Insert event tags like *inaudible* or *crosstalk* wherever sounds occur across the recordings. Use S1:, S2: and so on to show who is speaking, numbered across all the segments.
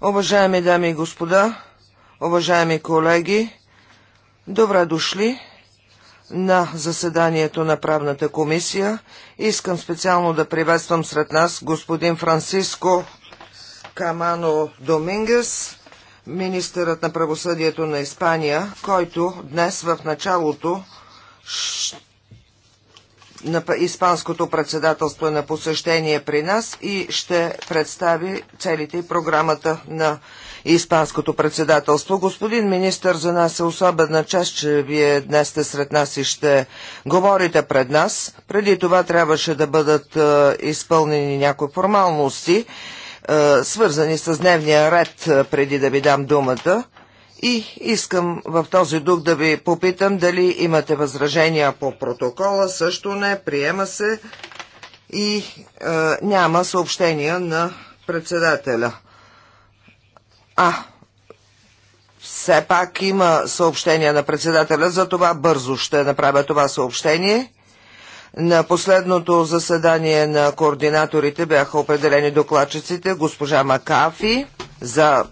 S1: Уважаеми дами и господа, уважаеми колеги, добре дошли на заседанието на правната комисия. Искам специално да приветствам сред нас господин Франциско Камано Домингес, министърът на правосъдието на Испания, който днес в началото ще на Испанското председателство е на посещение при нас и ще представи целите и програмата на Испанското председателство. Господин министр, за нас е особена чест, че вие днес сте сред нас и ще говорите пред нас. Преди това трябваше да бъдат е, изпълнени някои формалности, е, свързани с дневния ред, е, преди да ви дам думата. И искам в този дух да ви попитам дали имате възражения по протокола. Също не, приема се и е, няма съобщения на председателя. А, все пак има съобщения на председателя, за това бързо ще направя това съобщение. На последното заседание на координаторите бяха определени докладчиците госпожа Макафи за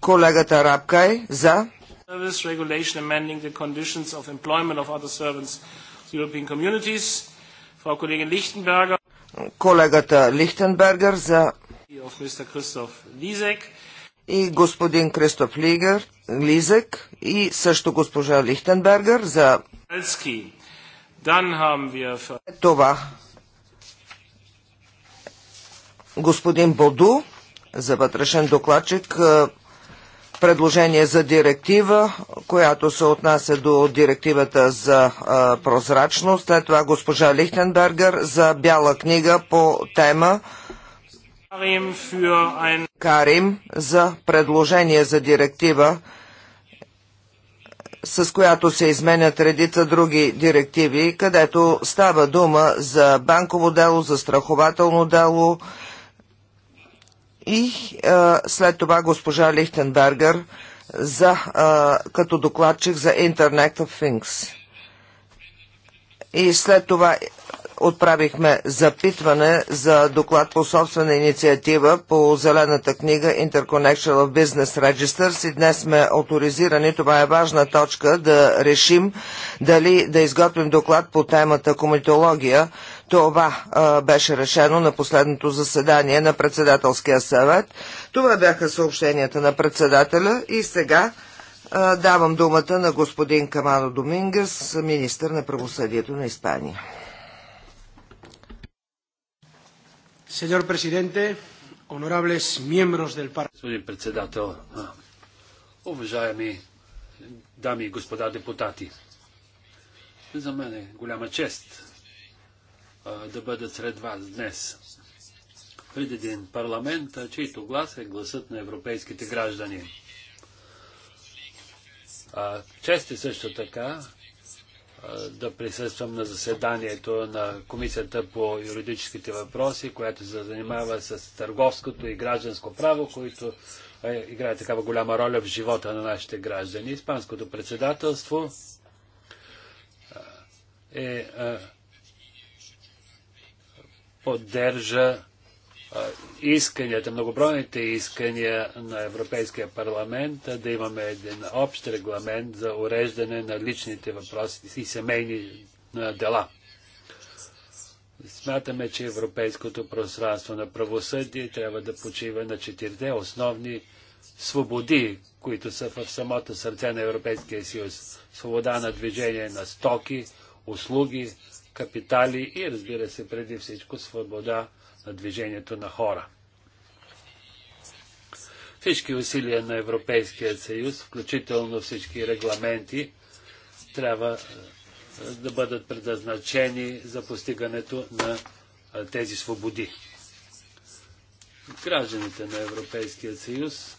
S1: Колегата Рабкай за.
S2: Service Regulation amending the conditions of employment of other servants of European communities. Frau Kollegin Lichtenberger.
S1: Колегата Лихтенбергер за.
S2: Of Mr. Christoph Lisek.
S1: И господин Кристоф Лигер, Лизек и също госпожа Лихтенбергер за. Това. Господин Боду за вътрешен докладчик предложение за директива, която се отнася до директивата за прозрачност. След това госпожа Лихтенбергер за бяла книга по тема Карим за предложение за директива, с която се изменят редица други директиви, където става дума за банково дело, за страхователно дело, и а, след това госпожа Лихтенбергер за, а, като докладчик за Internet of Things. И след това отправихме запитване за доклад по собствена инициатива по зелената книга Interconnection of Business Registers и днес сме авторизирани. Това е важна точка да решим дали да изготвим доклад по темата комитология това а, беше решено на последното заседание на председателския съвет. Това бяха съобщенията на председателя и сега а, давам думата на господин Камано Домингес, министър на правосъдието на Испания.
S2: Сеньор президенте, honorables miembros del Господин председател, уважаеми дами и господа депутати, за мен е голяма чест да бъдат сред вас днес. Пред един парламент, чийто глас е гласът на европейските граждани. Чест е също така да присъствам на заседанието на Комисията по юридическите въпроси, която се занимава с търговското и гражданско право, които играе такава голяма роля в живота на нашите граждани. Испанското председателство е поддържа исканията, многобройните искания на Европейския парламент да имаме един общ регламент за уреждане на личните въпроси и семейни дела. Смятаме, че европейското пространство на правосъдие трябва да почива на четирите основни свободи, които са в самото сърце на Европейския съюз. Свобода на движение на стоки, услуги, капитали и разбира се преди всичко свобода на движението на хора. Всички усилия на Европейския съюз, включително всички регламенти, трябва е, да бъдат предназначени за постигането на е, тези свободи. Гражданите на Европейския съюз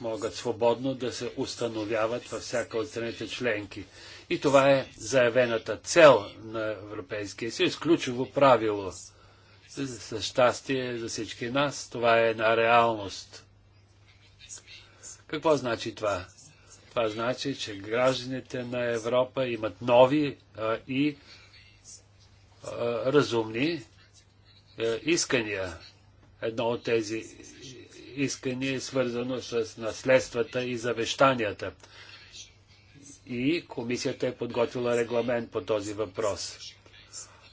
S2: могат свободно да се установяват във всяка от страните членки. И това е заявената цел на Европейския съюз, ключово правило. За щастие за всички нас, това е една реалност. Какво значи това? Това значи, че гражданите на Европа имат нови а, и а, разумни а, искания. Едно от тези искания е свързано с наследствата и завещанията и комисията е подготвила регламент по този въпрос.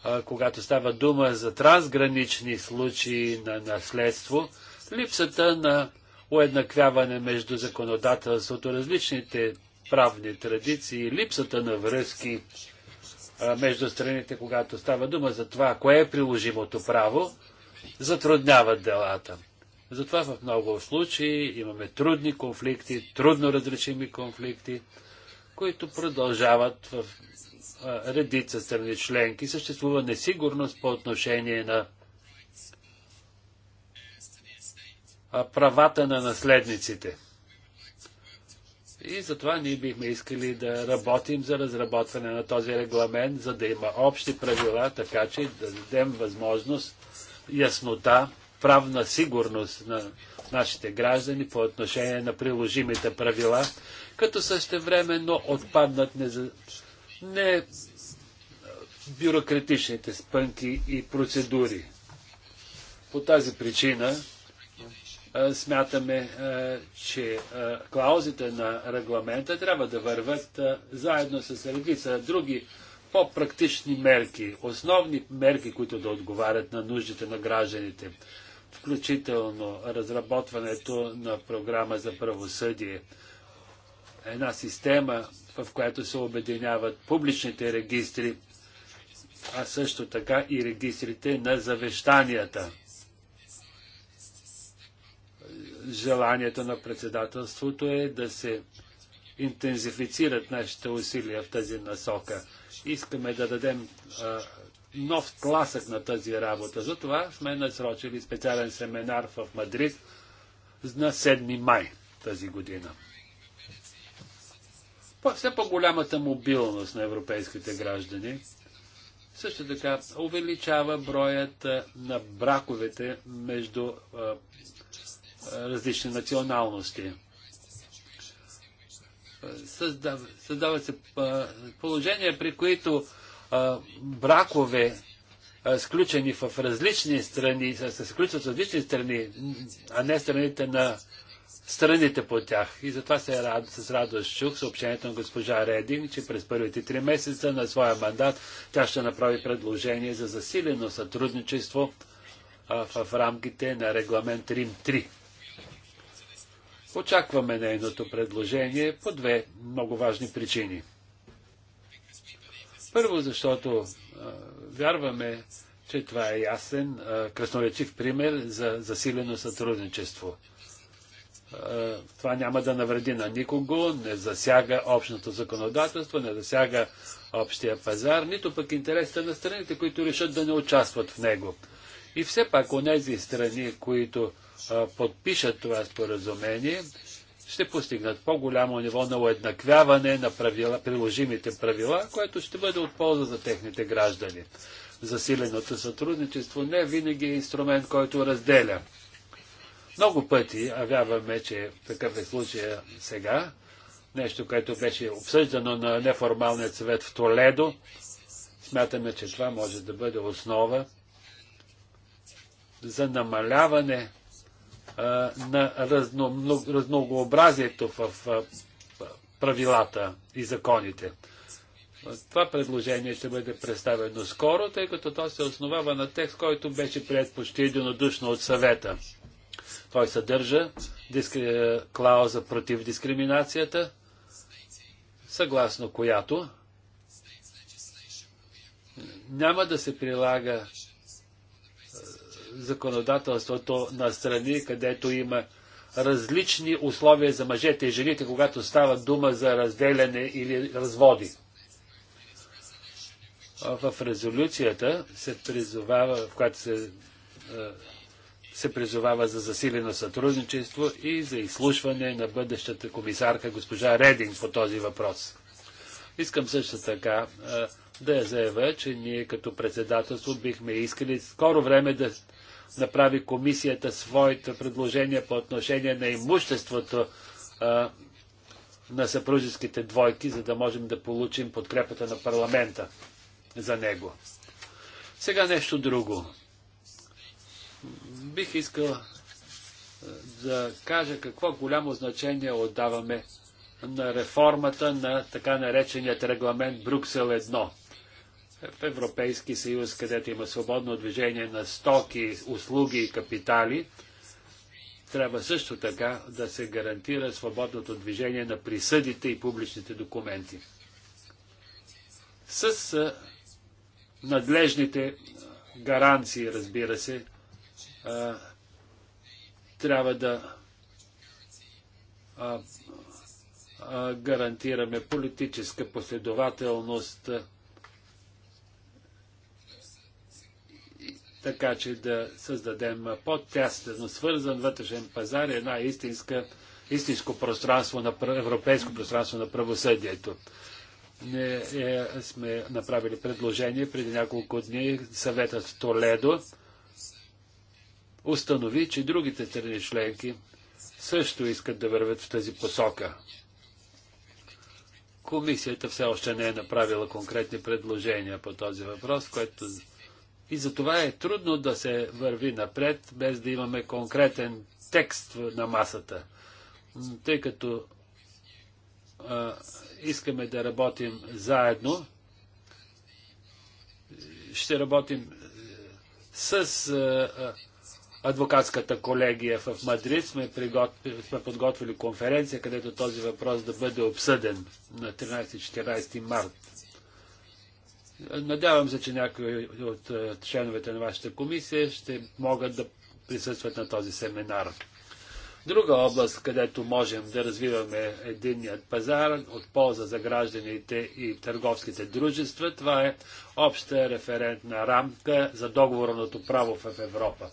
S2: А, когато става дума за трансгранични случаи на наследство, липсата на уеднаквяване между законодателството, различните правни традиции, липсата на връзки а, между страните, когато става дума за това, кое е приложимото право, затрудняват делата. Затова в много случаи имаме трудни конфликти, трудно разрешими конфликти, които продължават в редица страни членки. Съществува несигурност по отношение на правата на наследниците. И затова ние бихме искали да работим за разработване на този регламент, за да има общи правила, така че да дадем възможност, яснота, правна сигурност на нашите граждани по отношение на приложимите правила, като същевременно отпаднат не, не бюрократичните спънки и процедури. По тази причина смятаме, че клаузите на регламента трябва да върват заедно с редица други по-практични мерки, основни мерки, които да отговарят на нуждите на гражданите включително разработването на програма за правосъдие. Една система, в която се обединяват публичните регистри, а също така и регистрите на завещанията. Желанието на председателството е да се интензифицират нашите усилия в тази насока. Искаме да дадем а, нов тласък на тази работа. Затова сме насрочили специален семинар в Мадрид на 7 май тази година. Все по-голямата мобилност на европейските граждани също така увеличава броят на браковете между различни националности. Създава, създава се положение, при които бракове, сключени в различни страни, се сключват в различни страни, а не страните на страните по тях. И затова се рад, с радост чух съобщението на госпожа Рединг, че през първите три месеца на своя мандат тя ще направи предложение за засилено сътрудничество в рамките на регламент Рим 3. Очакваме нейното предложение по две много важни причини – първо, защото а, вярваме, че това е ясен, а, красноречив пример за засилено сътрудничество. А, това няма да навреди на никого, не засяга общото законодателство, не засяга общия пазар, нито пък интересите на страните, които решат да не участват в него. И все пак у нези страни, които а, подпишат това споразумение, ще постигнат по-голямо ниво на уеднаквяване на правила, приложимите правила, което ще бъде от полза за техните граждани. Засиленото сътрудничество не винаги е инструмент, който разделя. Много пъти, а вярваме, че такъв е случая сега, нещо, което беше обсъждано на неформалният съвет в Толедо, смятаме, че това може да бъде основа за намаляване на разно, разногообразието в правилата и законите. Това предложение ще бъде представено скоро, тъй като то се основава на текст, който беше прият почти единодушно от съвета. Той съдържа диски, клауза против дискриминацията, съгласно която няма да се прилага законодателството на страни, където има различни условия за мъжете и жените, когато става дума за разделяне или разводи. В резолюцията се призовава, в която се, се призовава за засилено сътрудничество и за изслушване на бъдещата комисарка госпожа Рединг по този въпрос. Искам също така да я заявя, че ние като председателство бихме искали скоро време да направи комисията своите предложения по отношение на имуществото а, на съпружеските двойки, за да можем да получим подкрепата на парламента за него. Сега нещо друго. Бих искал да кажа какво голямо значение отдаваме на реформата на така нареченият регламент Брюксел 1 в Европейски съюз, където има свободно движение на стоки, услуги и капитали, трябва също така да се гарантира свободното движение на присъдите и публичните документи. С надлежните гаранции, разбира се, трябва да гарантираме политическа последователност така че да създадем по-тясно свързан вътрешен пазар и една истинска, истинско пространство на европейско пространство на правосъдието. Не, е, сме направили предложение преди няколко дни съветът Толедо установи, че другите страни членки също искат да вървят в тази посока. Комисията все още не е направила конкретни предложения по този въпрос, което и затова е трудно да се върви напред, без да имаме конкретен текст на масата. Тъй като а, искаме да работим заедно, ще работим е, с е, а, адвокатската колегия в Мадрид. Сме, приготв... сме подготвили конференция, където този въпрос да бъде обсъден на 13-14 март. Надявам се, че някои от е, членовете на вашата комисия ще могат да присъстват на този семинар. Друга област, където можем да развиваме единният пазар от полза за гражданите и търговските дружества, това е обща референтна рамка за договорното право в Европа.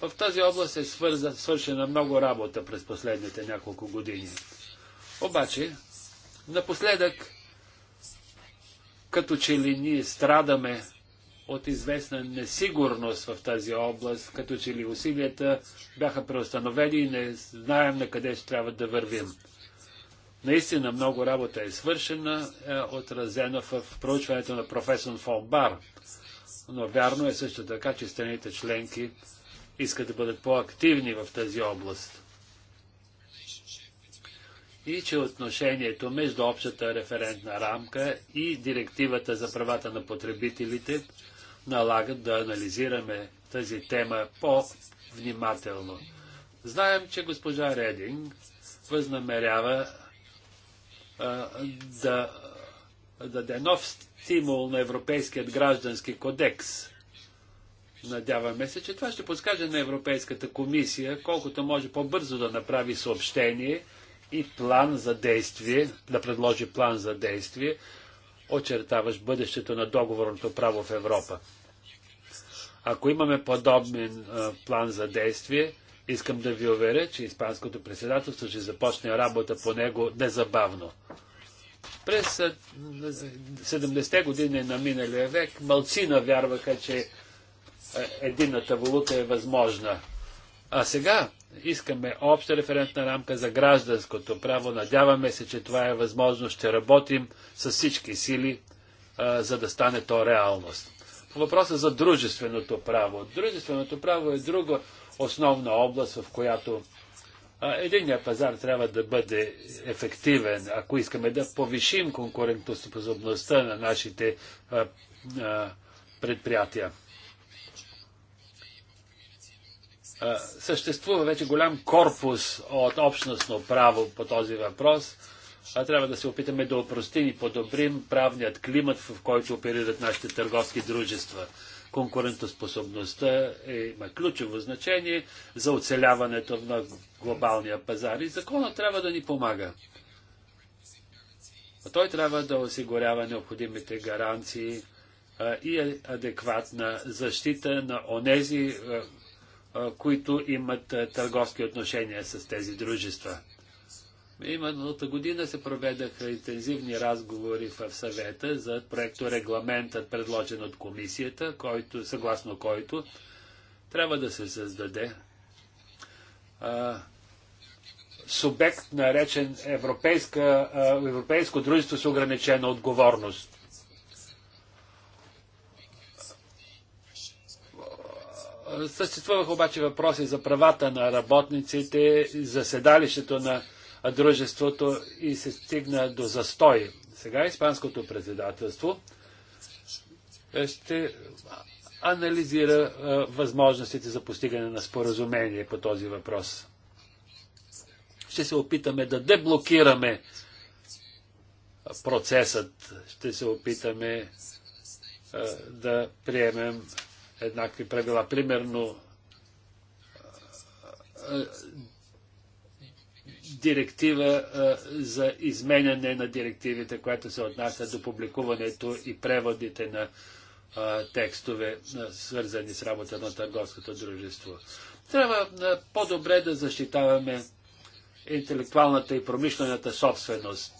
S2: В тази област е свършена много работа през последните няколко години. Обаче, напоследък като че ли ние страдаме от известна несигурност в тази област, като че ли усилията бяха преустановени и не знаем на къде ще трябва да вървим. Наистина много работа е свършена, е отразена в проучването на професор Фон Бар. Но вярно е също така, че страните членки искат да бъдат по-активни в тази област и че отношението между общата референтна рамка и директивата за правата на потребителите налагат да анализираме тази тема по-внимателно. Знаем, че госпожа Рединг възнамерява а, да, даде нов стимул на Европейският граждански кодекс. Надяваме се, че това ще подскаже на Европейската комисия колкото може по-бързо да направи съобщение – и план за действие, да предложи план за действие, очертаващ бъдещето на договорното право в Европа. Ако имаме подобен план за действие, искам да ви уверя, че Испанското председателство ще започне работа по него незабавно. През 70-те години на миналия век малцина вярваха, че единната валута е възможна. А сега искаме обща референтна рамка за гражданското право. Надяваме се, че това е възможно. Ще работим с всички сили, а, за да стане то реалност. По въпроса за дружественото право. Дружественото право е друга основна област, в която единният пазар трябва да бъде ефективен, ако искаме да повишим конкурентоспособността на нашите предприятия. съществува вече голям корпус от общностно право по този въпрос, а трябва да се опитаме да опростим и подобрим правният климат, в който оперират нашите търговски дружества. Конкурентоспособността е, има ключово значение за оцеляването на глобалния пазар и законът трябва да ни помага. А той трябва да осигурява необходимите гаранции а, и е адекватна защита на онези а, които имат търговски отношения с тези дружества. Именно година се проведаха интензивни разговори в съвета за проекто регламентът, предложен от комисията, който, съгласно който трябва да се създаде а, субект, наречен Европейско дружество с ограничена отговорност. Съществуваха обаче въпроси за правата на работниците, за седалището на дружеството и се стигна до застой. Сега Испанското председателство ще анализира възможностите за постигане на споразумение по този въпрос. Ще се опитаме да деблокираме процесът. Ще се опитаме да приемем еднакви правила. Примерно, директива за изменяне на директивите, която се отнася до публикуването и преводите на текстове, свързани с работа на търговското дружество. Трябва по-добре да защитаваме интелектуалната и промишлената собственост.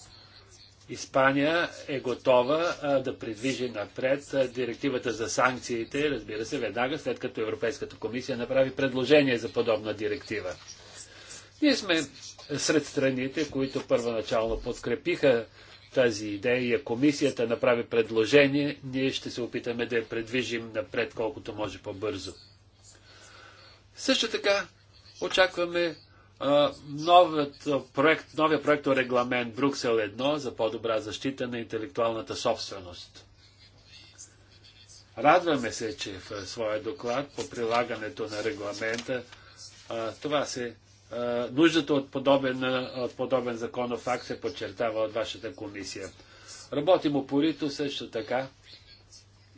S2: Испания е готова да придвижи напред директивата за санкциите, разбира се, веднага след като Европейската комисия направи предложение за подобна директива. Ние сме сред страните, които първоначално подкрепиха тази идея. Комисията направи предложение, ние ще се опитаме да я предвижим напред колкото може по-бързо. Също така очакваме новият проект, новия е проект регламент Бруксел 1 за по-добра защита на интелектуалната собственост. Радваме се, че в своя доклад по прилагането на регламента това се нуждата от подобен, от подобен законов акт се подчертава от вашата комисия. Работим опорито също така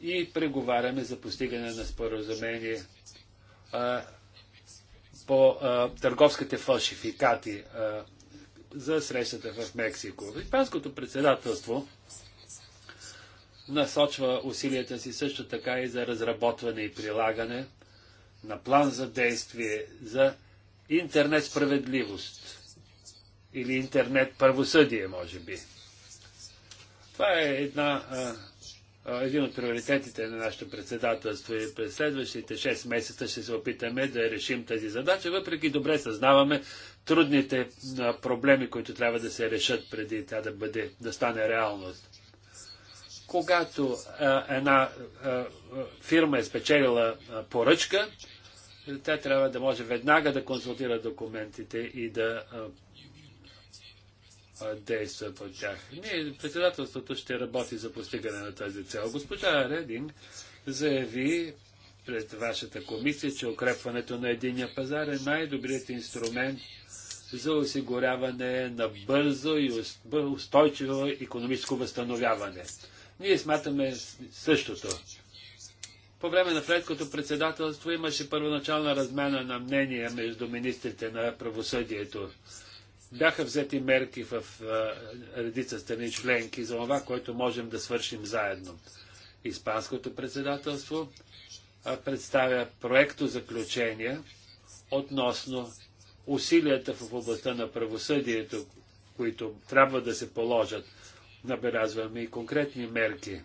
S2: и преговаряме за постигане на споразумение по а, търговските фалшификати а, за срещата в Мексико. Испанското председателство насочва усилията си също така и за разработване и прилагане на план за действие за интернет справедливост или интернет правосъдие, може би. Това е една а, един от приоритетите на нашето председателство и е през следващите 6 месеца ще се опитаме да решим тази задача, въпреки добре съзнаваме трудните проблеми, които трябва да се решат преди тя да, бъде, да стане реалност. Когато а, една а, фирма е спечелила а, поръчка, тя трябва да може веднага да консултира документите и да действа от тях. Ние, председателството ще работи за постигане на тази цел. Госпожа Рединг заяви пред вашата комисия, че укрепването на единия пазар е най-добрият инструмент за осигуряване на бързо и устойчиво економическо възстановяване. Ние смятаме същото. По време на предкото председателство имаше първоначална размяна на мнения между министрите на правосъдието. Бяха взети мерки в редица страни членки за това, което можем да свършим заедно. Испанското председателство представя проекто заключения относно усилията в областта на правосъдието, които трябва да се положат. Набелязваме и конкретни мерки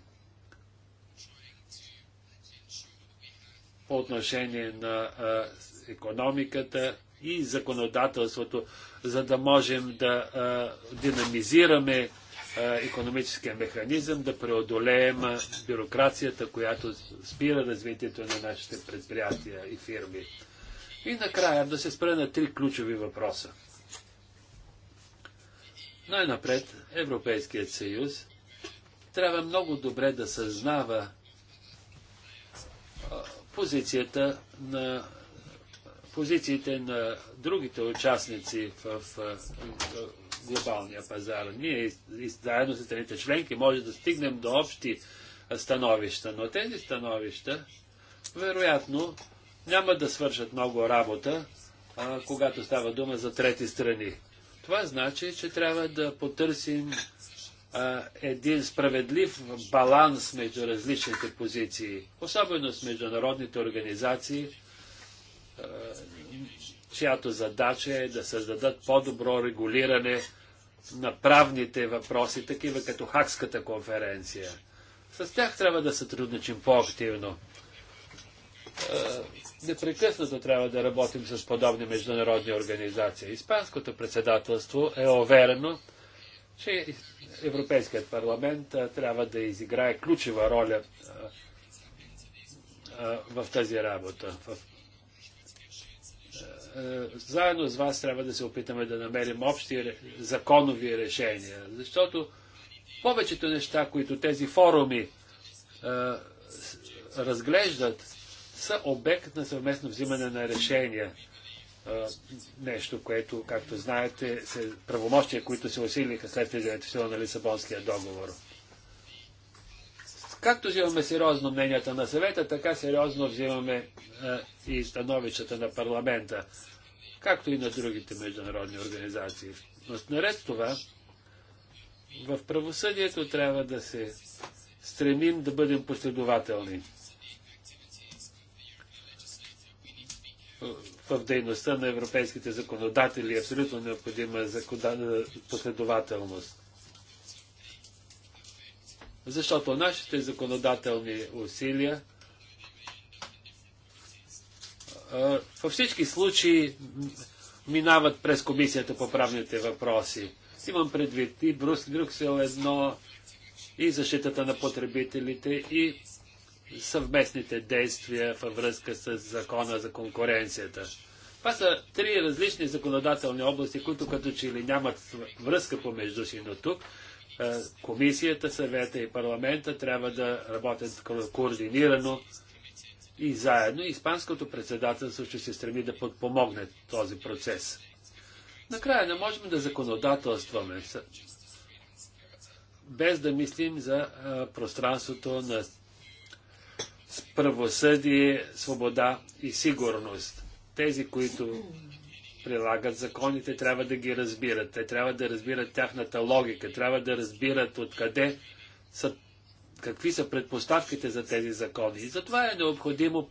S2: по отношение на а, економиката и законодателството, за да можем да а, динамизираме а, економическия механизъм, да преодолеем а, бюрокрацията, която спира развитието на нашите предприятия и фирми. И накрая да се спра на три ключови въпроса. Най-напред Европейският съюз трябва много добре да съзнава позицията на позициите на другите участници в, в, в глобалния пазар. Ние и заедно с страните членки може да стигнем до общи становища, но тези становища вероятно няма да свършат много работа, а, когато става дума за трети страни. Това значи, че трябва да потърсим а, един справедлив баланс между различните позиции, особено с международните организации, е, чиято задача е да създадат по-добро регулиране на правните въпроси, такива като Хакската конференция. С тях трябва да сътрудничим по-активно. Е, непрекъснато трябва да работим с подобни международни организации. Испанското председателство е уверено, че Европейският парламент е, трябва да изиграе ключова роля в тази работа. В е, заедно с вас трябва да се опитаме да намерим общи законови решения, защото повечето неща, които тези форуми е, разглеждат, са обект на съвместно взимане на решения. Е, нещо, което, както знаете, правомощия, които се усилиха след влизането на Лисабонския договор както взимаме сериозно мненията на съвета, така сериозно взимаме а, и становищата на парламента, както и на другите международни организации. Но наред това, в правосъдието трябва да се стремим да бъдем последователни. В дейността на европейските законодатели е абсолютно необходима последователност защото нашите законодателни усилия във всички случаи минават през Комисията по правните въпроси. Имам предвид и Брус, Брюксел едно, и защитата на потребителите, и съвместните действия във връзка с закона за конкуренцията. Това са три различни законодателни области, които като че ли нямат връзка помежду си, но тук е, комисията, съвета и парламента трябва да работят координирано и заедно. Испанското председателство ще се стреми да подпомогне този процес. Накрая не можем да законодателстваме без да мислим за е, пространството на правосъдие, свобода и сигурност. Тези, които прилагат законите, трябва да ги разбират. Те трябва да разбират тяхната логика, трябва да разбират откъде са, какви са предпоставките за тези закони. И затова е необходимо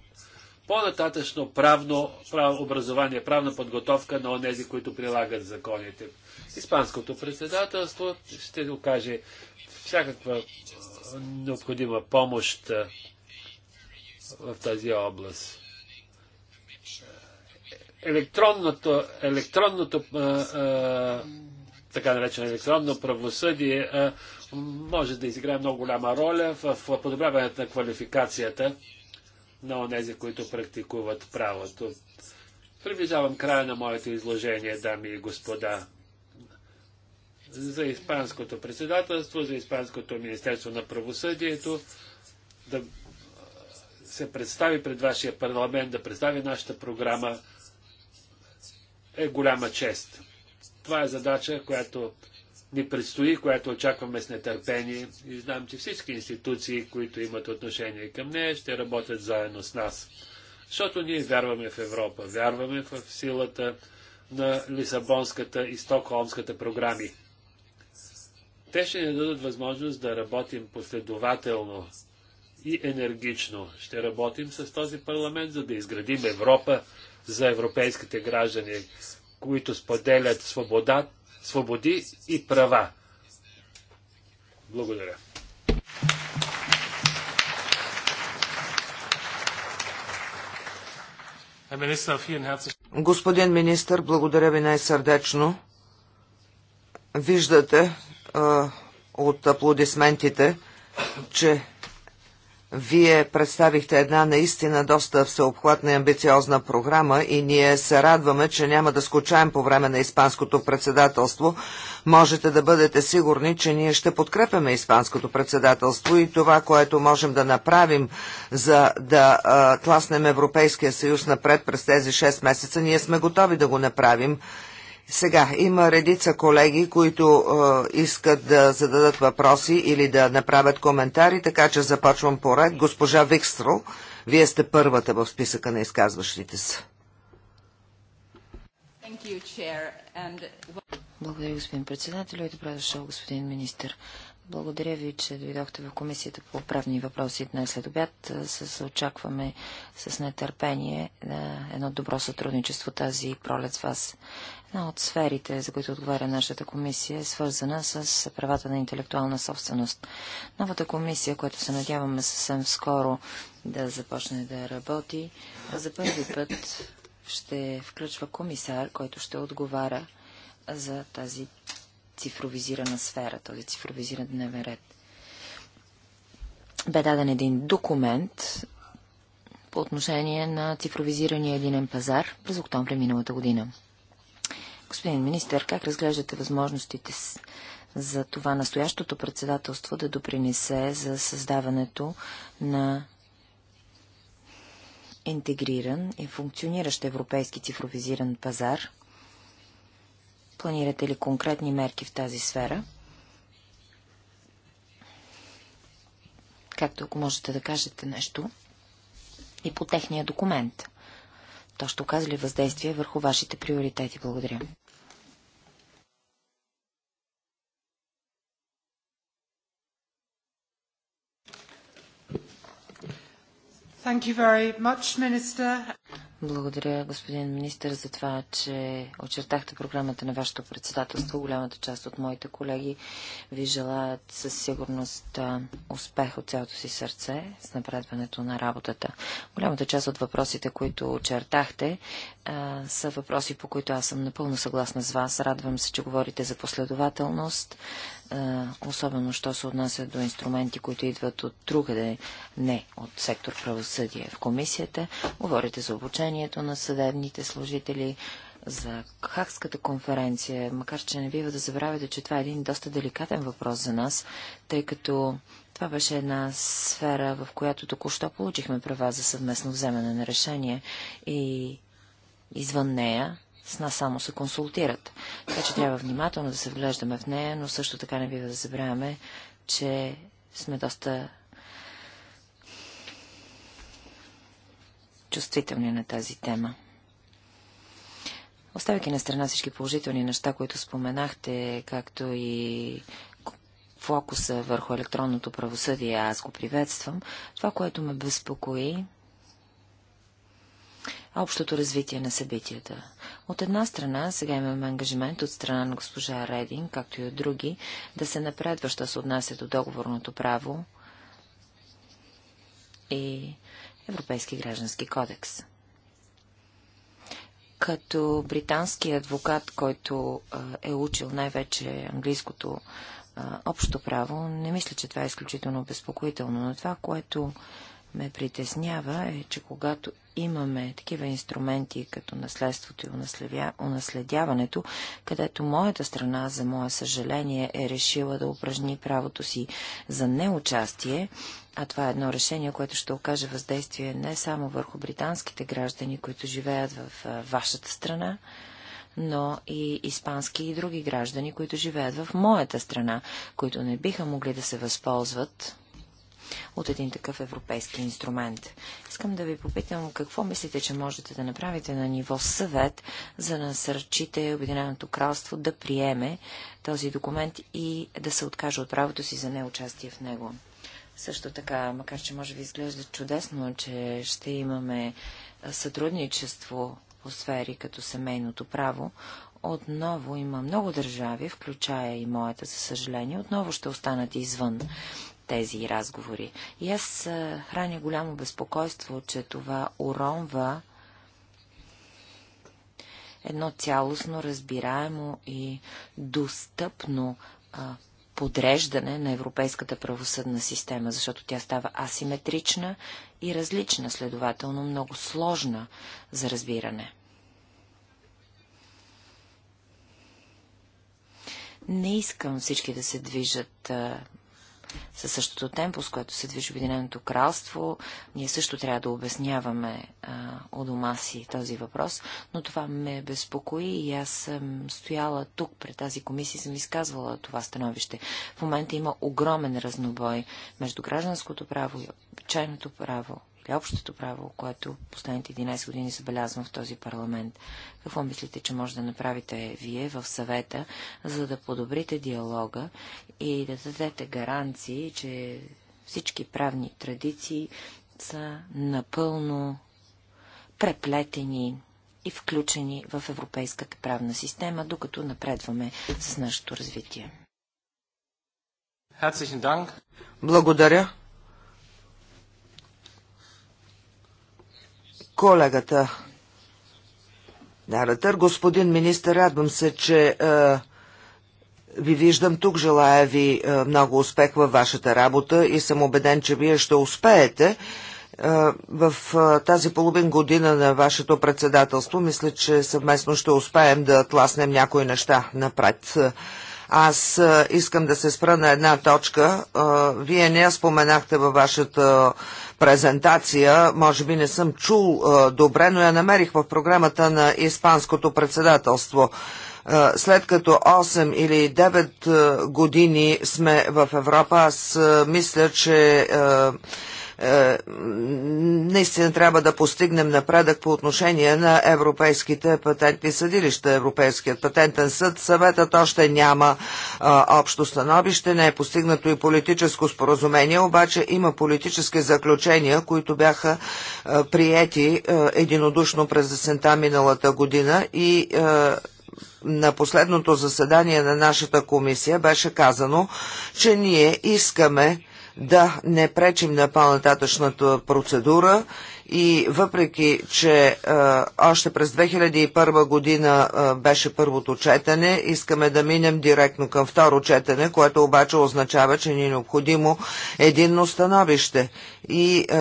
S2: по-нататъчно правно прав, образование, правна подготовка на онези, които прилагат законите. Испанското председателство ще окаже всякаква необходима помощ в тази област електронното, електронното а, а, така наречено електронно правосъдие а, може да изиграе много голяма роля в, в подобряването на квалификацията на онези, които практикуват правото. Приближавам края на моето изложение, дами и господа. За Испанското председателство, за Испанското Министерство на правосъдието да се представи пред вашия парламент, да представи нашата програма е голяма чест. Това е задача, която ни предстои, която очакваме с нетърпение и знам, че всички институции, които имат отношение към нея, ще работят заедно с нас. Защото ние вярваме в Европа, вярваме в силата на Лисабонската и Стокхолмската програми. Те ще ни дадат възможност да работим последователно и енергично. Ще работим с този парламент, за да изградим Европа, за европейските граждани, които споделят свобода, свободи и права. Благодаря.
S1: Господин министр, благодаря ви най-сърдечно. Виждате а, от аплодисментите, че вие представихте една наистина доста всеобхватна и амбициозна програма и ние се радваме, че няма да скучаем по време на Испанското председателство. Можете да бъдете сигурни, че ние ще подкрепяме Испанското председателство и това, което можем да направим за да а, тласнем Европейския съюз напред през тези 6 месеца, ние сме готови да го направим. Сега, има редица колеги, които е, искат да зададат въпроси или да направят коментари, така че започвам поред. Госпожа Викстро, вие сте първата в списъка на
S3: изказващите се. Благодаря, господин председател. И добре дошъл, господин министр. Благодаря ви, че дойдохте в Комисията по правни въпроси днес след обяд. Е, с очакваме с нетърпение на е, едно добро сътрудничество тази пролет с вас. Една от сферите, за които отговаря нашата комисия, е свързана с правата на интелектуална собственост. Новата комисия, която се надяваме съвсем скоро да започне да работи, за първи път ще включва комисар, който ще отговаря за тази цифровизирана сфера, този цифровизиран дневен ред. Бе даден един документ по отношение на цифровизирания единен пазар през октомври миналата година. Господин министр, как разглеждате възможностите за това настоящото председателство да допринесе за създаването на интегриран и функциониращ европейски цифровизиран пазар? Планирате ли конкретни мерки в тази сфера? Както ако можете да кажете нещо и по техния документ – то ще оказа ли въздействие върху вашите приоритети? Благодаря.
S1: Thank you very
S3: Much, Minister. Благодаря, господин министр, за това, че очертахте програмата на вашето председателство. Голямата част от моите колеги ви желаят със сигурност успех от цялото си сърце с напредването на работата. Голямата част от въпросите, които очертахте, са въпроси, по които аз съм напълно съгласна с вас. Радвам се, че говорите за последователност, е, особено що се отнася до инструменти, които идват от другаде, не от сектор правосъдие в комисията. Говорите за обучението на съдебните служители, за Хакската конференция, макар че не бива да забравяте, че това е един доста деликатен въпрос за нас, тъй като това беше една сфера, в която току-що получихме права за съвместно вземане на решение и извън нея с нас само се консултират. Така че трябва внимателно да се вглеждаме в нея, но също така не бива да забравяме, че сме доста чувствителни на тази тема. Оставяйки на страна всички положителни неща, които споменахте, както и фокуса върху електронното правосъдие, аз го приветствам, това, което ме безпокои, общото развитие на събитията. От една страна, сега имаме ангажимент от страна на госпожа Редин, както и от други, да се напредва, що се отнася до договорното право и Европейски граждански кодекс. Като британски адвокат, който е учил най-вече английското общо право, не мисля, че това е изключително безпокоително, но това, което ме притеснява е, че когато имаме такива инструменти, като наследството и унаследяването, където моята страна, за мое съжаление, е решила да упражни правото си за неучастие, а това е едно решение, което ще окаже въздействие не само върху британските граждани, които живеят в вашата страна, но и испански и други граждани, които живеят в моята страна, които не биха могли да се възползват от един такъв европейски инструмент. Искам да ви попитам какво мислите, че можете да направите на ниво съвет, за да насърчите Обединеното кралство да приеме този документ и да се откаже от правото си за неучастие в него. Също така, макар че може би изглежда чудесно, че ще имаме сътрудничество по сфери като семейното право, отново има много държави, включая и моята, за съжаление, отново ще останат извън тези разговори. И аз храня голямо безпокойство, че това уронва едно цялостно, разбираемо и достъпно а, подреждане на европейската правосъдна система, защото тя става асиметрична и различна, следователно много сложна за разбиране. Не искам всички да се движат със същото темпо, с което се движи Обединеното кралство. Ние също трябва да обясняваме а, у дома си този въпрос, но това ме безпокои и аз съм стояла тук пред тази комисия и съм изказвала това становище. В момента има огромен разнобой между гражданското право и обичайното право, при общото право, което последните 11 години забелязвам в този парламент. Какво мислите, че може да направите вие в съвета, за да подобрите диалога и да дадете гаранции, че всички правни традиции са напълно преплетени и включени в европейската правна система, докато напредваме с нашето развитие. Благодаря.
S1: колегата Наратър. Господин министр, радвам се, че е, ви виждам тук. Желая ви е, много успех във вашата работа и съм убеден, че вие ще успеете. В тази половин година на вашето председателство мисля, че съвместно ще успеем да тласнем някои неща напред. Аз искам да се спра на една точка. Вие не я споменахте във вашето презентация. Може би не съм чул добре, но я намерих в програмата на Испанското председателство след като 8 или 9 години сме в Европа, аз мисля, че е, наистина трябва да постигнем напредък по отношение на европейските патентни съдилища. Европейският патентен съд, съветът още няма а, е, общо становище, не е постигнато и политическо споразумение, обаче има политически заключения, които бяха а, е, приети а, единодушно през десента миналата година и а, на последното заседание на нашата комисия беше казано, че ние искаме да не пречим на по-нататъчната процедура и въпреки, че е, още през 2001 година е, беше първото четене, искаме да минем директно към второ четене, което обаче означава, че ни е необходимо единно становище. И е,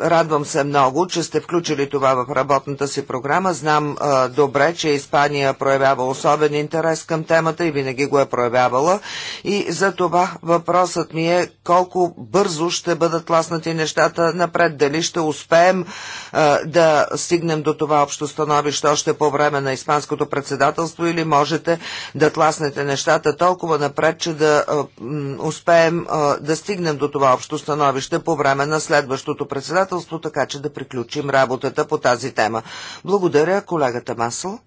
S1: радвам се много, че сте включили това в работната си програма. Знам добре, че Испания проявява особен интерес към темата и винаги го е проявявала. И за това въпросът ми е колко бързо ще бъдат ласнати нещата напред. Дали ще успеем да стигнем до това общо становище още по време на Испанското председателство или можете да тласнете нещата толкова напред, че да успеем да стигнем до това общо становище по време на следващото председателство, така че да приключим работата по тази тема. Благодаря, колегата Масъл.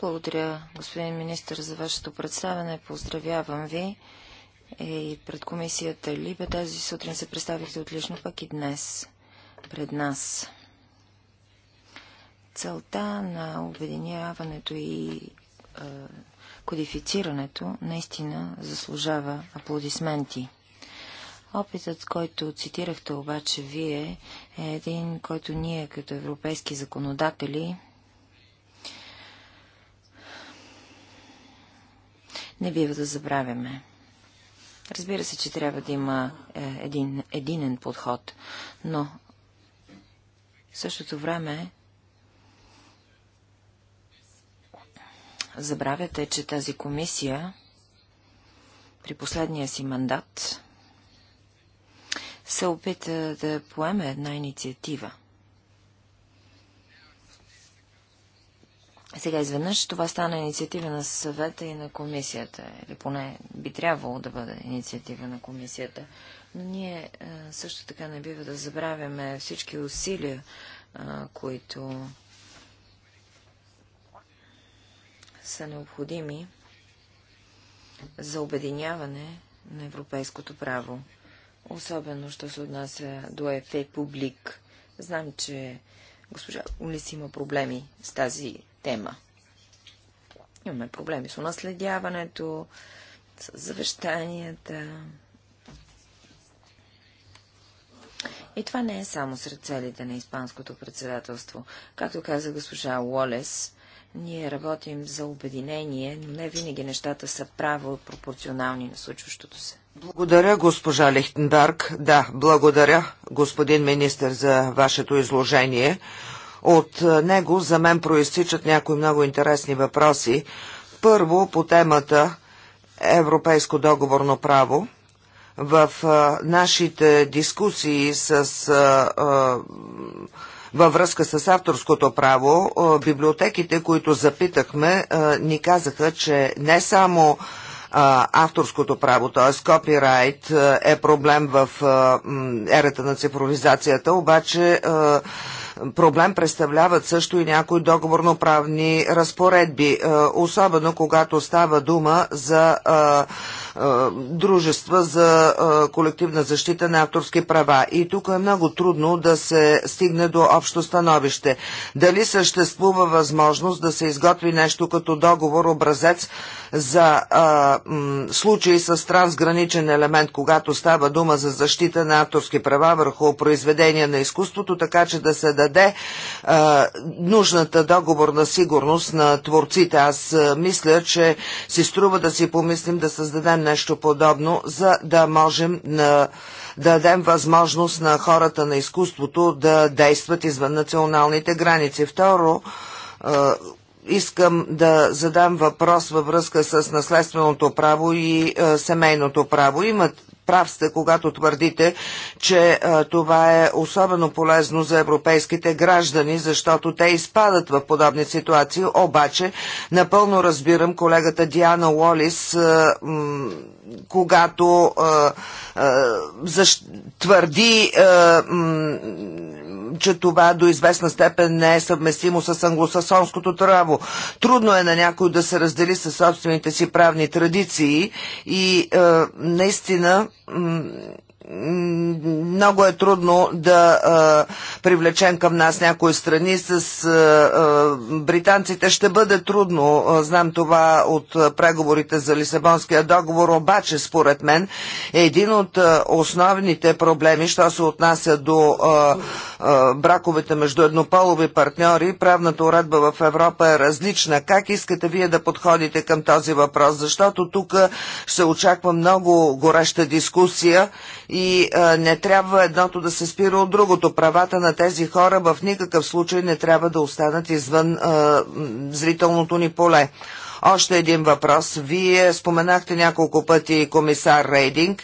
S3: Благодаря, господин министр, за вашето представяне. Поздравявам ви. Е, и пред комисията Либе. Тази сутрин се представихте отлично, пък и днес пред нас. Целта на обединяването и е, кодифицирането наистина заслужава аплодисменти. Опитът, който цитирахте обаче вие, е един, който ние като европейски законодатели не бива да забравяме. Разбира се, че трябва да има е, един единен подход, но в същото време забравяте, че тази комисия при последния си мандат се опита да поеме една инициатива – Сега изведнъж това стана инициатива на съвета и на комисията, или поне би трябвало да бъде инициатива на комисията. Но ние също така не бива да забравяме всички усилия, които са необходими за обединяване на европейското право, особено, що се отнася до ефе публик. Знам, че госпожа Улис има проблеми с тази тема. Имаме проблеми с унаследяването, с завещанията. И това не е само сред целите на Испанското председателство. Както каза госпожа Уолес, ние работим за обединение, но не винаги нещата са право пропорционални на случващото се.
S1: Благодаря, госпожа Лихтендарк. Да, благодаря, господин министр, за вашето изложение. От е, него за мен проистичат някои много интересни въпроси. Първо по темата Европейско договорно право. В е, нашите дискусии с е, във връзка с авторското право, библиотеките, които запитахме, ни казаха, че не само авторското право, т.е. копирайт е проблем в ерата на цифровизацията, обаче Проблем представляват също и някои договорно-правни разпоредби, е, особено когато става дума за е, е, дружества за колективна защита на авторски права. И тук е много трудно да се стигне до общо становище. Дали съществува възможност да се изготви нещо като договор образец за а, м, случаи с трансграничен елемент, когато става дума за защита на авторски права върху произведения на изкуството, така че да се даде а, нужната договорна сигурност на творците. Аз а, мисля, че си струва да си помислим да създадем нещо подобно, за да можем на да дадем възможност на хората на изкуството да действат извън националните граници. Второ, а, искам да задам въпрос във връзка с наследственото право и е, семейното право. Имат прав сте, когато твърдите, че а, това е особено полезно за европейските граждани, защото те изпадат в подобни ситуации. Обаче, напълно разбирам колегата Диана Уолис, а, когато а, а, защ... твърди. А, м че това до известна степен не е съвместимо с англосасонското траво. Трудно е на някой да се раздели със собствените си правни традиции и е, наистина много е трудно да а, привлечем към нас някои страни. С а, а, британците ще бъде трудно, а, знам това от а, преговорите за Лисабонския договор, обаче според мен е един от а, основните проблеми, що се отнася до а, а, браковете между еднополови партньори. Правната уредба в Европа е различна. Как искате вие да подходите към този въпрос? Защото тук се очаква много гореща дискусия и а, не трябва едното да се спира от другото. Правата на тези хора в никакъв случай не трябва да останат извън а, зрителното ни поле. Още един въпрос. Вие споменахте няколко пъти комисар Рейдинг.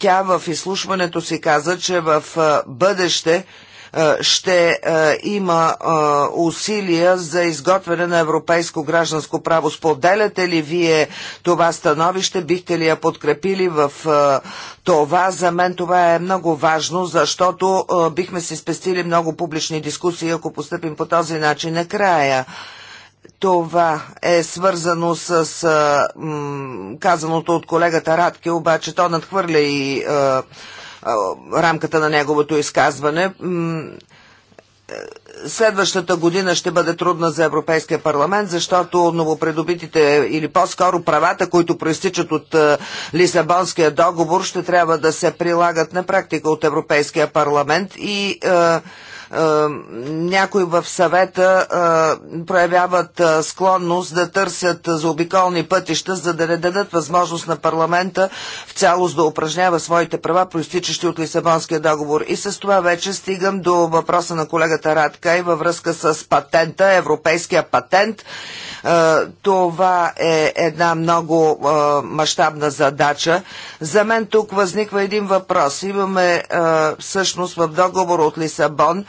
S1: Тя в изслушването си каза, че в бъдеще е, ще е, има е, усилия за изготвяне на европейско гражданско право. Споделяте ли вие това становище? Бихте ли я подкрепили в това? За мен това е много важно, защото бихме си спестили много публични дискусии, ако поступим по този начин накрая. Това е свързано с а, м, казаното от колегата Радки, обаче то надхвърля и а, рамката на неговото изказване. Е, следващата година ще бъде трудна за Европейския парламент, защото новопредобитите или по-скоро правата, които проистичат от е, Лисабонския договор, ще трябва да се прилагат на практика от Европейския парламент и е, е, някои в съвета е, проявяват е, склонност да търсят заобиколни пътища, за да не дадат възможност на парламента в цялост да упражнява своите права, проистичащи от Лисабонския договор. И с това вече стигам до въпроса на колегата Радка и във връзка с патента, европейския патент. Това е една много мащабна задача. За мен тук възниква един въпрос. Имаме всъщност в договор от Лисабон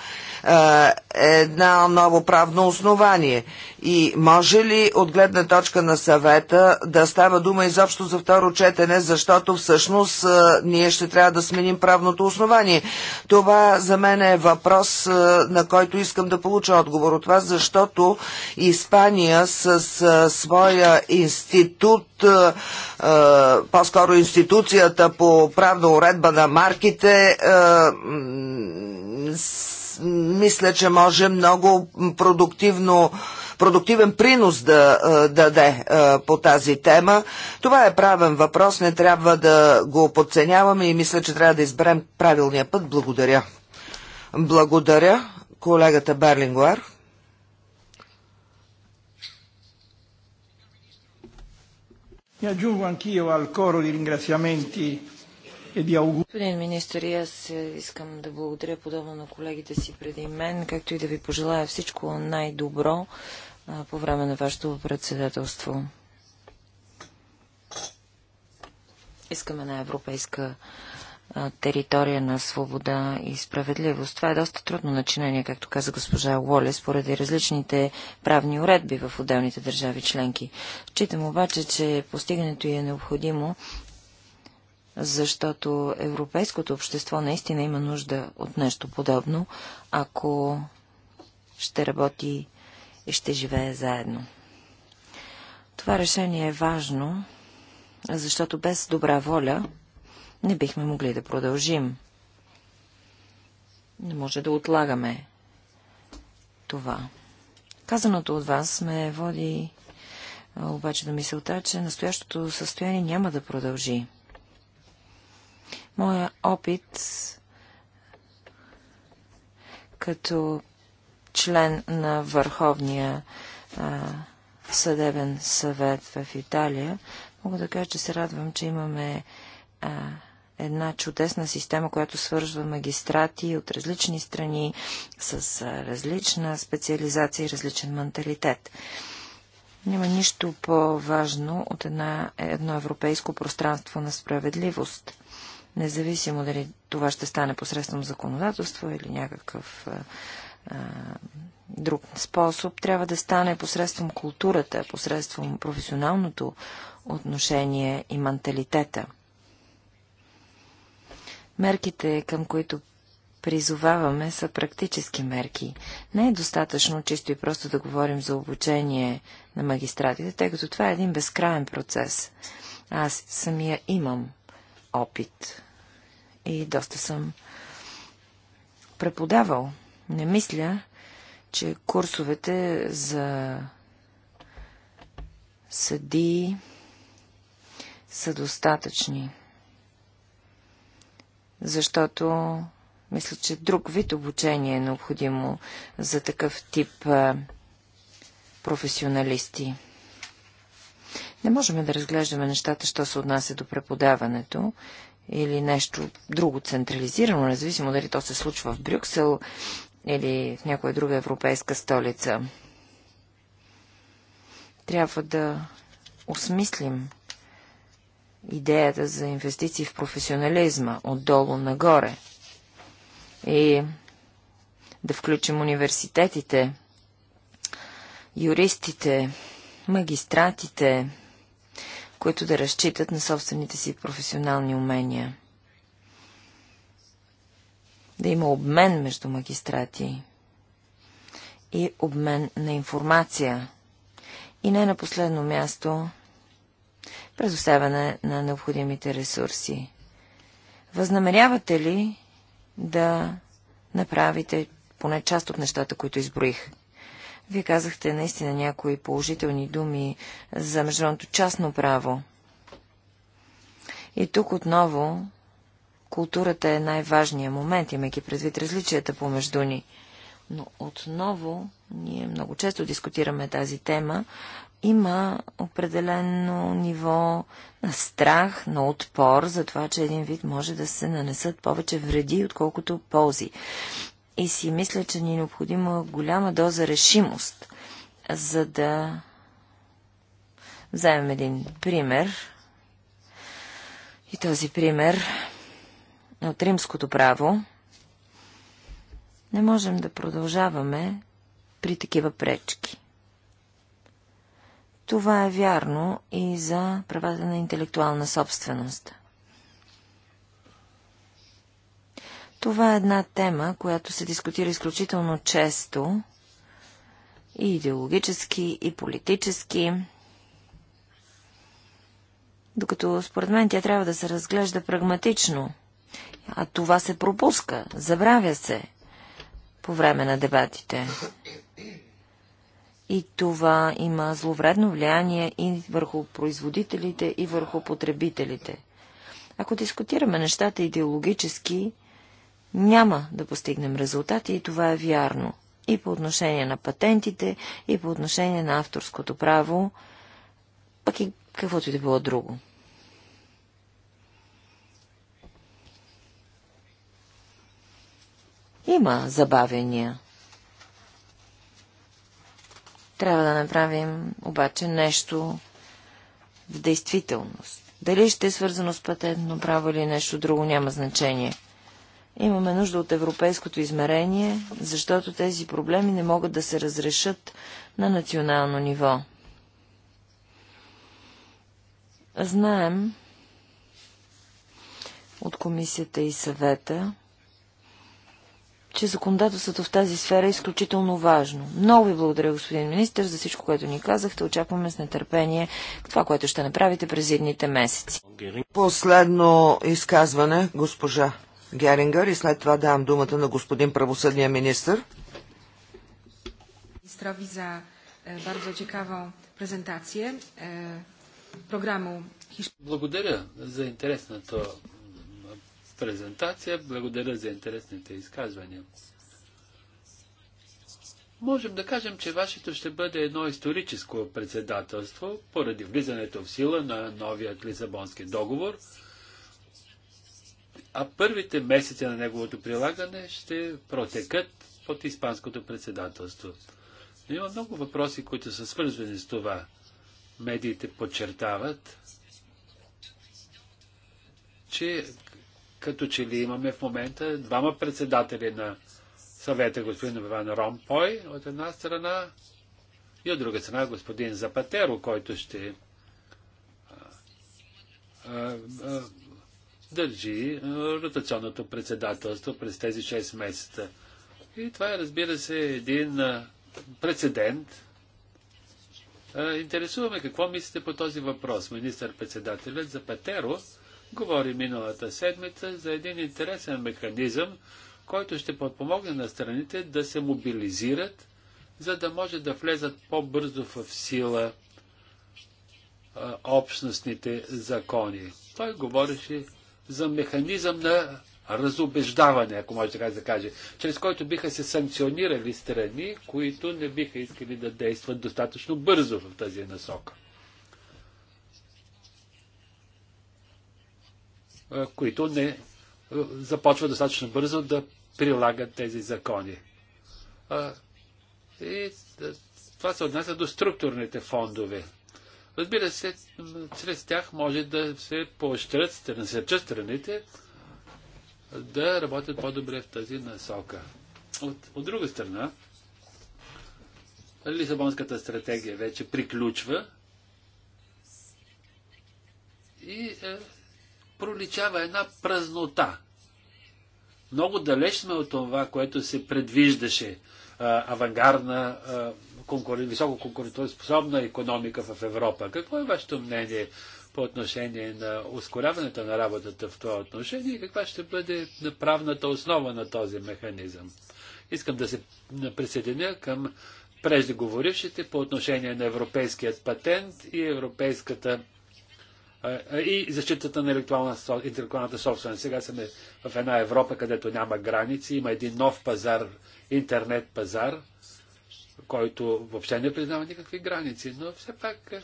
S1: е, едно ново правно основание. И може ли от гледна точка на съвета да става дума изобщо за второ четене, защото всъщност е, ние ще трябва да сменим правното основание? Това за мен е въпрос, е, на който искам да получа отговор от вас, защото Испания с своя институт, по-скоро институцията по правна уредба на марките, с мисля, че може много продуктивно продуктивен принос да, даде по тази тема. Това е правен въпрос, не трябва да го подценяваме и мисля, че трябва да изберем правилния път. Благодаря. Благодаря, колегата Берлингуар.
S3: Mi aggiungo anch'io al coro di ringraziamenti Господин министр, и аз искам да благодаря подобно на колегите си преди мен, както и да ви пожелая всичко най-добро по време на вашето председателство. Искаме на европейска територия на свобода и справедливост. Това е доста трудно начинение, както каза госпожа Уолес, поради различните правни уредби в отделните държави членки. Читам обаче, че постигането е необходимо защото европейското общество наистина има нужда от нещо подобно, ако ще работи и ще живее заедно. Това решение е важно, защото без добра воля не бихме могли да продължим. Не може да отлагаме това. Казаното от вас ме води обаче до мисълта, че настоящото състояние няма да продължи. Моя опит като член на Върховния а, съдебен съвет в Италия, мога да кажа, че се радвам, че имаме а, една чудесна система, която свързва магистрати от различни страни с а, различна специализация и различен менталитет. Няма нищо по-важно от една, едно европейско пространство на справедливост независимо дали това ще стане посредством законодателство или някакъв а, друг способ, трябва да стане посредством културата, посредством професионалното отношение и менталитета. Мерките, към които призоваваме, са практически мерки. Не е достатъчно чисто и просто да говорим за обучение на магистратите, тъй като това е един безкраен процес. Аз самия имам опит и доста съм преподавал. Не мисля, че курсовете за съдии са достатъчни. Защото мисля, че друг вид обучение е необходимо за такъв тип професионалисти. Не можем да разглеждаме нещата, що се отнася до преподаването, или нещо друго централизирано, независимо дали то се случва в Брюксел или в някоя друга европейска столица. Трябва да осмислим идеята за инвестиции в професионализма отдолу нагоре и да включим университетите, юристите, магистратите, които да разчитат на собствените си професионални умения. Да има обмен между магистрати и обмен на информация. И не на последно място предоставяне на необходимите ресурси. Възнамерявате ли да направите поне част от нещата, които изброих? Вие казахте наистина някои положителни думи за международното частно право. И тук отново културата е най-важният момент, имайки предвид различията помежду ни. Но отново, ние много често дискутираме тази тема, има определено ниво на страх, на отпор за това, че един вид може да се нанесат повече вреди, отколкото ползи. И си мисля, че ни е необходима голяма доза решимост, за да вземем един пример. И този пример от римското право. Не можем да продължаваме при такива пречки. Това е вярно и за правата на интелектуална собственост. Това е една тема, която се дискутира изключително често и идеологически, и политически, докато според мен тя трябва да се разглежда прагматично. А това се пропуска, забравя се по време на дебатите. И това има зловредно влияние и върху производителите, и върху потребителите. Ако дискутираме нещата идеологически, няма да постигнем резултати и това е вярно. И по отношение на патентите, и по отношение на авторското право, пък и каквото и да било друго. Има забавения. Трябва да направим обаче нещо в действителност. Дали ще е свързано с патентно право или нещо друго, няма значение – Имаме нужда от европейското измерение, защото тези проблеми не могат да се разрешат на национално ниво. Знаем от комисията и съвета, че законодателството в тази сфера е изключително важно. Много ви благодаря, господин министр, за всичко, което ни казахте. Очакваме с нетърпение това, което ще направите през едните месеци. Последно изказване,
S1: госпожа Герингър и след това давам думата на господин правосъдния министр.
S3: Министрови за bardzo е, ciekawą презентация. programu
S2: е, Благодаря за интересната презентация, благодаря за интересните изказвания. Можем да кажем, че вашето ще бъде едно историческо председателство поради влизането в сила на новият Лисабонски договор – а първите месеци на неговото прилагане ще протекат под Испанското председателство. Но има много въпроси, които са свързвани с това. Медиите подчертават, че като че ли имаме в момента двама председатели на съвета, господин Иван Ромпой от една страна и от друга страна господин Запатеро, който ще а, а, държи е, ротационното председателство през тези 6 месеца. И това е, разбира се, е един е, прецедент. Интересуваме какво мислите по този въпрос. Министър-председателят за Петеро говори миналата седмица за един интересен механизъм, който ще подпомогне на страните да се мобилизират, за да може да влезат по-бързо в сила а, общностните закони. Той говореше за механизъм на разобеждаване, ако може така да се каже, чрез който биха се санкционирали страни, които не биха искали да действат достатъчно бързо в тази насока. които не започват достатъчно бързо да прилагат тези закони. И това се отнася до структурните фондове. Разбира се, чрез тях може да се поощрят, да насърчат страните да работят по-добре в тази насока. От, от друга страна, Лисабонската стратегия вече приключва и е, проличава една празнота. Много далеч сме от това, което се предвиждаше. Е, авангарна е, конкурен, високо конкурентоспособна економика в Европа. Какво е вашето мнение по отношение на ускоряването на работата в това отношение и каква ще бъде правната основа на този механизъм? Искам да се присъединя към преждеговорившите по отношение на европейският патент и европейската и защитата на интелектуалната собственост. Сега сме в една Европа, където няма граници, има един нов пазар, интернет пазар, който въобще не признава никакви граници, но все пак е,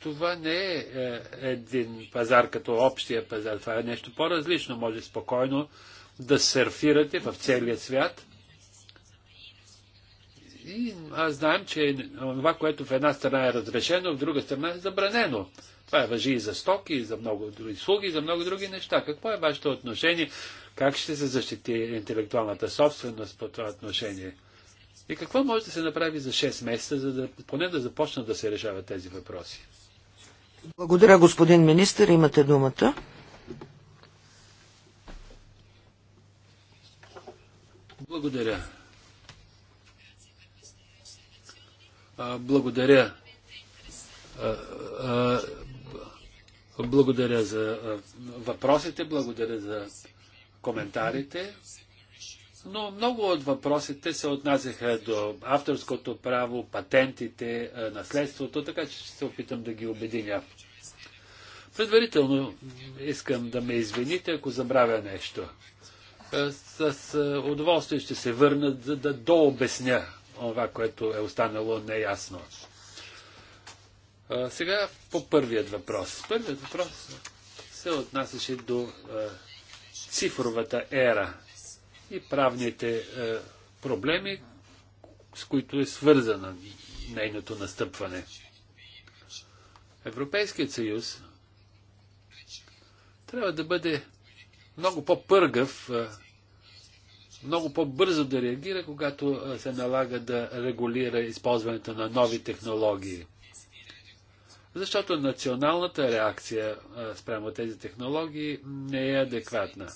S2: това не е, е един пазар като общия пазар, това е нещо по-различно. Може спокойно да серфирате в целия свят. И аз знаем, че това, което в една страна е разрешено, в друга страна е забранено. Това е въжи и за стоки, и за много други услуги, и за много други неща. Какво е вашето отношение? Как ще се защити интелектуалната собственост по това отношение? И какво може да се направи за 6 месеца, за да поне да започнат да се решават тези въпроси? Благодаря,
S1: господин министр. Имате думата.
S2: Благодаря. Благодаря благодаря за въпросите, благодаря за коментарите. Но много от въпросите се отнасяха до авторското право, патентите, наследството, така че ще се опитам да ги обединя. Предварително искам да ме извините, ако забравя нещо. С удоволствие ще се върна, за да дообясня това, което е останало неясно. А, сега по първият въпрос. Първият въпрос се отнасяше до а, цифровата ера и правните а, проблеми, с които е свързана нейното настъпване. Европейският съюз трябва да бъде много по-пъргав, много по-бързо да реагира, когато се налага да регулира използването на нови технологии защото националната реакция спрямо тези технологии не е адекватна.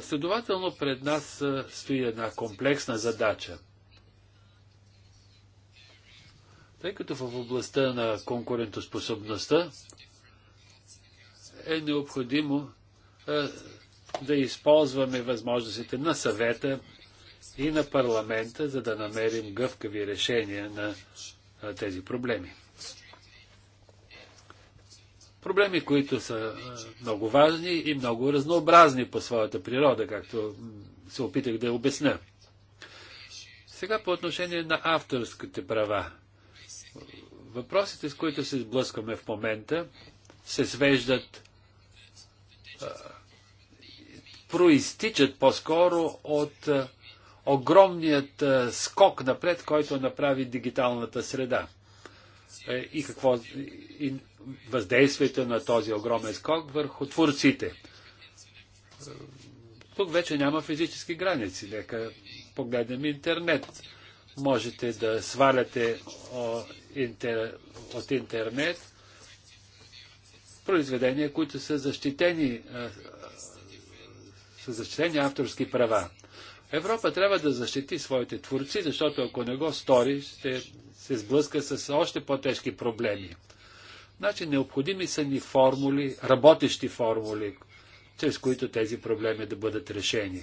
S2: Следователно пред нас стои една комплексна задача. Тъй като в областта на конкурентоспособността е необходимо да използваме възможностите на съвета и на парламента, за да намерим гъвкави решения на тези проблеми. Проблеми, които са много важни и много разнообразни по своята природа, както се опитах да обясня. Сега по отношение на авторските права. Въпросите, с които се сблъскваме в момента, се свеждат, а, проистичат по-скоро от а, огромният скок напред, който направи дигиталната среда. Е, и какво и въздействието на този огромен скок върху творците. Тук вече няма физически граници. Нека погледнем интернет. Можете да сваляте от интернет произведения, които са защитени, са защитени авторски права. Европа трябва да защити своите творци, защото ако не го стори, ще се сблъска с още по-тежки проблеми. Значи необходими са ни формули, работещи формули, чрез които тези проблеми да бъдат решени.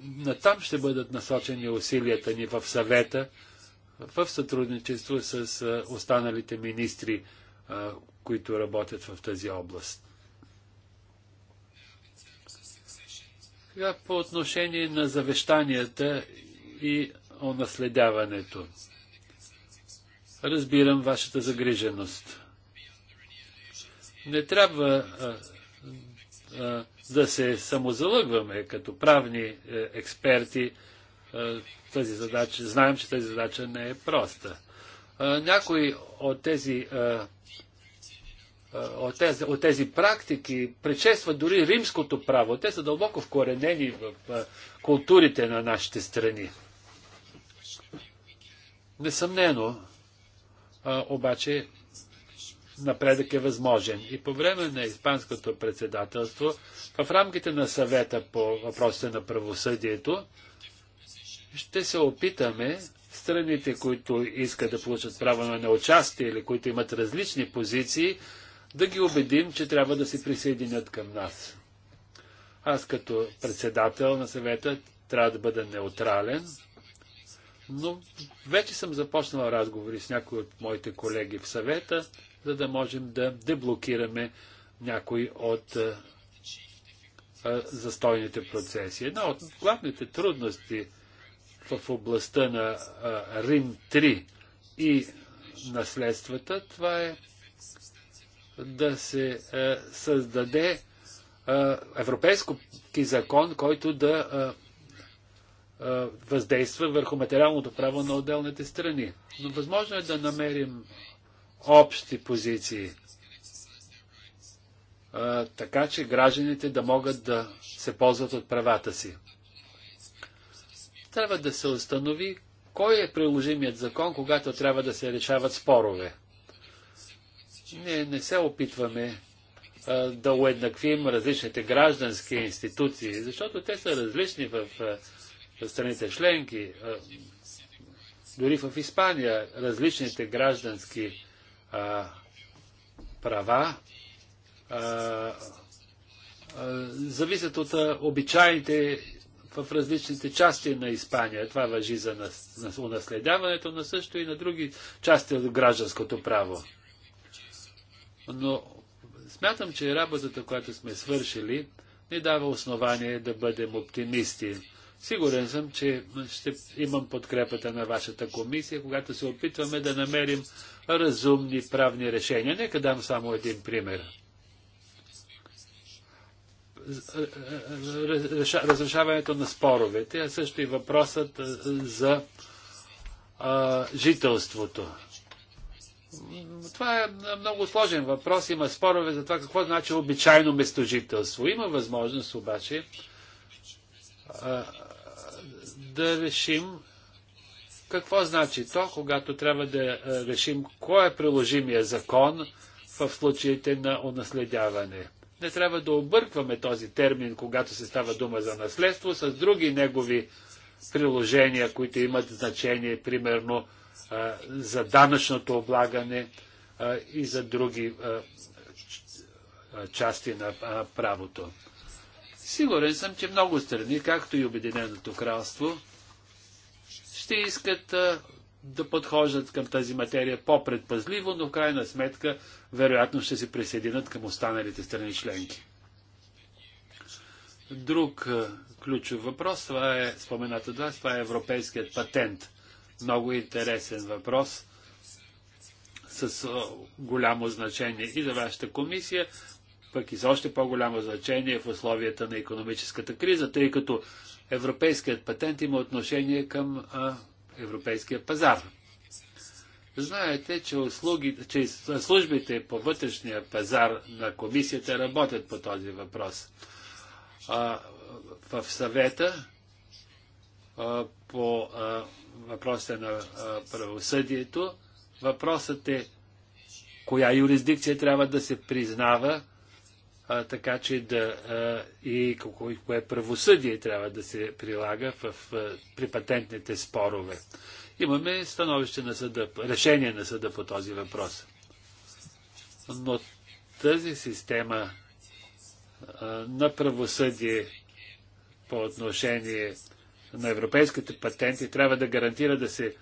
S2: Натам ще бъдат насочени усилията ни в съвета, в сътрудничество с останалите министри, които работят в тази област. Сега по отношение на завещанията и онаследяването. Разбирам вашата загриженост. Не трябва а, а, да се самозалъгваме като правни е, експерти. А, тази задача, знаем, че тази задача не е проста. А, някои от тези а, от тези, от тези практики предшестват дори римското право. Те са дълбоко вкоренени в културите на нашите страни. Несъмнено, обаче, напредък е възможен. И по време на Испанското председателство, в рамките на съвета по въпросите на правосъдието, ще се опитаме страните, които искат да получат право на неучастие или които имат различни позиции, да ги убедим, че трябва да се присъединят към нас. Аз като председател на съвета трябва да бъда неутрален, но вече съм започнал разговори с някои от моите колеги в съвета, за да можем да деблокираме някои от а, е, а, е, застойните процеси. Една от главните трудности в областта на а, е, Рим 3 и наследствата, това е да се е, създаде е, европейски закон, който да е, въздейства върху материалното право на отделните страни. Но възможно е да намерим общи позиции, така че гражданите да могат да се ползват от правата си. Трябва да се установи кой е приложимият закон, когато трябва да се решават спорове. Ние не се опитваме а, да уеднаквим различните граждански институции, защото те са различни в, в страните членки. А, дори в Испания различните граждански а, права а, зависят от обичайните в различните части на Испания. Това въжи за унаследяването на, но също и на други части от гражданското право но смятам, че работата, която сме свършили, ни дава основание да бъдем оптимисти. Сигурен съм, че ще имам подкрепата на вашата комисия, когато се опитваме да намерим разумни правни решения. Нека дам само един пример. Разрешаването на споровете, а също и въпросът за а, жителството. Това е много сложен въпрос. Има спорове за това какво значи обичайно местожителство. Има възможност обаче а, да решим какво значи то, когато трябва да решим кой е приложимия закон в случаите на унаследяване. Не трябва да объркваме този термин, когато се става дума за наследство, с други негови приложения, които имат значение, примерно за данъчното облагане и за други части на правото. Сигурен съм, че много страни, както и Обединеното кралство, ще искат да подхождат към тази материя по-предпазливо, но в крайна сметка вероятно ще се присъединят към останалите страни членки. Друг ключов въпрос, това е споменат от вас, това е европейският патент много интересен въпрос с голямо значение и за вашата комисия, пък и за още по-голямо значение в условията на економическата криза, тъй като европейският патент има отношение към а, европейския пазар. Знаете, че, услуги, че службите по вътрешния пазар на комисията работят по този въпрос. А, в съвета а, по а, въпросите на правосъдието. Въпросът е коя юрисдикция трябва да се признава, а, така че да а, и кое, кое правосъдие трябва да се прилага в, в, при патентните спорове. Имаме становище на съда, решение на съда по този въпрос. Но тази система а, на правосъдие по отношение на европейските патенти трябва да гарантира да се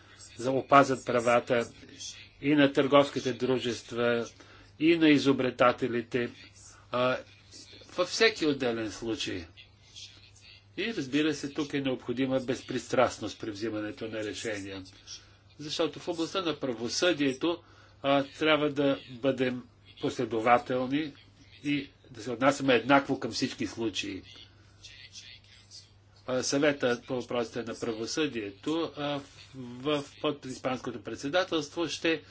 S2: опазят правата и на търговските дружества, и на изобретателите, а, във всеки отделен случай. И разбира се, тук е необходима безпристрастност при взимането на решения. Защото в областта на правосъдието а, трябва да бъдем последователни и да се отнасяме еднакво към всички случаи съвета по въпросите на правосъдието в, под Испанското председателство ще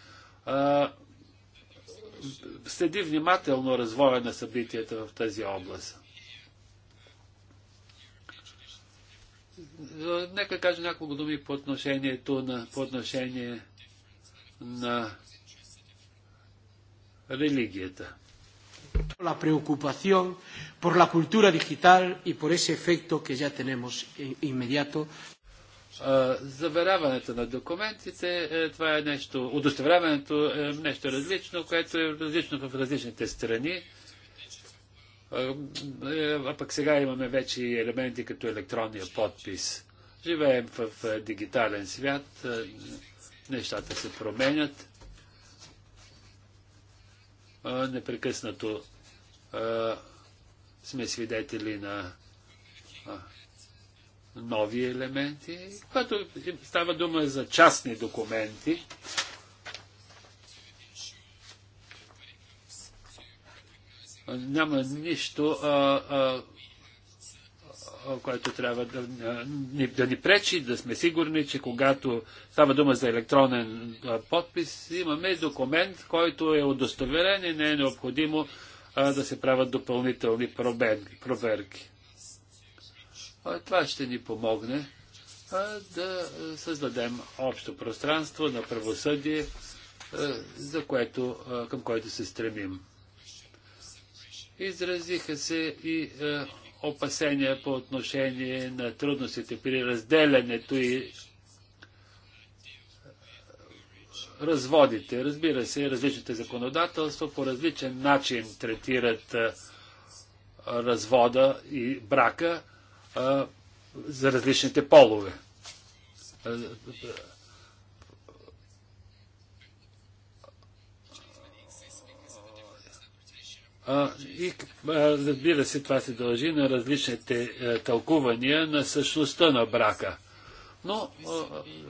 S2: следи внимателно развоя на събитията в тази област. Нека кажа няколко думи по отношението на, по отношение на религията. La preocupación por la cultura digital y por ese efecto que ya tenemos inmediato. Заверяването на документите, е, това е нещо, удостоверяването е нещо различно, което е различно в различните страни. А е, пък сега имаме вече и елементи като електронния подпис. Живеем в дигитален свят, е, нещата се променят непрекъснато сме свидетели на нови елементи. Когато става дума за частни документи, няма нищо а, а, което трябва да, ни, да ни пречи, да сме сигурни, че когато става дума за електронен подпис, имаме документ, който е удостоверен и не е необходимо а, да се правят допълнителни проверки. А, това ще ни помогне а, да създадем общо пространство на правосъдие, за което, към което се стремим. Изразиха се и опасения по отношение на трудностите при разделянето и разводите. Разбира се, различните законодателства по различен начин третират развода и брака за различните полове. И разбира се, това се дължи на различните е, тълкувания на същността на брака. Но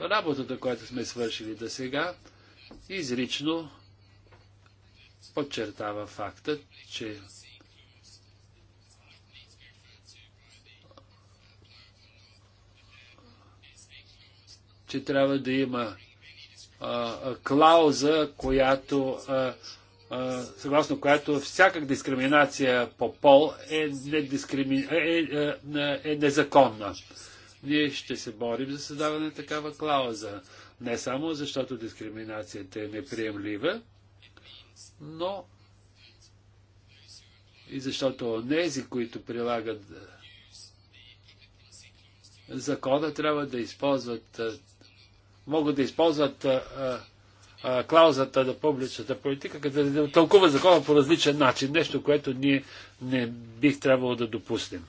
S2: работата, която сме свършили до сега, изрично подчертава факта, че че трябва да има а, а, клауза, която а, съгласно която всяка дискриминация по пол е, е, е, е, е незаконна. Ние ще се борим за създаване на такава клауза. Не само защото дискриминацията е неприемлива, но и защото онези, които прилагат закона, трябва да използват, могат да използват клаузата на публичната политика, като да тълкува закона по различен начин, нещо, което ние не бих трябвало да допуснем.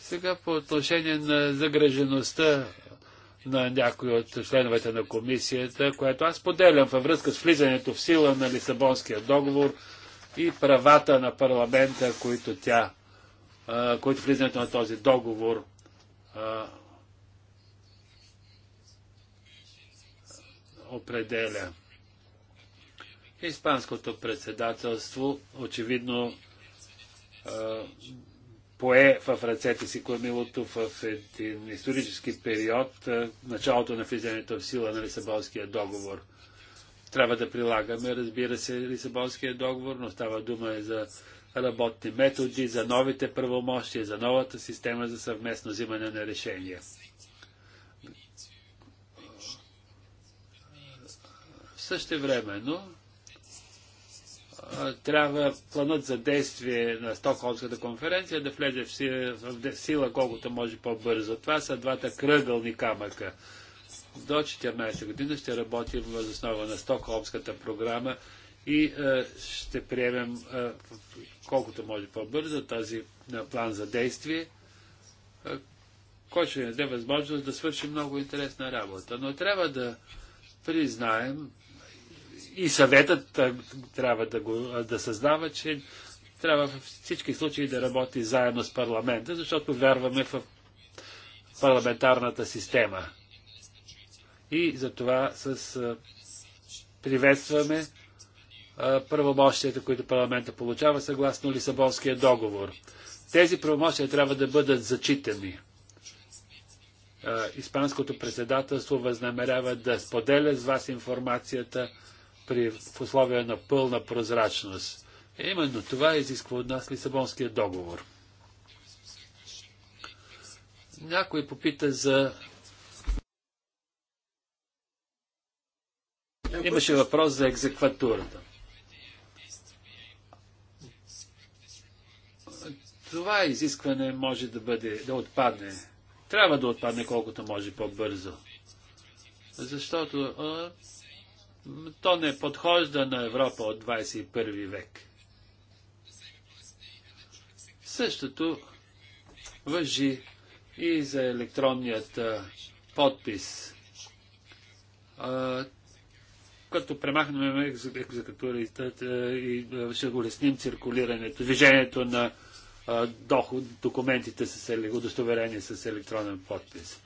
S2: Сега по отношение на загрежеността на някои от членовете на комисията, което аз поделям във връзка с влизането в сила на Лисабонския договор и правата на парламента, които тя, които влизането на този договор определя. Испанското председателство очевидно пое в ръцете си кормилото в един исторически период, началото на влизането в сила на Лисабонския договор. Трябва да прилагаме, разбира се, Лисабонския договор, но става дума и за работни методи, за новите правомощия, за новата система за съвместно взимане на решения. но трябва планът за действие на Стокхолмската конференция да влезе в сила, в сила колкото може по-бързо. Това са двата кръгълни камъка. До 14 година ще работим въз основа на Стокхолмската програма и е, ще приемем е, колкото може по-бързо този е, план за действие, който ще ни даде възможност да свършим много интересна работа. Но трябва да признаем, и съветът трябва да, го, да създава, че трябва във всички случаи да работи заедно с парламента, защото вярваме в парламентарната система. И за това с, приветстваме правомощията, които парламента получава съгласно Лисабонския договор. Тези правомощия трябва да бъдат зачитани. Испанското председателство възнамерява да споделя с вас информацията при в условия на пълна прозрачност. Е, именно това изисква от нас Лисабонския договор. Някой попита за. Имаше въпрос за екзекватурата. Това изискване може да бъде, да отпадне. Трябва да отпадне колкото може по-бързо. Защото а, то не подхожда на Европа от 21 век. Същото въжи и за електронният подпис. А, като премахнем екзекутурите и ще улесним циркулирането, движението на а, доход, документите с удостоверение с електронен подпис.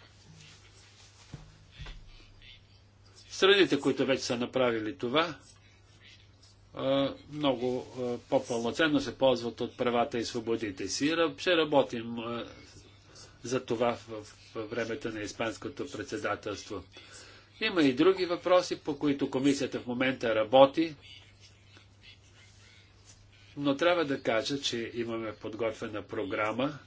S2: страните, които вече са направили това, много по-пълноценно се ползват от правата и свободите си. Ще работим за това в времето на Испанското председателство. Има и други въпроси, по които комисията в момента работи, но трябва да кажа, че имаме подготвена програма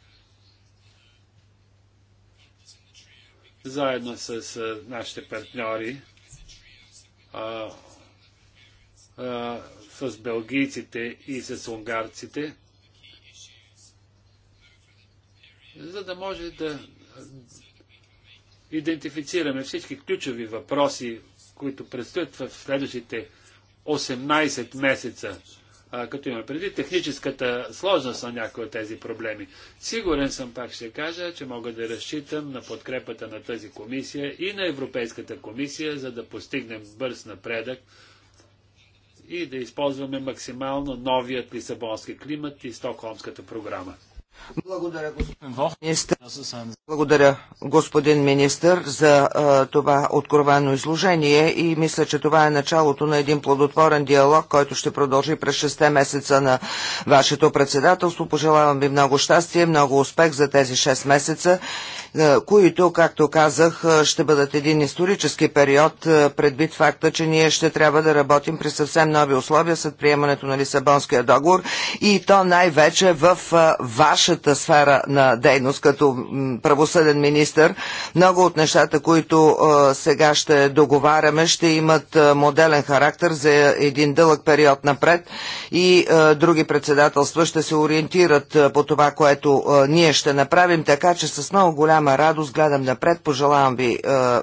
S2: заедно с нашите партньори а, а, с белгийците и с унгарците, за да може да идентифицираме всички ключови въпроси, които предстоят в следващите 18 месеца като има преди техническата сложност на някои от тези проблеми. Сигурен съм, пак ще кажа, че мога да разчитам на подкрепата на тази комисия и на Европейската комисия, за да постигнем бърз напредък и да използваме максимално новият Лисабонски климат и Стокхолмската програма. Благодаря, господин
S1: министр. Благодаря, господин за а, това откровено изложение и мисля, че това е началото на един плодотворен диалог, който ще продължи през 6 месеца на вашето председателство. Пожелавам ви много щастие, много успех за тези 6 месеца е, които, както казах, е, ще бъдат един исторически период, е, предвид факта, че ние ще трябва да работим при съвсем нови условия след приемането на Лисабонския договор и то най-вече в вашата сфера на дейност като правосъден министр. Много от нещата, които сега ще договаряме, ще имат моделен характер за един дълъг период напред и други председателства ще се ориентират по това, което ние ще направим, така че с много голяма голяма радост гледам напред. Пожелавам ви е,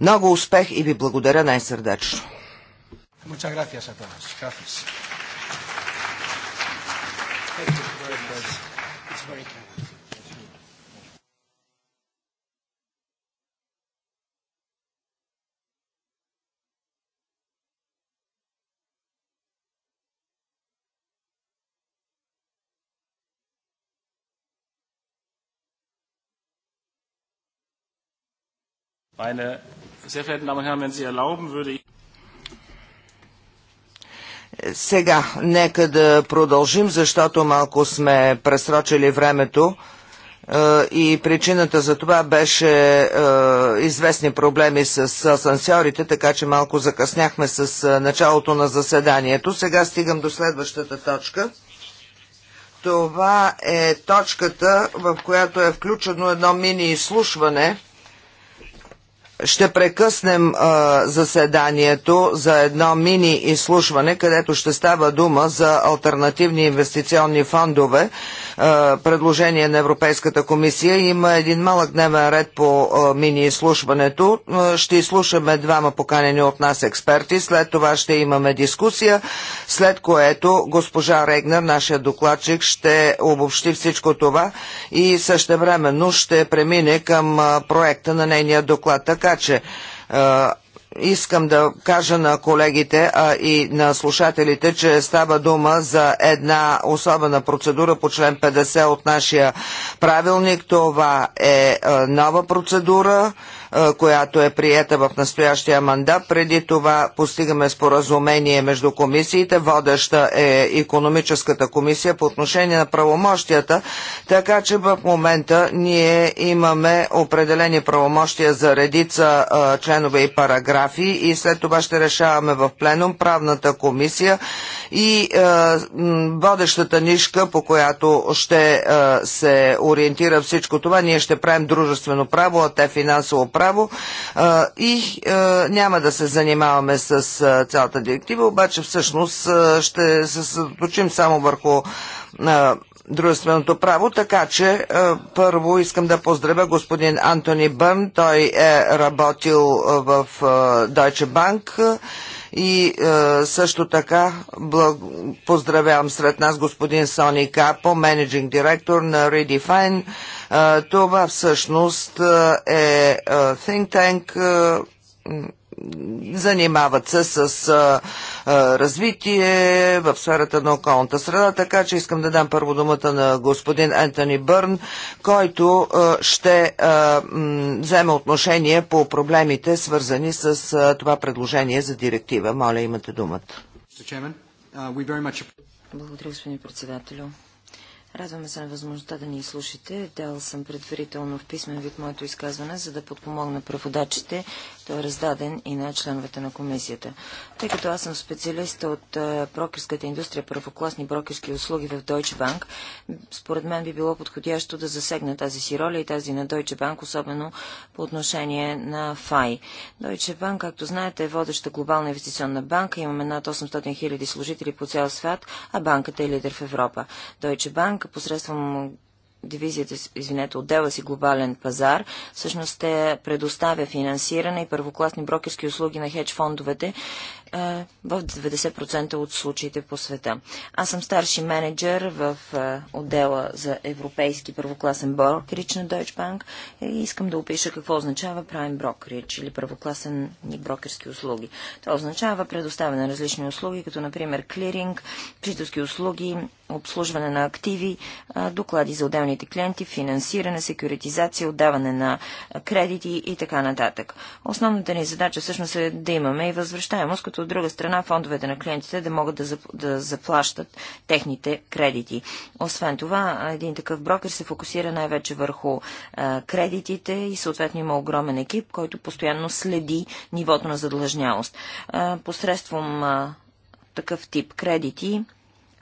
S1: много успех и ви благодаря най-сърдечно.
S2: Muchas gracias a todos. Gracias. Meine sehr verehrten Damen und Herren, wenn Sie erlauben, würde ich
S1: сега, нека да продължим, защото малко сме пресрочили времето е, и причината за това беше е, известни проблеми с асансьорите, така че малко закъсняхме с е, началото на заседанието. Сега стигам до следващата точка. Това е точката, в която е включено едно мини изслушване ще прекъснем а, заседанието за едно мини изслушване, където ще става дума за альтернативни инвестиционни фондове. А, предложение на Европейската комисия има един малък дневен ред по а, мини изслушването. А, ще изслушаме двама поканени от нас експерти, след това ще имаме дискусия, след което госпожа Регнер, нашия докладчик, ще обобщи всичко това и същевременно ще премине към а, проекта на нейния доклад. Така така че е, искам да кажа на колегите а и на слушателите, че става дума за една особена процедура по член 50 от нашия правилник. Това е, е нова процедура която е приета в настоящия мандат. Преди това постигаме споразумение между комисиите. Водеща е економическата комисия по отношение на правомощията, така че в момента ние имаме определени правомощия за редица членове и параграфи и след това ще решаваме в пленум правната комисия и е, водещата нишка, по която ще е, се ориентира всичко това. Ние ще правим дружествено право, а те финансово право е, и няма да се занимаваме с цялата директива, обаче всъщност ще се съсредоточим само върху дружественото право, така че е, първо искам да поздравя господин Антони Бърн. Той е работил в е, Deutsche Bank и е, също така благ... поздравявам сред нас господин Сони Капо, менеджинг директор на Redefine. Е, това всъщност е, е think tank е, занимават се с а, а, развитие в сферата на околната среда, така че искам да дам първо думата на господин Ентони Бърн, който а, ще а, м, вземе отношение по проблемите, свързани с а, това предложение за директива. Моля, имате думата. Uh,
S3: Благодаря, господин председателю. Радваме се на възможността да ни изслушате. Дал съм предварително в писмен вид моето изказване, за да подпомогна преводачите той е раздаден и на членовете на комисията. Тъй като аз съм специалист от е, брокерската индустрия, първокласни брокерски услуги в Deutsche Bank, според мен би било подходящо да засегна тази си роля и тази на Deutsche Bank, особено по отношение на ФАИ. Deutsche Bank, както знаете, е водеща глобална инвестиционна банка. Имаме над 800 000 служители по цял свят, а банката е лидер в Европа. Deutsche Bank посредством дивизията, извинете, отдела си глобален пазар, всъщност те предоставя финансиране и първокласни брокерски услуги на хедж фондовете в 90% от случаите по света. Аз съм старши менеджер в отдела за европейски първокласен брокерич на Deutsche Bank и искам да опиша какво означава правен брокерич или първокласен брокерски услуги. Това означава предоставяне на различни услуги, като например клиринг, чителски услуги, обслужване на активи, доклади за отделните клиенти, финансиране, секюритизация, отдаване на кредити и така нататък. Основната ни задача всъщност е да имаме и възвръщаемост, като като от друга страна фондовете на клиентите да могат да, зап... да заплащат техните кредити. Освен това, един такъв брокер се фокусира най-вече върху а, кредитите и съответно има огромен екип, който постоянно следи нивото на задлъжнялост. А, посредством а, такъв тип кредити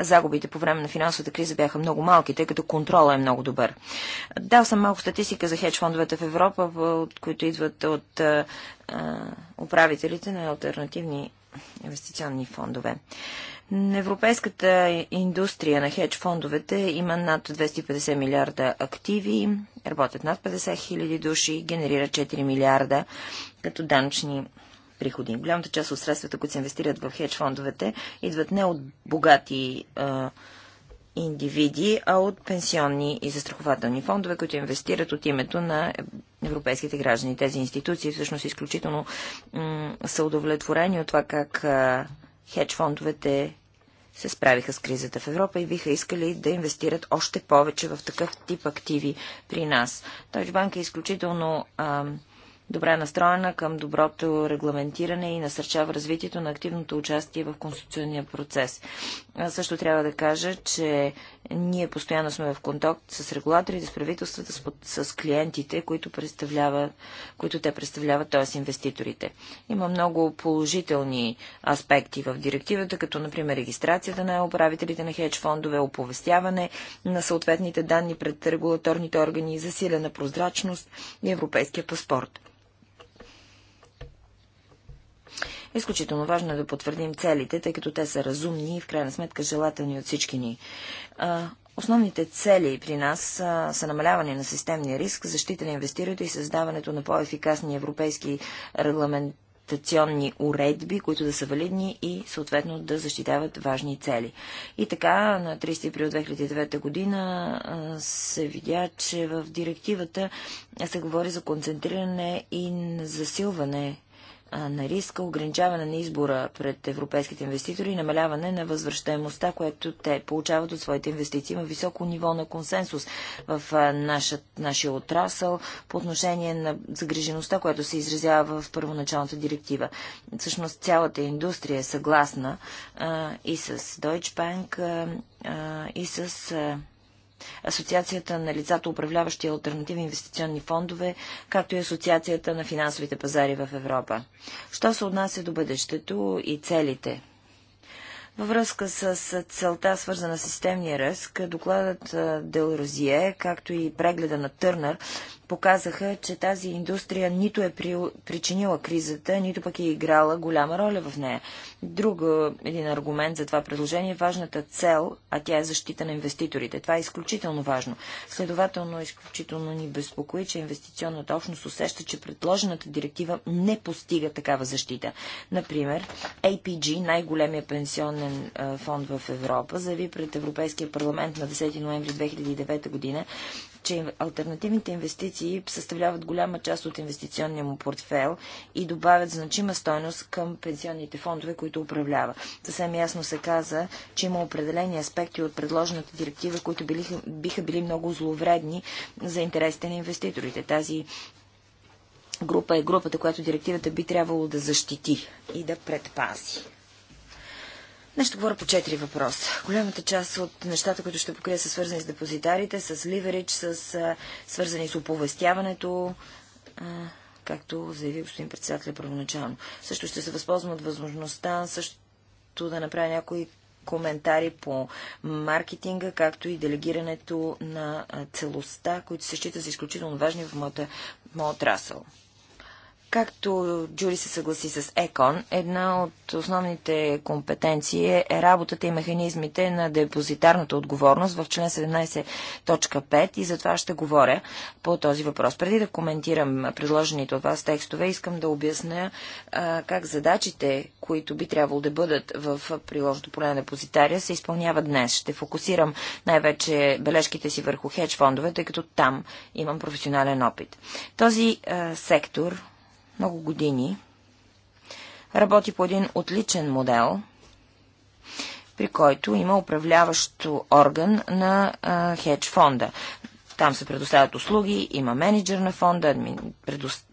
S3: загубите по време на финансовата криза бяха много малки, тъй като контрола е много добър. Дал съм малко статистика за хедж фондовете в Европа, от които идват от а, управителите на альтернативни инвестиционни фондове. Европейската индустрия на хедж фондовете има над 250 милиарда активи, работят над 50 хиляди души, генерира 4 милиарда като данъчни приходи. Голямата част от средствата, които се инвестират в хедж фондовете, идват не от богати а, индивиди, а от пенсионни и застрахователни фондове, които инвестират от името на европейските граждани. Тези институции всъщност изключително са удовлетворени от това как хедж фондовете се справиха с кризата в Европа и биха искали да инвестират още повече в такъв тип активи при нас. Deutsche Bank е изключително а, добре настроена към доброто регламентиране и насърчава развитието на активното участие в конституционния процес. Също трябва да кажа, че ние постоянно сме в контакт с регулаторите, с правителствата, с, с клиентите, които, които те представляват, т.е. инвеститорите. Има много положителни аспекти в директивата, като например регистрацията на управителите на хедж фондове, оповестяване на съответните данни пред регулаторните органи, засилена прозрачност и европейския паспорт. Изключително важно е да потвърдим целите, тъй като те са разумни и в крайна сметка желателни от всички ни. Основните цели при нас са, са намаляване на системния риск, защита на инвестирането и създаването на по-ефикасни европейски регламент, регламентационни уредби, които да са валидни и съответно да защитават важни цели. И така на 30 април 2009 година се видя, че в директивата се говори за концентриране и засилване на риска, ограничаване на избора пред европейските инвеститори и намаляване на възвръщаемостта, което те получават от своите инвестиции. Има високо ниво на консенсус в наша, нашия отрасъл по отношение на загрижеността, която се изразява в първоначалната директива. Всъщност цялата индустрия е съгласна а, и с Deutsche Bank а, и с Асоциацията на лицата, управляващи альтернативни инвестиционни фондове, както и Асоциацията на финансовите пазари в Европа. Що се отнася до бъдещето и целите? Във връзка с целта, свързана с системния ръст, докладът Дел Розие, както и прегледа на Търнър, показаха, че тази индустрия нито е причинила кризата, нито пък е играла голяма роля в нея. Друг е, един аргумент за това предложение е важната цел, а тя е защита на инвеститорите. Това е изключително важно. Следователно, изключително ни безпокои, че инвестиционната общност усеща, че предложената директива не постига такава защита. Например, APG, най-големия пенсионен е, фонд в Европа, заяви пред Европейския парламент на 10 ноември 2009 година, че альтернативните инвестиции съставляват голяма част от инвестиционния му портфел и добавят значима стойност към пенсионните фондове, които управлява. Съвсем ясно се каза, че има определени аспекти от предложената директива, които били, биха били много зловредни за интересите на инвеститорите. Тази група е групата, която директивата би трябвало да защити и да предпази. Днес ще говоря по четири въпроса. Голямата част от нещата, които ще покрия, са свързани с депозитарите, с ливерич, с, свързани с оповестяването, както заяви господин председател първоначално. Също ще се възползвам от възможността също да направя някои коментари по маркетинга, както и делегирането на целостта, които се считат за изключително важни в моята, отрасъл. Както Джули се съгласи с ЕКОН, една от основните компетенции е, е работата и механизмите на депозитарната отговорност в член 17.5 и затова ще говоря по този въпрос. Преди да коментирам предложените от вас текстове, искам да обясня как задачите, които би трябвало да бъдат в приложното поле на депозитария, се изпълняват днес. Ще фокусирам най-вече бележките си върху хедж фондове, тъй като там имам професионален опит. Този сектор много години работи по един отличен модел, при който има управляващо орган на а, хедж фонда. Там се предоставят услуги, има менеджер на фонда, адми...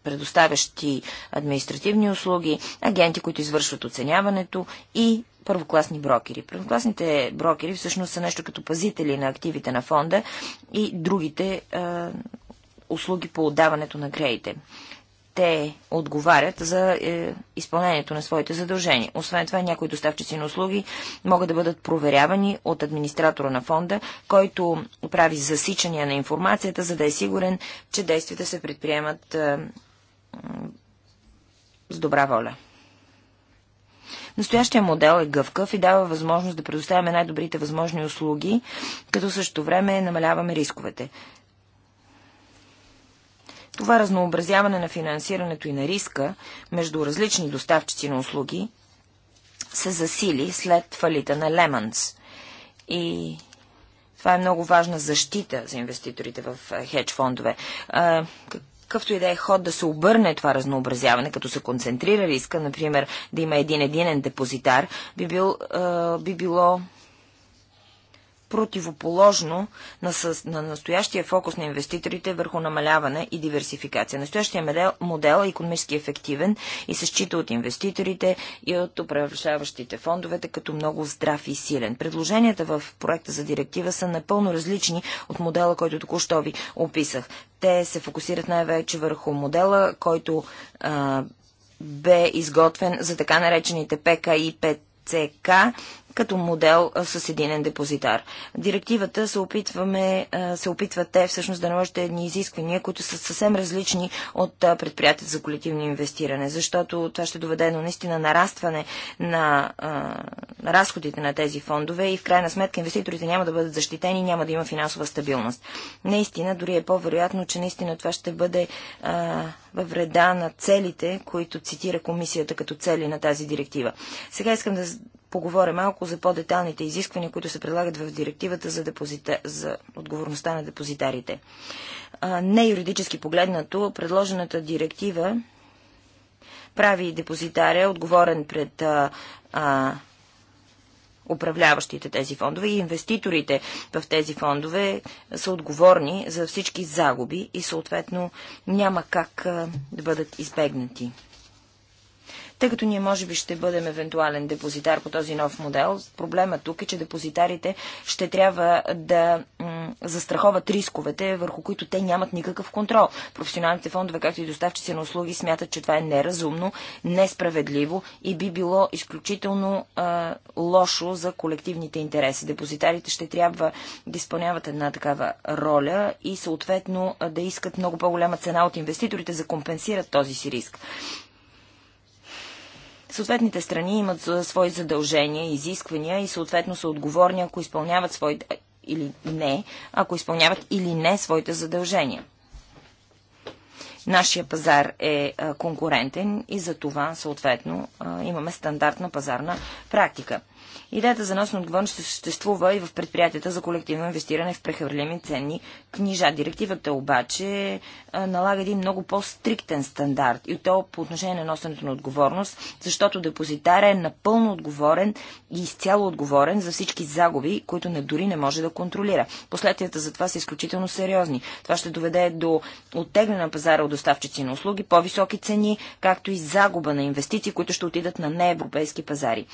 S3: предоставящи административни услуги, агенти, които извършват оценяването и първокласни брокери. Първокласните брокери всъщност са нещо като пазители на активите на фонда и другите а, услуги по отдаването на кредите те отговарят за е, изпълнението на своите задължения. Освен това, някои доставчици на услуги могат да бъдат проверявани от администратора на фонда, който прави засичания на информацията, за да е сигурен, че действията се предприемат е, е, с добра воля. Настоящия модел е гъвкав и дава възможност да предоставяме най-добрите възможни услуги, като също време намаляваме рисковете. Това разнообразяване на финансирането и на риска между различни доставчици на услуги се засили след фалита на Леманс. И това е много важна защита за инвеститорите в е, хедж фондове. Какъвто и да е ход да се обърне това разнообразяване, като се концентрира риска, например да има един единен депозитар, би, бил, би било противоположно на, със, на настоящия фокус на инвеститорите върху намаляване и диверсификация. Настоящия модел, модел е економически ефективен и се счита от инвеститорите и от управляващите фондовете като много здрав и силен. Предложенията в проекта за директива са напълно различни от модела, който току-що ви описах. Те се фокусират най-вече върху модела, който а, бе изготвен за така наречените ПК и ПЦК като модел с единен депозитар. Директивата се, опитваме, се опитват те всъщност да наложат едни изисквания, които са съвсем различни от предприятията за колективно инвестиране, защото това ще доведе до наистина нарастване на, на разходите на тези фондове и в крайна сметка инвеститорите няма да бъдат защитени, няма да има финансова стабилност. Наистина, дори е по-вероятно, че наистина това ще бъде а, във вреда на целите, които цитира комисията като цели на тази директива. Сега искам да поговоря малко за по-деталните изисквания, които се предлагат в директивата за, депозита... за отговорността на депозитарите. Не юридически погледнато, предложената директива прави депозитаря отговорен пред а, а, управляващите тези фондове и инвеститорите в тези фондове са отговорни за всички загуби и съответно няма как а, да бъдат избегнати. Тъй като ние може би ще бъдем евентуален депозитар по този нов модел, проблема тук е, че депозитарите ще трябва да застраховат рисковете, върху които те нямат никакъв контрол. Професионалните фондове, както и доставчици на услуги, смятат, че това е неразумно, несправедливо и би било изключително а, лошо за колективните интереси. Депозитарите ще трябва да изпълняват една такава роля и съответно да искат много по-голяма цена от инвеститорите за компенсират този си риск. Съответните страни имат свои задължения, изисквания и съответно са отговорни, ако изпълняват своите или не, ако изпълняват или не своите задължения. Нашия пазар е конкурентен и за това съответно имаме стандартна пазарна практика. Идеята за носна отговорност съществува и в предприятията за колективно инвестиране в прехвърлими ценни книжа. Директивата обаче налага един много по-стриктен стандарт и то по отношение на носенето на отговорност, защото депозитар е напълно отговорен и изцяло отговорен за всички загуби, които не дори не може да контролира. Последствията за това са изключително сериозни. Това ще доведе до оттегляне на пазара от доставчици на услуги, по-високи цени, както и загуба на инвестиции, които ще отидат на неевропейски пазари.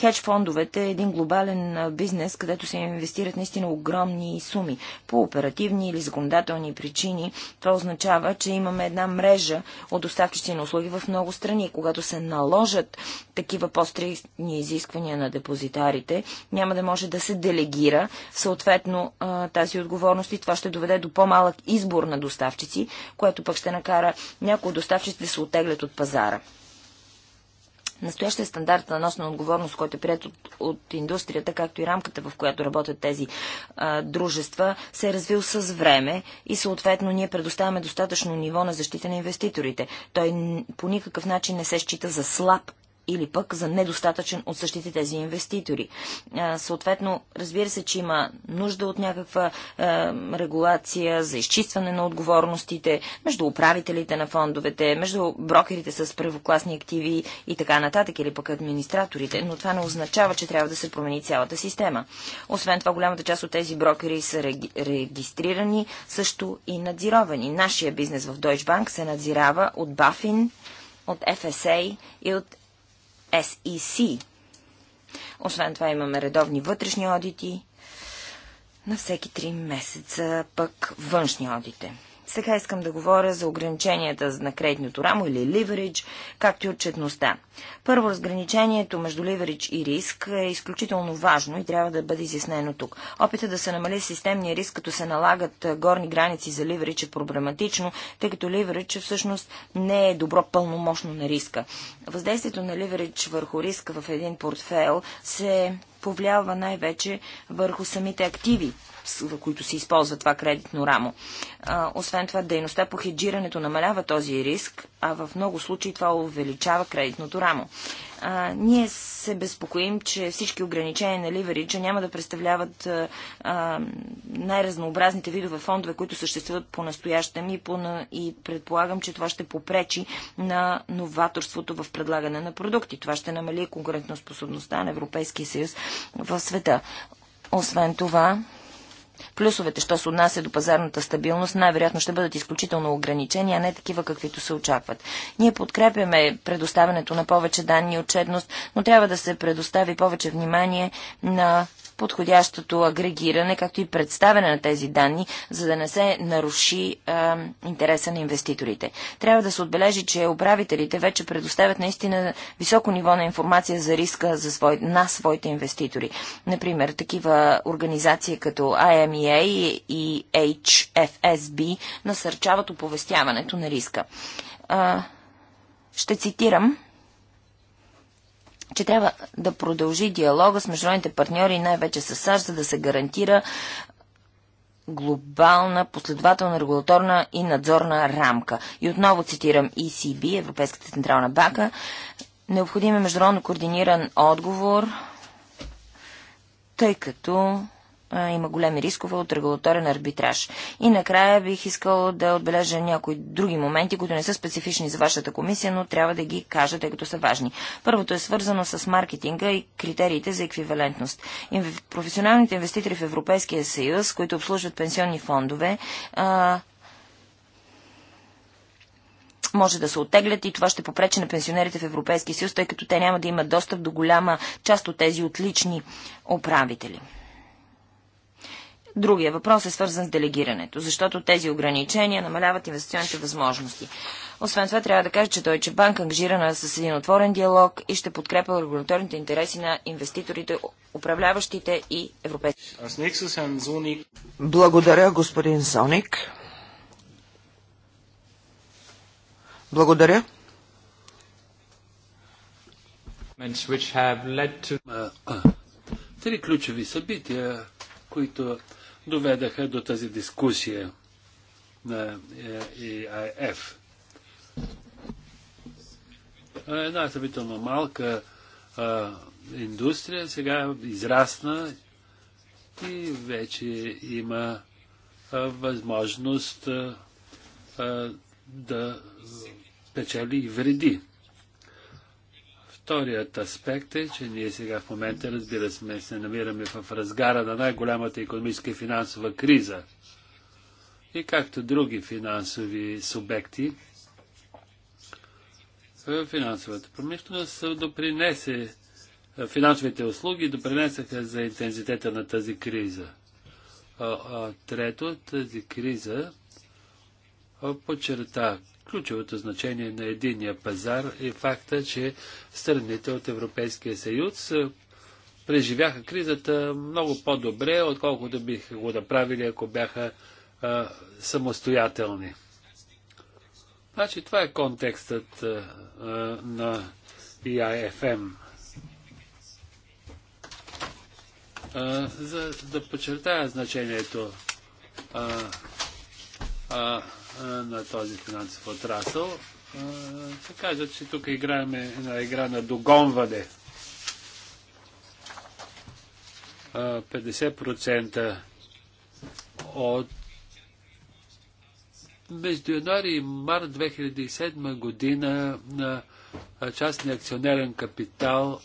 S3: Хедж фондове фондовете е един глобален бизнес, където се инвестират наистина огромни суми. По оперативни или законодателни причини това означава, че имаме една мрежа от доставчици на услуги в много страни. Когато се наложат такива по-стрикни изисквания на депозитарите, няма да може да се делегира съответно тази отговорност и това ще доведе до по-малък избор на доставчици, което пък ще накара някои от доставчиците да се отеглят от пазара. Настоящия стандарт на носна отговорност, който е прият от, от индустрията, както и рамката, в която работят тези а, дружества, се е развил с време и съответно ние предоставяме достатъчно ниво на защита на инвеститорите. Той по никакъв начин не се счита за слаб или пък за недостатъчен от същите тези инвеститори. съответно, разбира се, че има нужда от някаква регулация за изчистване на отговорностите между управителите на фондовете, между брокерите с първокласни активи и така нататък, или пък администраторите, но това не означава, че трябва да се промени цялата система. Освен това, голямата част от тези брокери са регистрирани, също и надзировани. Нашия бизнес в Deutsche Bank се надзирава от Бафин, от FSA и от SEC. Освен това имаме редовни вътрешни одити на всеки 3 месеца, пък външни одите. Сега искам да говоря за ограниченията на кредитното рамо или ливеридж, както и отчетността. Първо, разграничението между ливеридж и риск е изключително важно и трябва да бъде изяснено тук. Опита да се намали системния риск, като се налагат горни граници за ливеридж е проблематично, тъй като ливеридж всъщност не е добро пълномощно на риска. Въздействието на ливеридж върху риска в един портфел се повлиява най-вече върху самите активи в които се използва това кредитно рамо. А, освен това, дейността по хеджирането намалява този риск, а в много случаи това увеличава кредитното рамо. А, ние се безпокоим, че всички ограничения на ливериджа няма да представляват най-разнообразните видове фондове, които съществуват по настоящем и, по, на... и предполагам, че това ще попречи на новаторството в предлагане на продукти. Това ще намали конкурентоспособността на Европейския съюз в света. Освен това, Плюсовете, що се отнася до пазарната стабилност, най-вероятно ще бъдат изключително ограничени, а не такива, каквито се очакват. Ние подкрепяме предоставянето на повече данни и отчетност, но трябва да се предостави повече внимание на подходящото агрегиране, както и представяне на тези данни, за да не се наруши а, интереса на инвеститорите. Трябва да се отбележи, че управителите вече предоставят наистина високо ниво на информация за риска за свой, на своите инвеститори. Например, такива организации като IMEA и HFSB насърчават оповестяването на риска. А, ще цитирам че трябва да продължи диалога с международните партньори и най-вече с САЩ, за да се гарантира глобална, последователна регулаторна и надзорна рамка. И отново цитирам ECB, Европейската централна банка. Необходим е международно координиран отговор, тъй като има големи рискове от регулаторен арбитраж. И накрая бих искал да отбележа някои други моменти, които не са специфични за вашата комисия, но трябва да ги кажа, тъй като са важни. Първото е свързано с маркетинга и критериите за еквивалентност. Инв... Професионалните инвеститори в Европейския съюз, които обслужват пенсионни фондове, а, може да се отеглят и това ще попречи на пенсионерите в Европейския съюз, тъй като те няма да имат достъп до голяма част от тези отлични управители. Другия въпрос е свързан с делегирането, защото тези ограничения намаляват инвестиционните възможности. Освен това, трябва да кажа, че Deutsche Bank ангажирана с един отворен диалог и ще подкрепя регуляторните интереси на инвеститорите, управляващите и европейските.
S1: Благодаря, господин Соник. Благодаря.
S2: Три ключови събития, които доведаха до тази дискусия на е, ИАФ. Е една събително малка а, индустрия сега израсна и вече има а, възможност а, да печели и вреди. Вторият аспект е, че ние сега в момента, разбира се, се намираме в разгара на най-голямата економическа и финансова криза. И както други финансови субекти, е, финансовата промишленост допринесе, е, финансовите услуги допринесаха за интензитета на тази криза. Трето, тази криза е, подчерта Ключовото значение на единия пазар е факта, че страните от Европейския съюз преживяха кризата много по-добре, отколкото биха го направили, ако бяха а, самостоятелни. Значи това е контекстът а, на EIFM. А, за да подчертая значението а, а, на този финансов отрасъл, се казва, че тук играем една игра на догонване. 50% от между януари и март 2007 година на частния акционерен капитал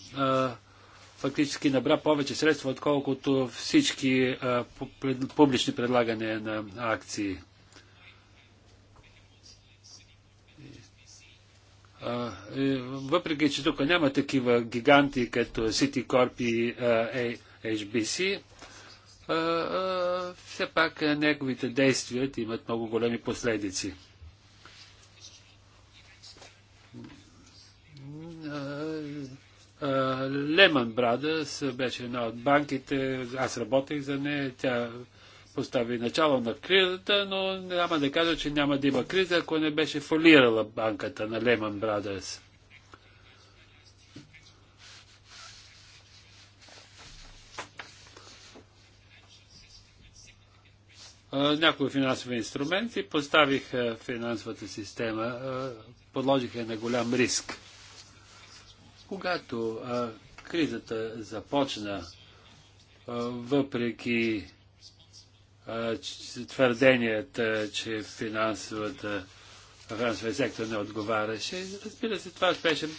S2: фактически набра повече средства, отколкото всички публични предлагания на акции. Е, въпреки, че тук няма такива гиганти като Citicorp и HBC, все пак неговите действия имат много големи последици. Леман Брадъс беше една от банките, аз работех за нея, тя постави начало на кризата, но няма да кажа, че няма да има криза, ако не беше фолирала банката на Lehman Brothers. някои финансови инструменти, поставих финансовата система, подложиха на голям риск. Когато кризата започна, въпреки твърденията, че финансовата финансовия сектор не отговаряше. Разбира се, това беше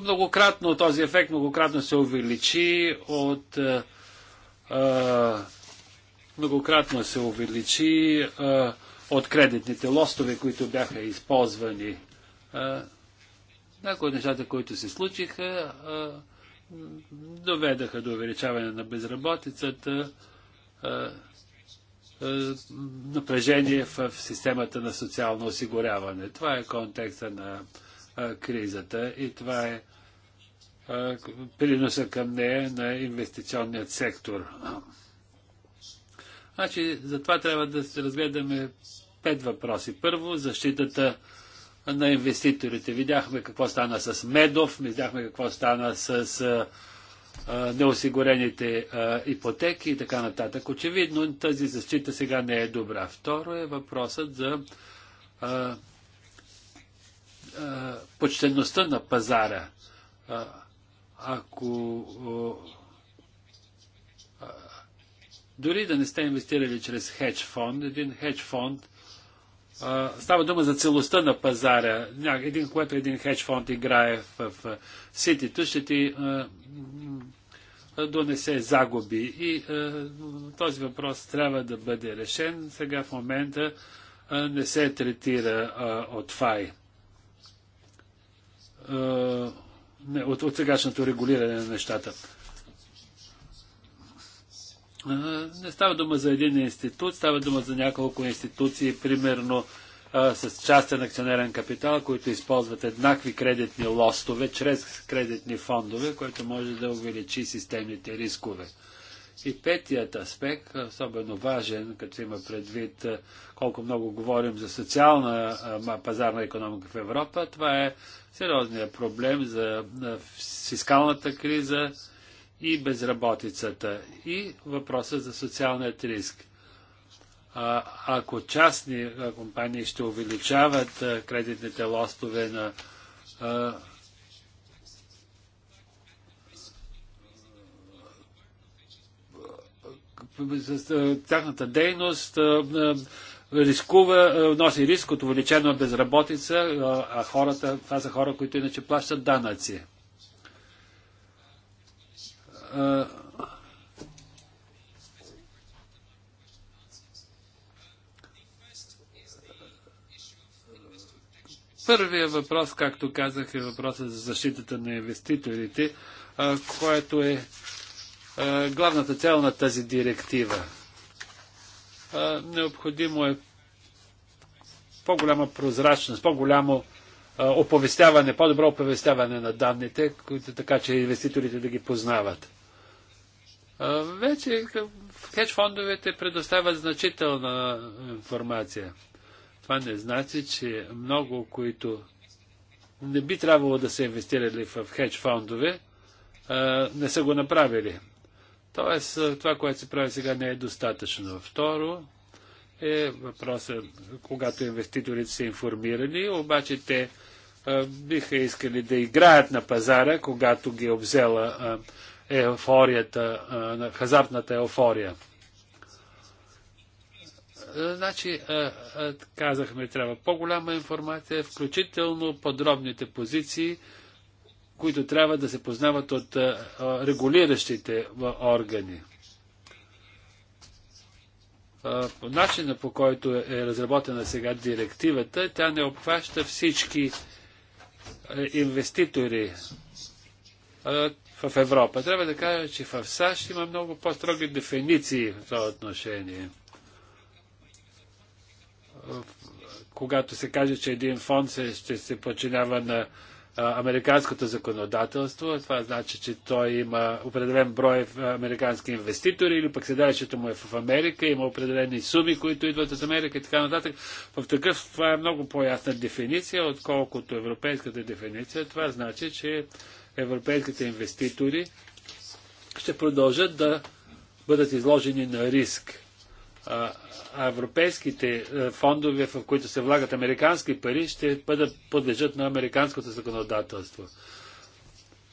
S2: многократно, този ефект многократно се увеличи от многократно се увеличи от кредитните лостове, които бяха използвани. Някои от нещата, които се случиха, доведаха до увеличаване на безработицата, напрежение в системата на социално осигуряване. Това е контекста на кризата и това е приноса към нея на инвестиционният сектор. Значи, за това трябва да се разгледаме пет въпроси. Първо, защитата на инвеститорите. Видяхме какво стана с Медов, видяхме какво стана с неосигурените ипотеки и така нататък. Очевидно тази защита сега не е добра. Второ е въпросът за а, а, почтенността на пазара. А, ако дори да не сте инвестирали чрез хедж фонд, един хедж фонд става дума за целостта на пазара. Един, което един хедж фонд играе в, ситито, ще ти донесе загуби. И този въпрос трябва да бъде решен. Сега в момента не се третира от ФАЙ. не, от, от сегашното регулиране на нещата. Не става дума за един институт, става дума за няколко институции, примерно с частен акционерен капитал, които използват еднакви кредитни лостове чрез кредитни фондове, което може да увеличи системните рискове. И петият аспект, особено важен, като има предвид колко много говорим за социална пазарна економика в Европа, това е сериозният проблем за фискалната криза, и безработицата и въпроса за социалният риск. А, ако частни компании ще увеличават а, кредитните лостове на а, тяхната дейност рискува, носи риск от увеличена безработица, а хората, това са хора, които иначе плащат данъци. Първият въпрос, както казах, е въпросът за защитата на инвеститорите, което е главната цел на тази директива. необходимо е по-голяма прозрачност, по-голямо оповестяване, по-добро оповестяване на данните, които така че инвеститорите да ги познават. Вече хедж фондовете предоставят значителна информация. Това не значи, че много, които не би трябвало да се инвестирали в хедж фондове, не са го направили. Тоест, това, което се прави сега, не е достатъчно. Второ, е въпросът, когато инвеститорите са информирани, обаче те биха искали да играят на пазара, когато ги е обзела еуфорията, на хазартната еуфория. Е, значи, е, е, казахме, трябва по-голяма информация, включително подробните позиции, които трябва да се познават от регулиращите органи. По начина по който е разработена сега директивата, тя не обхваща всички инвеститори в Европа. Трябва да кажа, че в САЩ има много по-строги дефиниции в това отношение. Когато се каже, че един фонд се, ще се подчинява на а, американското законодателство, това значи, че той има определен брой американски инвеститори или пък седалището му е в Америка, има определени суми, които идват от Америка и така нататък. В такъв това е много по-ясна дефиниция, отколкото европейската дефиниция. Това значи, че европейските инвеститори ще продължат да бъдат изложени на риск. А европейските е, фондове, в които се влагат американски пари, ще бъдат, подлежат на американското законодателство.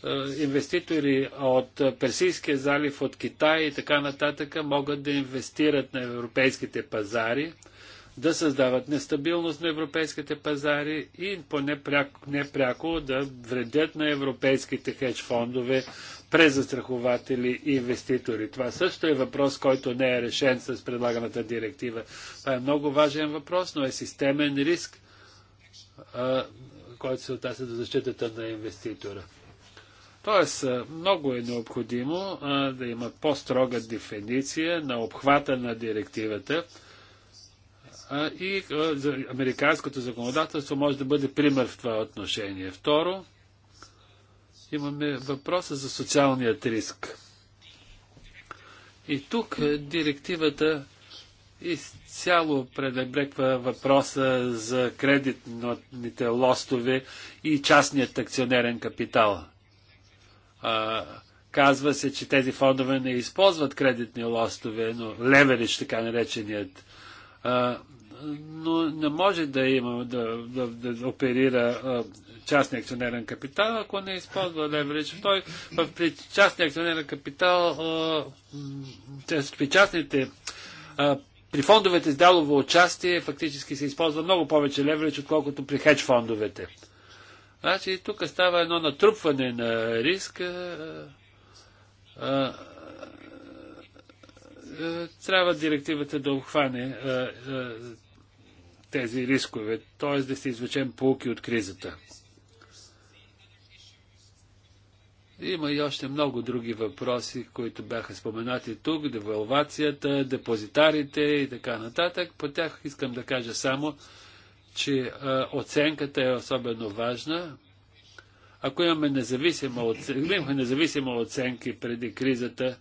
S2: Е, инвеститори от Персийския залив, от Китай и така нататък могат да инвестират на европейските пазари – да създават нестабилност на европейските пазари и по непряко, да вредят на европейските хедж фондове, презастрахователи и инвеститори. Това също е въпрос, който не е решен с предлаганата директива. Това е много важен въпрос, но е системен риск, който се отнася до защитата на инвеститора. Тоест, много е необходимо а, да има по-строга дефиниция на обхвата на директивата, и американското законодателство може да бъде пример в това отношение. Второ, имаме въпроса за социалният риск. И тук е, директивата изцяло пренебреква въпроса за кредитните лостове и частният акционерен капитал. А, казва се, че тези фондове не използват кредитни лостове, но леверич, така нареченият. А, но не може да има, да, да, да оперира частния акционерен капитал, ако не използва леверидж. Той при частния акционерен капитал, при частните, при фондовете с дялово участие фактически се използва много повече леверидж, отколкото при хедж фондовете. Значи тук става едно натрупване на риск. А, трябва директивата да обхване тези рискове, т.е. да се извлечем полки от кризата. Има и още много други въпроси, които бяха споменати тук, девалвацията, депозитарите и така нататък. По тях искам да кажа само, че оценката е особено важна. Ако имаме независима, оценка, имаме независима оценки преди кризата,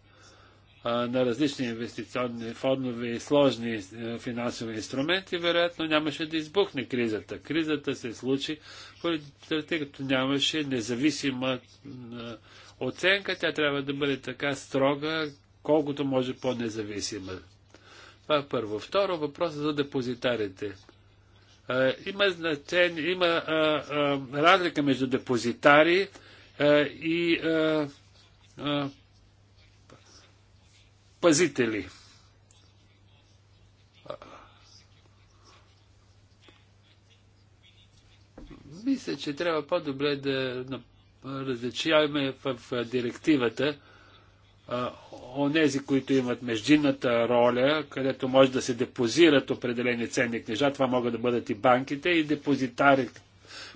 S2: на различни инвестиционни фондове и сложни финансови инструменти, вероятно нямаше да избухне кризата. Кризата се случи, тъй като нямаше независима оценка, тя трябва да бъде така строга, колкото може по-независима. Това е първо. Второ, въпросът за депозитарите. Има, значение, има а, а, разлика между депозитари а, и а, пазители. Мисля, че трябва по-добре да различаваме в директивата онези, които имат междинната роля, където може да се депозират определени ценни книжа, това могат да бъдат и банките, и депозитари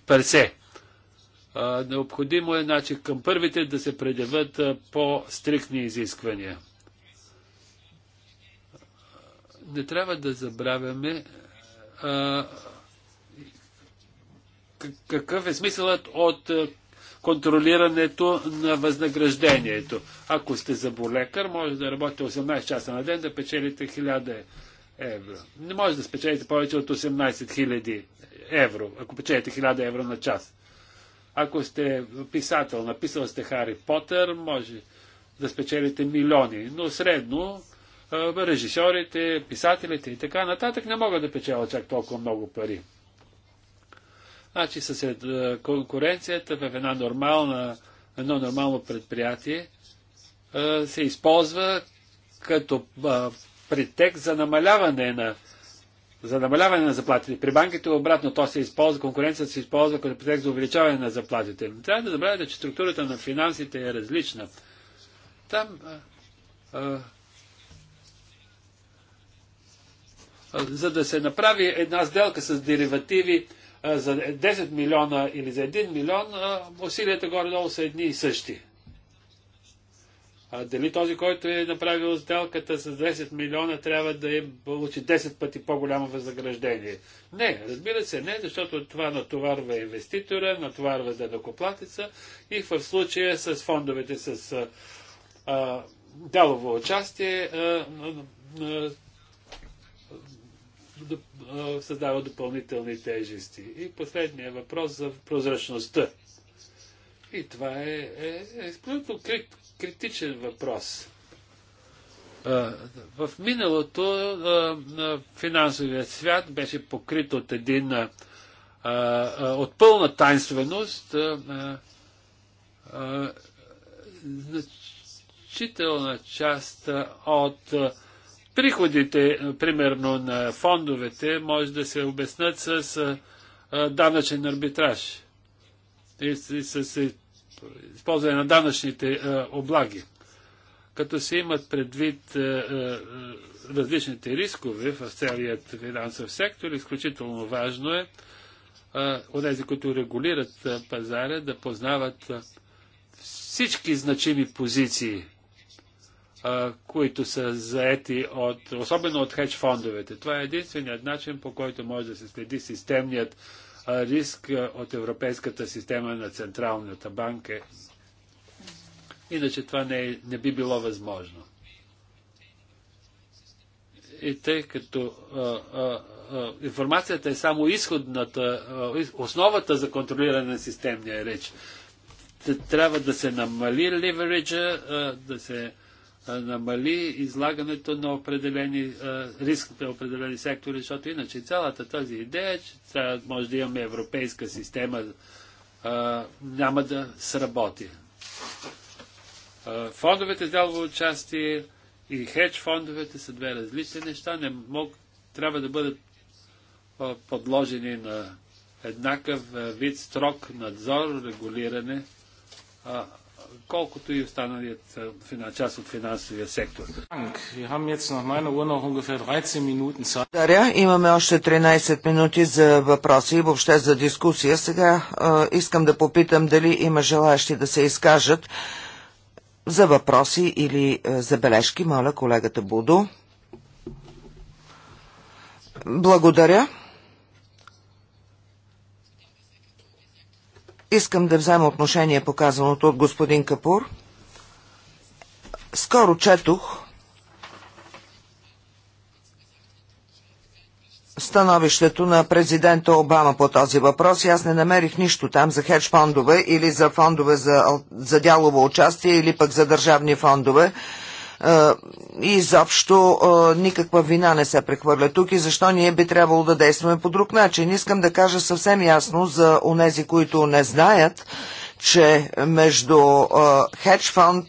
S2: персе. Необходимо е значи, към първите да се предяват по-стрикни изисквания не трябва да забравяме а, какъв е смисълът от контролирането на възнаграждението. Ако сте заболекар, може да работите 18 часа на ден, да печелите 1000 евро. Не може да спечелите повече от 18 000 евро, ако печелите 1000 евро на час. Ако сте писател, написал сте Хари Потър, може да спечелите милиони, но средно режисьорите, писателите и така нататък не могат да печелят чак толкова много пари. Значи с е, конкуренцията в една нормална, едно нормално предприятие се използва като претекст за намаляване на за намаляване на заплатите. При банките обратно то се използва, конкуренцията се използва като претекст за увеличаване на заплатите. Трябва да забравяте, че структурата на финансите е различна. Там а, а, за да се направи една сделка с деривативи за 10 милиона или за 1 милион, усилията горе-долу са едни и същи. А дали този, който е направил сделката с 10 милиона, трябва да им е, получи 10 пъти по-голямо възнаграждение? Не, разбира се, не, защото това натоварва инвеститора, натоварва данокоплатеца и в случая с фондовете с а, дялово участие, а, а, създава допълнителни тежести. И последният въпрос за прозрачността. И това е, е, е изключително критичен въпрос. В миналото финансовият свят беше покрит от един от пълна тайнственост значителна част от Приходите, е, примерно, на фондовете може да се обяснат с е, е, данъчен арбитраж и с използване на данъчните облаги. Като се имат предвид различните рискове в целият финансов сектор, изключително важно е тези, които регулират пазара, да познават всички значими позиции които са заети от, особено от хедж фондовете. Това е единственият начин, по който може да се следи системният риск от Европейската система на Централната банка. Иначе това не, не би било възможно. И тъй като а, а, а, информацията е само изходната, а, основата за контролиране на системния реч, трябва да се намали ливериджа, да се намали излагането на определени, рисковете на определени сектори, защото иначе цялата тази идея, че трябва, може да имаме европейска система, няма да сработи. Фондовете дялово участие и хедж фондовете са две различни неща. Не мог, трябва да бъдат подложени на еднакъв вид строг надзор, регулиране колкото и останалият част от финансовия сектор.
S1: Благодаря. Имаме още 13 минути за въпроси и въобще за дискусия. Сега искам да попитам дали има желаящи да се изкажат за въпроси или е, забележки. Моля, колегата Будо. Благодаря. Искам да взема отношение по казаното от господин Капур. Скоро четох становището на президента Обама по този въпрос и аз не намерих нищо там за хедж фондове или за фондове за, за дялово участие или пък за държавни фондове и изобщо никаква вина не се прехвърля тук и защо ние би трябвало да действаме по друг начин. Искам да кажа съвсем ясно за онези, които не знаят, че между хедж фонд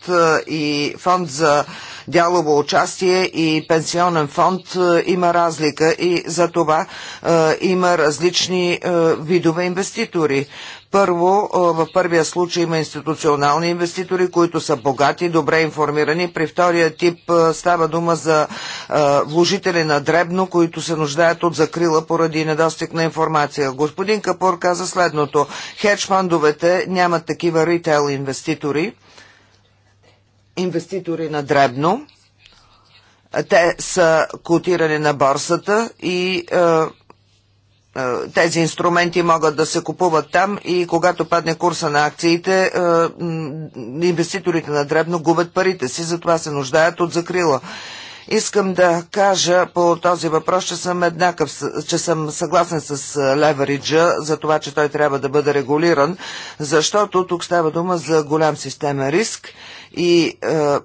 S1: и фонд за дялово участие и пенсионен фонд има разлика и за това има различни видове инвеститори. Първо, в първия случай има институционални инвеститори, които са богати, добре информирани. При втория тип става дума за вложители на дребно, които се нуждаят от закрила поради недостиг на информация. Господин Капор каза следното. Хедж фандовете нямат такива ритейл инвеститори, инвеститори на дребно. Те са котирани на борсата и е, е, тези инструменти могат да се купуват там и когато падне курса на акциите, е, инвеститорите на дребно губят парите си, затова се нуждаят от закрила. Искам да кажа по този въпрос, че съм еднакъв, че съм съгласен с е, левериджа за това, че той трябва да бъде регулиран, защото тук става дума за голям системен риск и е,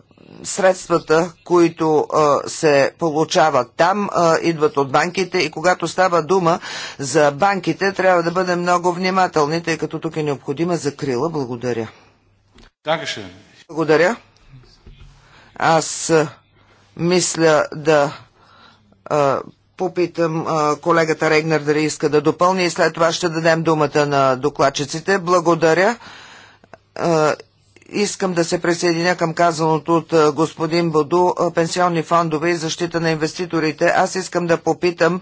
S1: средствата, които а, се получават там, а, идват от банките и когато става дума за банките, трябва да бъдем много внимателни, тъй като тук е необходима закрила. Благодаря. Дагаше. Благодаря. Аз а, мисля да а, попитам а, колегата Регнер дали иска да допълни и след това ще дадем думата на докладчиците. Благодаря. А, искам да се присъединя към казаното от господин Боду, пенсионни фондове и защита на инвеститорите. Аз искам да попитам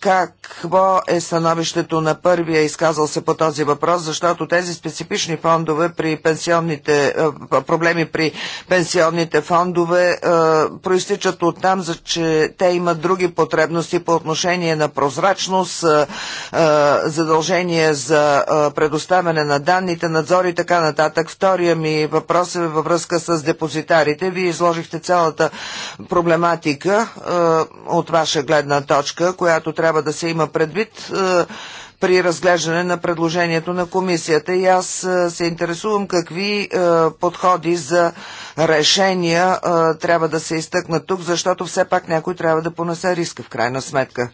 S1: какво е становището на първия изказал се по този въпрос, защото тези специфични фондове при пенсионните, проблеми при пенсионните фондове проистичат от там, за че те имат други потребности по отношение на прозрачност, задължение за предоставяне на данните, надзор и така нататък. Второ, Втория ми въпрос е във връзка с депозитарите. Вие изложихте цялата проблематика е, от ваша гледна точка, която трябва да се има предвид е, при разглеждане на предложението на комисията и аз е, се интересувам какви е, подходи за решения е, трябва да се изтъкнат тук, защото все пак някой трябва да понесе риска в крайна сметка.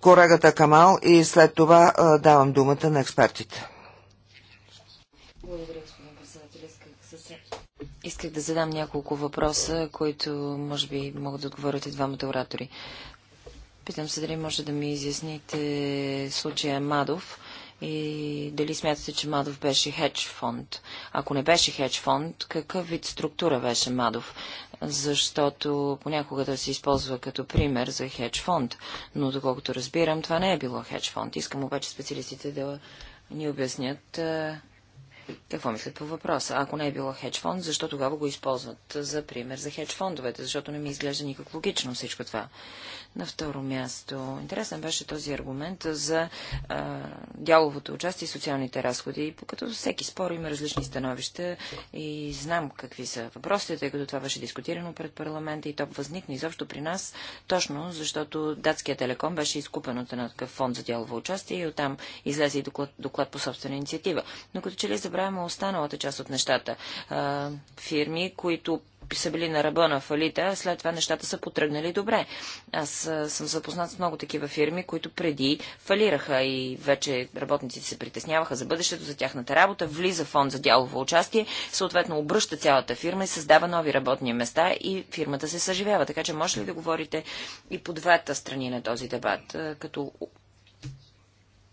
S1: Корегата Камал и след това е, давам думата на експертите.
S3: Исках да задам няколко въпроса, които може би могат да отговорят и двамата оратори. Питам се дали може да ми изясните случая Мадов и дали смятате, че Мадов беше хедж фонд. Ако не беше хедж фонд, какъв вид структура беше Мадов? Защото понякога да се използва като пример за хедж фонд, но доколкото разбирам, това не е било хедж фонд. Искам обаче специалистите да ни обяснят какво мислят по въпроса? Ако не е било хедж фонд, защо тогава го използват за пример за хедж фондовете? Защото не ми изглежда никак логично всичко това. На второ място, интересен беше този аргумент за а, дяловото участие и социалните разходи. Като всеки спор има различни становища и знам какви са въпросите, тъй като това беше дискутирано пред парламента и то възникна изобщо при нас, точно защото датския телеком беше изкупен от една такъв фонд за дялово участие и оттам излезе и доклад, доклад по собствена инициатива. Но като че ли забравяме останалата част от нещата. А, фирми, които са били на ръба на фалита, след това нещата са потръгнали добре. Аз съм запознат с много такива фирми, които преди фалираха и вече работниците се притесняваха за бъдещето, за тяхната работа, влиза фонд за дялово участие, съответно обръща цялата фирма и създава нови работни места и фирмата се съживява. Така че може ли да говорите и по двата страни на този дебат, като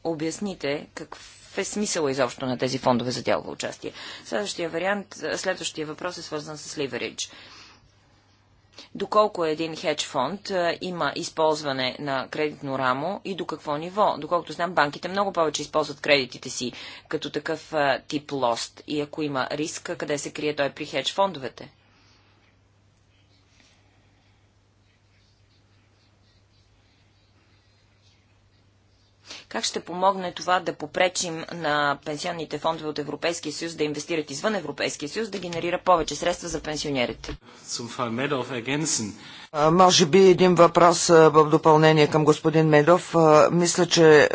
S3: обясните какво какъв е смисъл изобщо на тези фондове за дялово участие? Следващия вариант, следващия въпрос е свързан с ливеридж. Доколко е един хедж фонд има използване на кредитно рамо и до какво ниво? Доколкото знам, банките много повече използват кредитите си като такъв тип лост. И ако има риск, къде се крие той при хедж фондовете? Как ще помогне това да попречим на пенсионните фондове от Европейския съюз да инвестират извън Европейския съюз, да генерира повече средства за пенсионерите?
S2: Може
S1: би един въпрос в допълнение към господин Медов. Мисля, че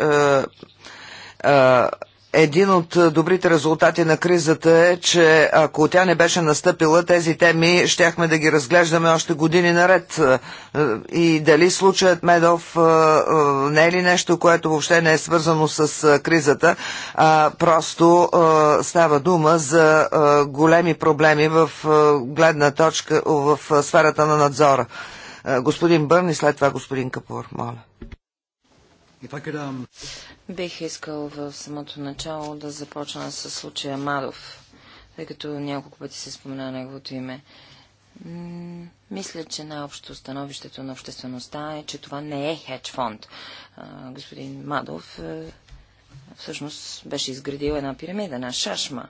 S1: един от добрите резултати на кризата е, че ако тя не беше настъпила, тези теми щяхме да ги разглеждаме още години наред. И дали случаят Медов не е ли нещо, което въобще не е свързано с кризата, а просто става дума за големи проблеми в гледна точка в сферата на надзора. Господин Бърн и след това господин Капур, моля. Um,
S3: Бих искал в самото начало да започна с случая Мадов, тъй като няколко пъти се спомена неговото име. мисля, че най-общо становището на обществеността е, че това не е хедж фонд. господин Мадов е, всъщност беше изградил една пирамида на шашма.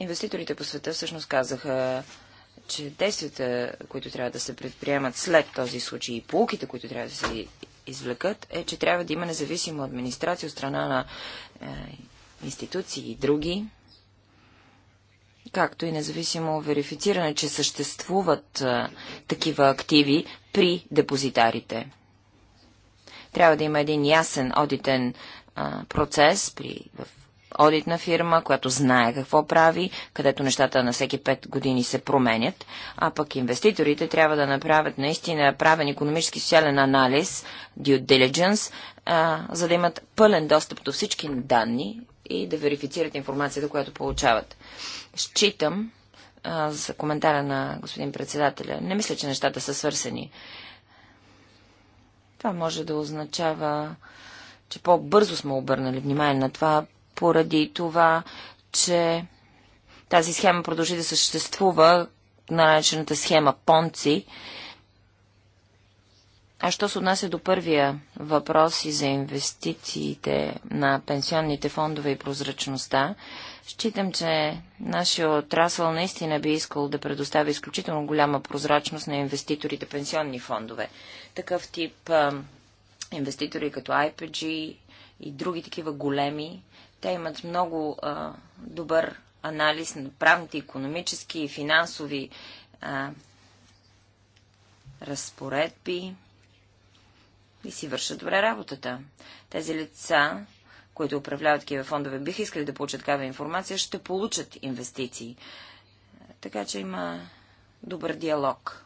S3: Инвеститорите по света всъщност казаха, че действията, които трябва да се предприемат след този случай и полуките, които трябва да се извлекат, е, че трябва да има независима администрация от страна на е, институции и други, както и независимо верифициране, че съществуват е, такива активи при депозитарите. Трябва да има един ясен одитен е, процес при, в одитна фирма, която знае какво прави, където нещата на всеки 5 години се променят, а пък инвеститорите трябва да направят наистина правен економически социален анализ, due diligence, а, за да имат пълен достъп до всички данни и да верифицират информацията, която получават. Считам, а, за коментара на господин председателя, не мисля, че нещата са свърсени. Това може да означава че по-бързо сме обърнали внимание на това, поради това, че тази схема продължи да съществува, наречената схема Понци. А що се отнася до първия въпрос и за инвестициите на пенсионните фондове и прозрачността, считам, че нашия отрасъл наистина би искал да предостави изключително голяма прозрачност на инвеститорите пенсионни фондове. Такъв тип инвеститори като IPG и други такива големи те имат много а, добър анализ на правните, економически и финансови а, разпоредби и си вършат добре работата. Тези лица, които управляват такива фондове, биха искали да получат такава информация, ще получат инвестиции. Така че има добър диалог.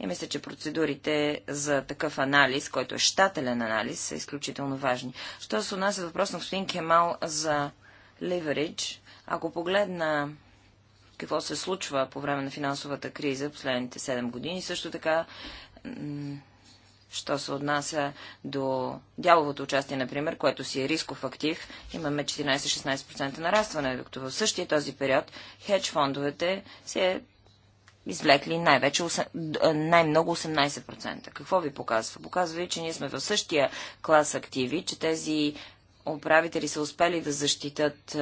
S3: И мисля, че процедурите за такъв анализ, който е щателен анализ, са изключително важни. Що се отнася въпрос на господин Кемал за ливеридж, ако погледна какво се случва по време на финансовата криза последните 7 години, също така що се отнася до дяловото участие, например, което си е рисков актив, имаме 14-16% нарастване, докато в същия този период хедж фондовете се извлекли най-вече, най-много 18%. Какво ви показва? Показва ви, че ние сме в същия клас активи, че тези управители са успели да защитат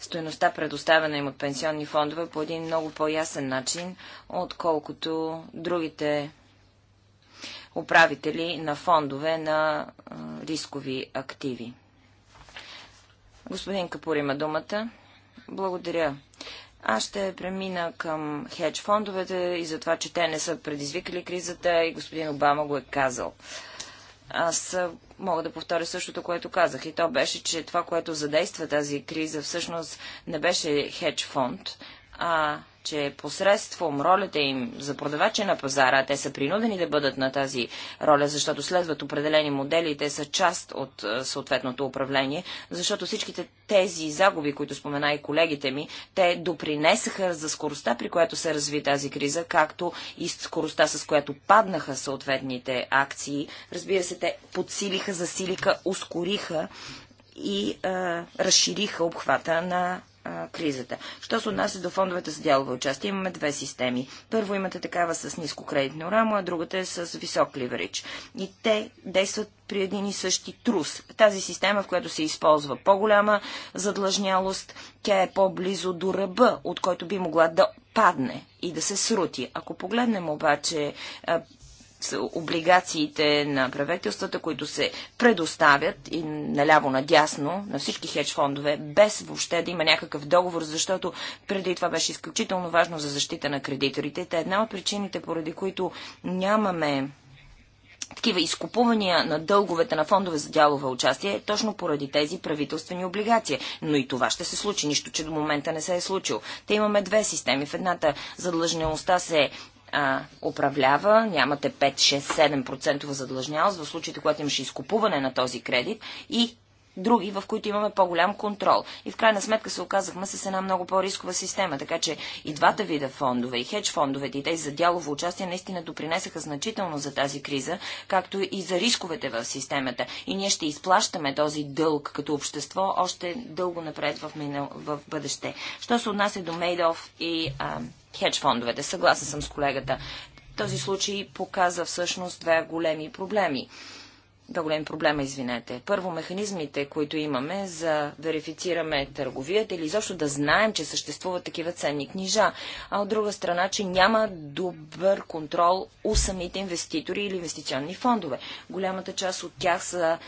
S3: стоеността предоставена им от пенсионни фондове по един много по-ясен начин, отколкото другите управители на фондове на рискови активи. Господин Капур има думата. Благодаря. Аз ще премина към хедж фондовете и за това, че те не са предизвикали кризата и господин Обама го е казал. Аз мога да повторя същото, което казах. И то беше, че това, което задейства тази криза, всъщност не беше хедж фонд, а че посредством ролята им за продавачи на пазара, те са принудени да бъдат на тази роля, защото следват определени модели и те са част от е, съответното управление, защото всичките тези загуби, които спомена и колегите ми, те допринесаха за скоростта, при която се разви тази криза, както и скоростта, с която паднаха съответните акции. Разбира се, те подсилиха, засилиха, ускориха и е, разшириха обхвата на кризата. Що се отнася до фондовете за дялово участие, имаме две системи. Първо имате такава с ниско кредитно рамо, а другата е с висок ливерич. И те действат при един и същи трус. Тази система, в която се използва по-голяма задлъжнялост, тя е по-близо до ръба, от който би могла да падне и да се срути. Ако погледнем обаче облигациите на правителствата, които се предоставят и наляво надясно на всички хедж фондове, без въобще да има някакъв договор, защото преди това беше изключително важно за защита на кредиторите. Та е една от причините, поради които нямаме такива изкупувания на дълговете на фондове за дялове участие, е точно поради тези правителствени облигации. Но и това ще се случи, нищо, че до момента не се е случило. Те имаме две системи. В едната задлъжнялостта се а, управлява, нямате 5-6-7% задлъжнялост в случаите, когато имаше изкупуване на този кредит и други, в които имаме по-голям контрол. И в крайна сметка се оказахме с една много по-рискова система, така че и двата вида фондове, и хедж фондовете, и тези за дялово участие наистина допринесаха значително за тази криза, както и за рисковете в системата. И ние ще изплащаме този дълг като общество още дълго напред в, минал, в бъдеще. Що се отнася до Мейдов и а, хедж фондовете. съгласен съм с колегата. Този случай показа всъщност две големи проблеми. Два големи проблема, извинете. Първо, механизмите, които имаме за верифицираме търговията или изобщо да знаем, че съществуват такива ценни книжа, а от друга страна, че няма добър контрол у самите инвеститори или инвестиционни фондове. Голямата част от тях са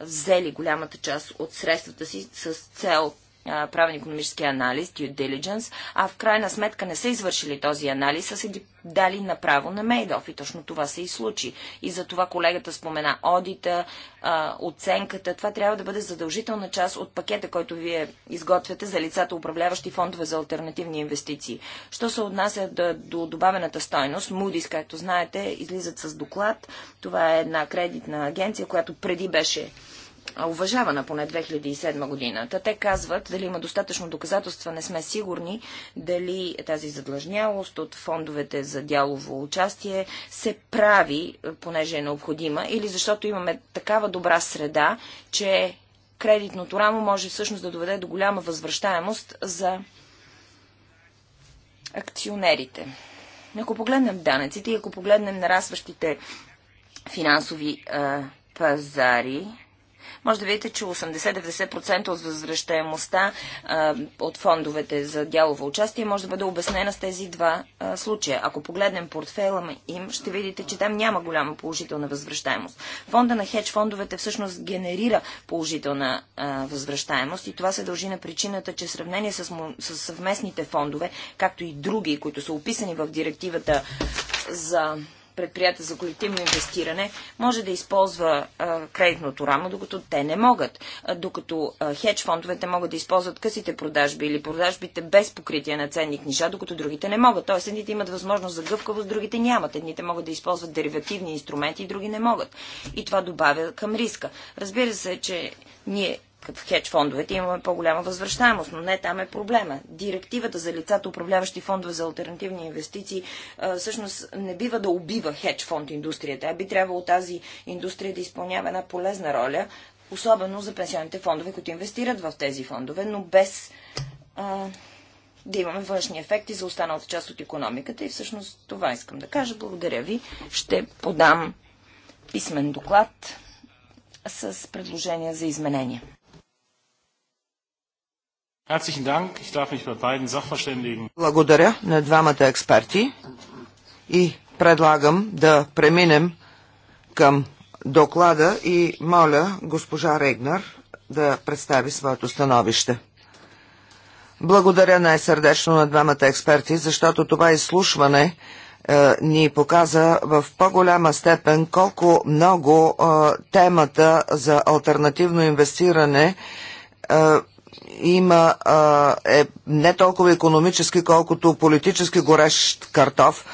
S3: взели голямата част от средствата си с цел правен економически анализ, due diligence, а в крайна сметка не са извършили този анализ, а са ги дали направо на Мейдов. И точно това се и случи. И за това колегата спомена одита, оценката. Това трябва да бъде задължителна част от пакета, който вие изготвяте за лицата, управляващи фондове за альтернативни инвестиции. Що се отнася до, до добавената стойност, Moody's, както знаете, излизат с доклад. Това е една кредитна агенция, която преди беше уважавана поне 2007 година. Та те казват, дали има достатъчно доказателства, не сме сигурни, дали тази задлъжнялост от фондовете за дялово участие се прави, понеже е необходима, или защото имаме такава добра среда, че кредитното рамо може всъщност да доведе до голяма възвръщаемост за акционерите. Ако погледнем данъците и ако погледнем нарастващите финансови а, пазари, може да видите, че 80-90% от възвръщаемостта от фондовете за дялово участие може да бъде обяснена с тези два случая. Ако погледнем портфейла им, ще видите, че там няма голяма положителна възвръщаемост. Фонда на хедж фондовете всъщност генерира положителна възвръщаемост и това се дължи на причината, че в сравнение с съвместните фондове, както и други, които са описани в директивата за предприятия за колективно инвестиране може да използва кредитното рамо, докато те не могат. докато хедж фондовете могат да използват късите продажби или продажбите без покритие на ценни книжа, докато другите не могат. Тоест, едните имат възможност за гъвкавост, другите нямат. Едните могат да използват деривативни инструменти, други не могат. И това добавя към риска. Разбира се, че ние като в хедж фондовете имаме по-голяма възвръщаемост, но не там е проблема. Директивата за лицата, управляващи фондове за альтернативни инвестиции, всъщност не бива да убива хедж фонд индустрията, а би трябвало тази индустрия да изпълнява една полезна роля, особено за пенсионните фондове, които инвестират в тези фондове, но без а, да имаме външни ефекти за останалата част от економиката. И всъщност това искам да кажа. Благодаря ви. Ще подам писмен доклад с предложения за изменения.
S1: Благодаря на двамата експерти и предлагам да преминем към доклада и моля госпожа Регнар да представи своето становище. Благодаря най-сърдечно на двамата експерти, защото това изслушване е, ни показа в по-голяма степен колко много е, темата за альтернативно инвестиране е, има а, е не толкова економически, колкото политически горещ картоф.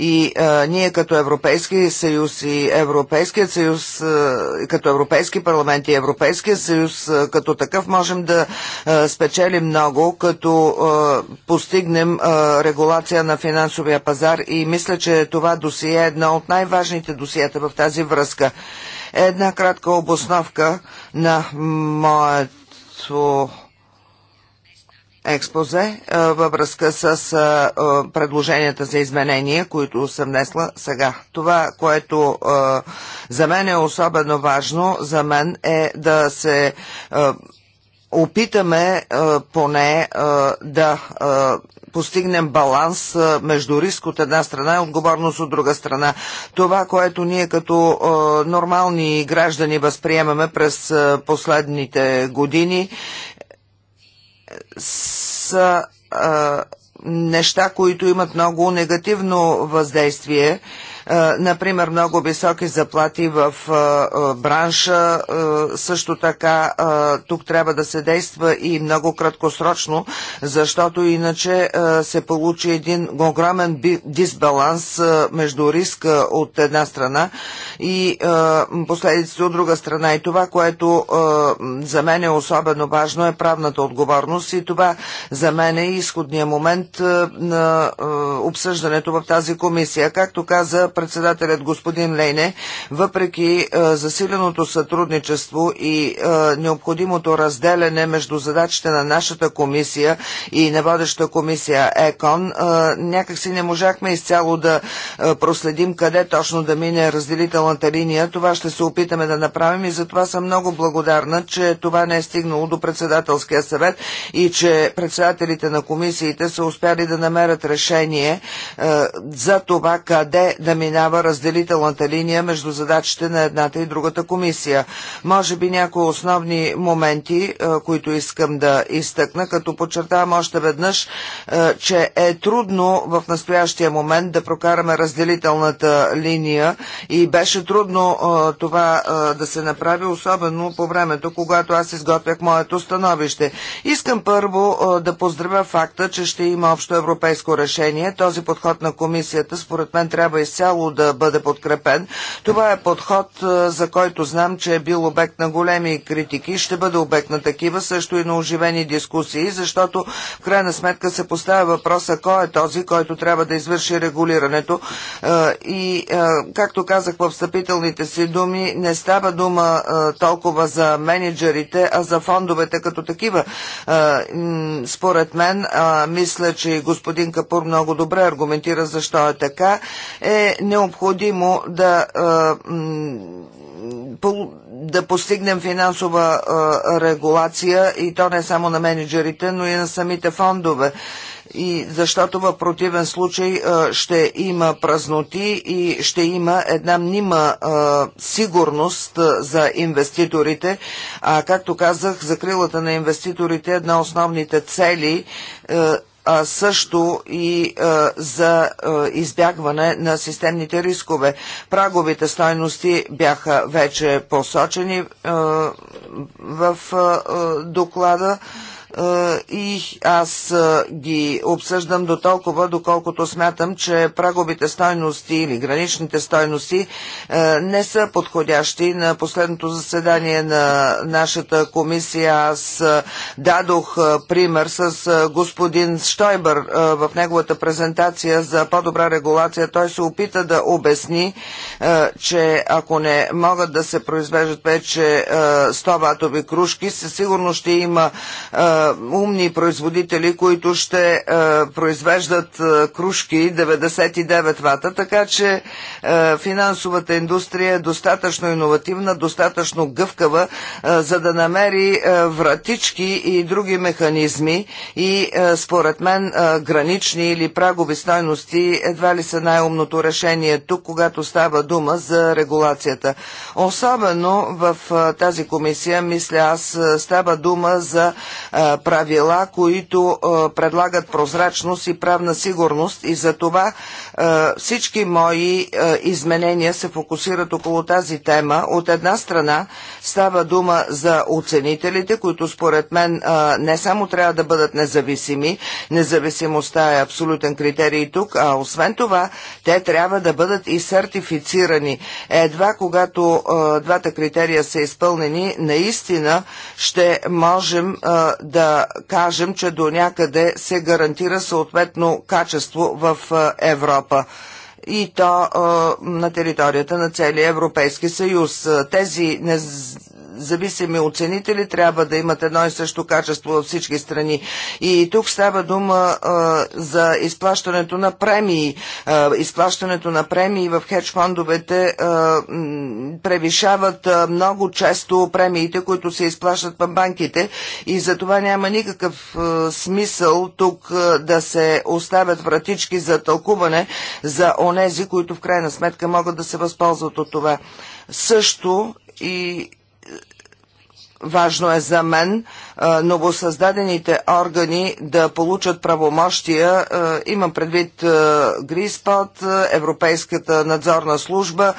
S1: И а, ние като Европейски съюз и Европейският съюз, а, като Европейски парламент и Европейския съюз а, като такъв можем да а, спечелим много, като а, постигнем а, регулация на финансовия пазар и мисля, че това досие е едно от най-важните досиета в тази връзка. Е една кратка обосновка на моят моето експозе е, във връзка с е, е, предложенията за изменения, които съм внесла сега. Това, което за мен е особено важно, за мен е да се опитаме поне да постигнем баланс между риск от една страна и отговорност от друга страна. Това, което ние като нормални граждани възприемаме през последните години, са неща, които имат много негативно въздействие е, например, много високи заплати в е, е, бранша. Също така тук трябва да се действа и много краткосрочно, защото иначе се получи един огромен дисбаланс между риска от една страна и последиците от друга страна. И това, което за мен е особено важно е правната отговорност и това за мен е изходния момент на обсъждането в тази комисия. Както каза председателят господин Лейне, въпреки е, засиленото сътрудничество и е, необходимото разделяне между задачите на нашата комисия и на водеща комисия ЕКОН, е, някакси не можахме изцяло да проследим къде точно да мине разделителната линия. Това ще се опитаме да направим и затова съм много благодарна, че това не е стигнало до председателския съвет и че председателите на комисиите са успяли да намерят решение за това къде да мине преминава разделителната линия между задачите на едната и другата комисия. Може би някои основни моменти, е, които искам да изтъкна, като подчертавам още веднъж, е, че е трудно в настоящия момент да прокараме разделителната линия и беше трудно е, това да се направи, особено по времето, когато аз изготвях моето становище. Искам първо да поздравя факта, че ще има общо европейско решение. Този подход на комисията според мен трябва изцяло изцяло да бъде подкрепен. Това е подход, е, за който знам, че е бил обект на големи критики, ще бъде обект на такива, също и на оживени дискусии, защото в крайна сметка се поставя въпроса кой е този, който трябва да извърши регулирането. Е, и, е, както казах в встъпителните си думи, не става дума толкова за менеджерите, а за фондовете като такива. Според мен, мисля, че господин Капур много добре аргументира защо е така, е необходимо да, да постигнем финансова регулация и то не само на менеджерите, но и на самите фондове и защото в противен случай ще има празноти и ще има една мнима сигурност за инвеститорите. А както казах, закрилата на инвеститорите е една основните цели също и за избягване на системните рискове. Праговите стойности бяха вече посочени в доклада. Е, и аз е, ги обсъждам до толкова, доколкото смятам, че праговите стойности или граничните стойности е, не са подходящи. На последното заседание на нашата комисия аз дадох пример с господин Штойбър в неговата презентация за по-добра регулация. Той се опита да обясни, че ако не могат да се произвеждат вече 100 ватови кружки, със сигурност ще има умни производители, които ще е, произвеждат е, кружки 99 вата, така че е, финансовата индустрия е достатъчно иновативна, достатъчно гъвкава, за да намери вратички и други механизми и според мен гранични или прагови стойности едва ли са най-умното решение тук, когато става дума за регулацията. Особено в тази комисия, мисля аз, става дума за правила, които е, предлагат прозрачност и правна сигурност и за това е, всички мои е, изменения се фокусират около тази тема. От една страна става дума за оценителите, които според мен не само трябва да бъдат независими, независимостта е абсолютен критерий тук, а освен това те трябва да бъдат и сертифицирани. Едва когато двата критерия са изпълнени, наистина ще можем да да кажем, че до някъде се гарантира съответно качество в е, Европа и то е, на територията на целия Европейски съюз. Тези зависими оценители трябва да имат едно и също качество от всички страни. И тук става дума а, за изплащането на премии. А, изплащането на премии в хедж фондовете превишават много често премиите, които се изплащат по банките и за това няма никакъв смисъл тук да се оставят вратички за тълкуване за онези, които в крайна сметка могат да се възползват от това. Също и Важно е за мен новосъздадените органи да получат правомощия. Имам предвид Гриспот, Европейската надзорна служба,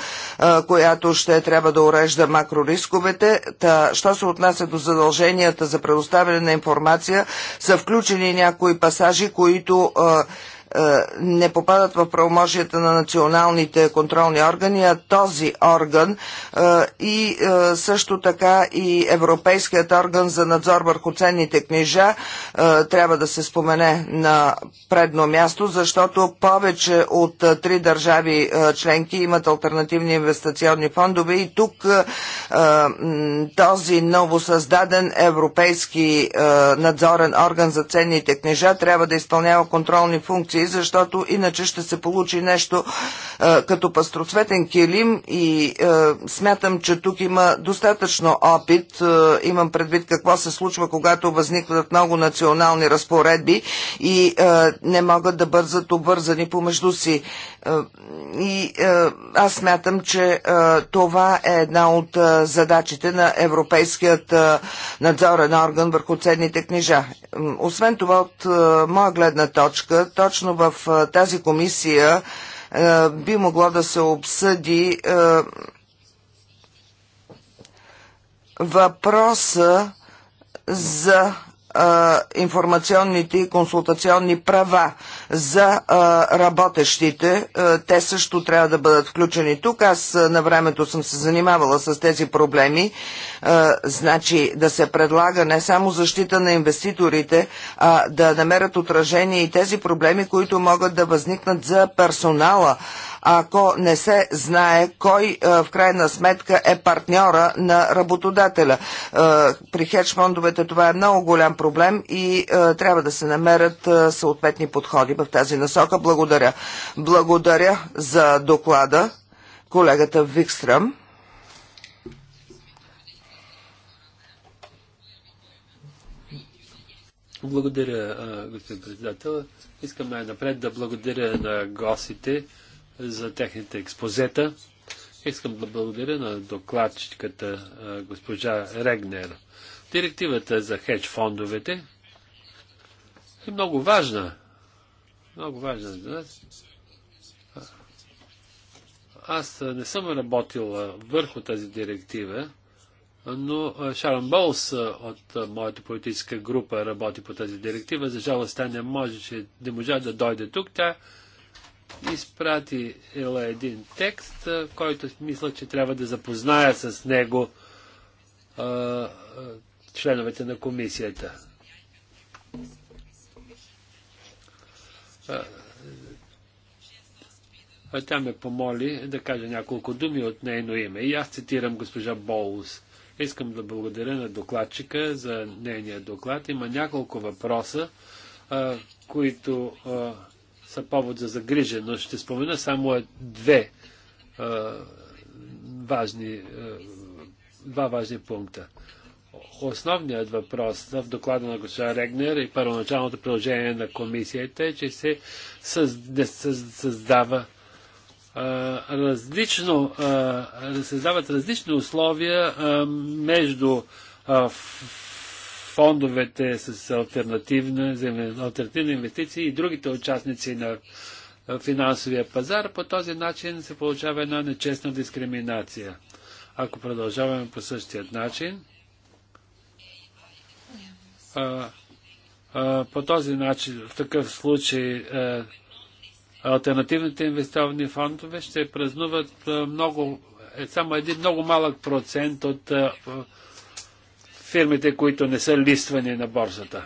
S1: която ще трябва да урежда макрорисковете. Та, що се отнася до задълженията за предоставяне на информация, са включени някои пасажи, които е, не попадат в правомощията на националните контролни органи, а този орган е, и е, също така и Европейският орган за надзор върху ценните книжа трябва да се спомене на предно място, защото повече от три държави членки имат альтернативни инвестиционни фондове и тук този новосъздаден европейски надзорен орган за ценните книжа трябва да изпълнява контролни функции случай, защото иначе ще се получи нещо е, като пастроцветен килим и е, смятам, че тук има достатъчно опит. Е, имам предвид какво се случва, когато възникват много национални разпоредби и не могат да бързат обвързани помежду си. и аз смятам, че това е една от задачите на Европейският надзорен орган върху ценните книжа. Освен това, от моя гледна точка, точно точно в тази комисия би могло да се обсъди въпроса за а, информационните и консултационни права за а, работещите. А, те също трябва да бъдат включени тук. Аз на времето съм се занимавала с тези проблеми. А, значи да се предлага не само защита на инвеститорите, а да намерят отражение и тези проблеми, които могат да възникнат за персонала ако не се знае кой е, в крайна сметка е партньора на работодателя. Е, при хедж фондовете това е много голям проблем и е, трябва да се намерят съответни подходи в тази насока. Благодаря. Благодаря за доклада колегата Викстрам.
S2: Благодаря, господин председател. Искам най-напред да благодаря на гостите за техните експозета. Искам да благодаря на докладчиката госпожа Регнер. Директивата за хедж фондовете е много важна. Много важна за нас. Аз не съм работил върху тази директива, но Шарон Болс от моята политическа група работи по тази директива. За жалост тя не, може, не можа да дойде тук. Тя изпрати Ела един текст, който мисля, че трябва да запозная с него а, членовете на комисията. А, а тя ме помоли да кажа няколко думи от нейно име. И аз цитирам госпожа Боус. Искам да благодаря на докладчика за нейния доклад. Има няколко въпроса, а, които а, са повод за загриженост. Ще спомена само две а, важни, а, два важни пункта. Основният въпрос в доклада на госпожа Регнер и първоначалното приложение на комисията е, че се създава а, различно, а, създават различни условия а, между фондовете с альтернативна, альтернативни инвестиции и другите участници на финансовия пазар, по този начин се получава една нечестна дискриминация. Ако продължаваме по същия начин, а, а, по този начин, в такъв случай, а, альтернативните инвестиционни фондове ще празнуват много, е, само един много малък процент от фирмите, които не са листвани на борсата.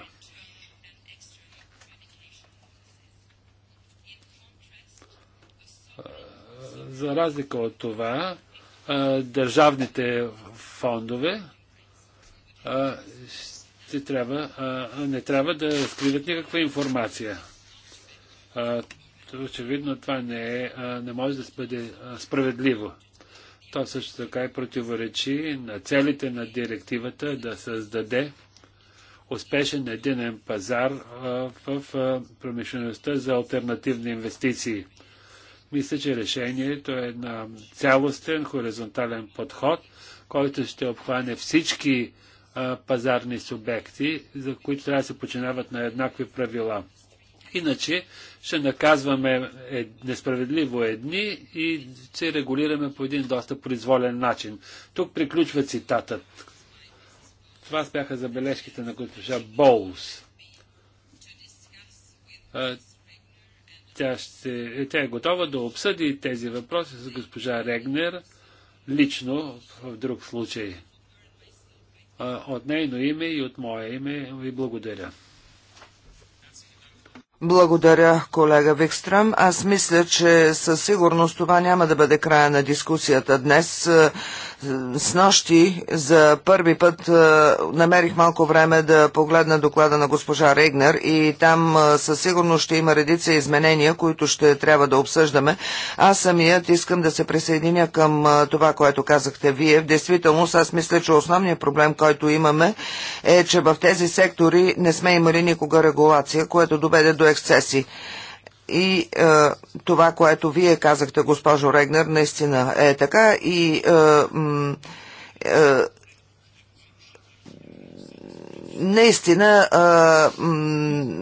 S2: За разлика от това, държавните фондове ще трябва, не трябва да разкриват никаква информация. Очевидно това не, е, не може да бъде справедливо. То също така и противоречи на целите на директивата да създаде успешен единен пазар в промишлеността за альтернативни инвестиции. Мисля, че решението е на цялостен, хоризонтален подход, който ще обхване всички пазарни субекти, за които трябва да се починават на еднакви правила. Иначе ще наказваме е, несправедливо едни и ще регулираме по един доста произволен начин. Тук приключва цитатът. Това бяха забележките на госпожа Боулс. Тя, ще, тя е готова да обсъди тези въпроси с госпожа Регнер лично в друг случай. От нейно име и от мое име ви благодаря.
S1: Благодаря, колега Викстрам. Аз мисля, че със сигурност това няма да бъде края на дискусията днес с нощи за първи път е, намерих малко време да погледна доклада на госпожа Регнер и там е, със сигурност ще има редица изменения, които ще трябва да обсъждаме. Аз самият искам да се присъединя към е, това, което казахте вие. В действителност аз мисля, че основният проблем, който имаме е, че в тези сектори не сме имали никога регулация, което доведе до ексцеси. И е, това, което вие казахте, госпожо Регнер, наистина е така. И е, е, наистина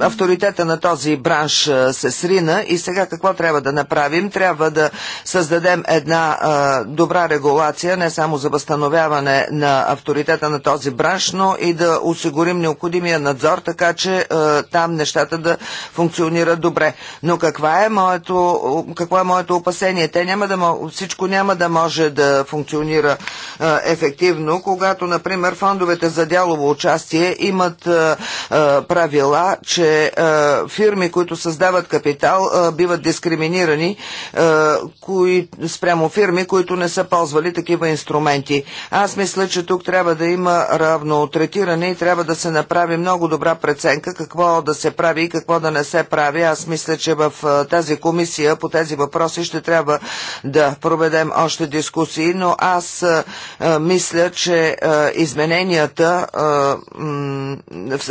S1: авторитета на този бранш се срина и сега какво трябва да направим? Трябва да създадем една добра регулация, не само за възстановяване на авторитета на този бранш, но и да осигурим необходимия надзор, така че там нещата да функционират добре. Но каква е моето, какво е моето опасение? Те няма да, всичко няма да може да функционира ефективно, когато, например, фондовете за дялово участие имат е, е, правила, че е, фирми, които създават капитал, биват дискриминирани кои, спрямо фирми, които не са ползвали такива инструменти. Аз мисля, че тук трябва да има равно третиране и трябва да се направи много добра преценка какво да се прави и какво да не се прави. Аз мисля, че в тази комисия по тези въпроси ще трябва да проведем още дискусии, но аз мисля, че измененията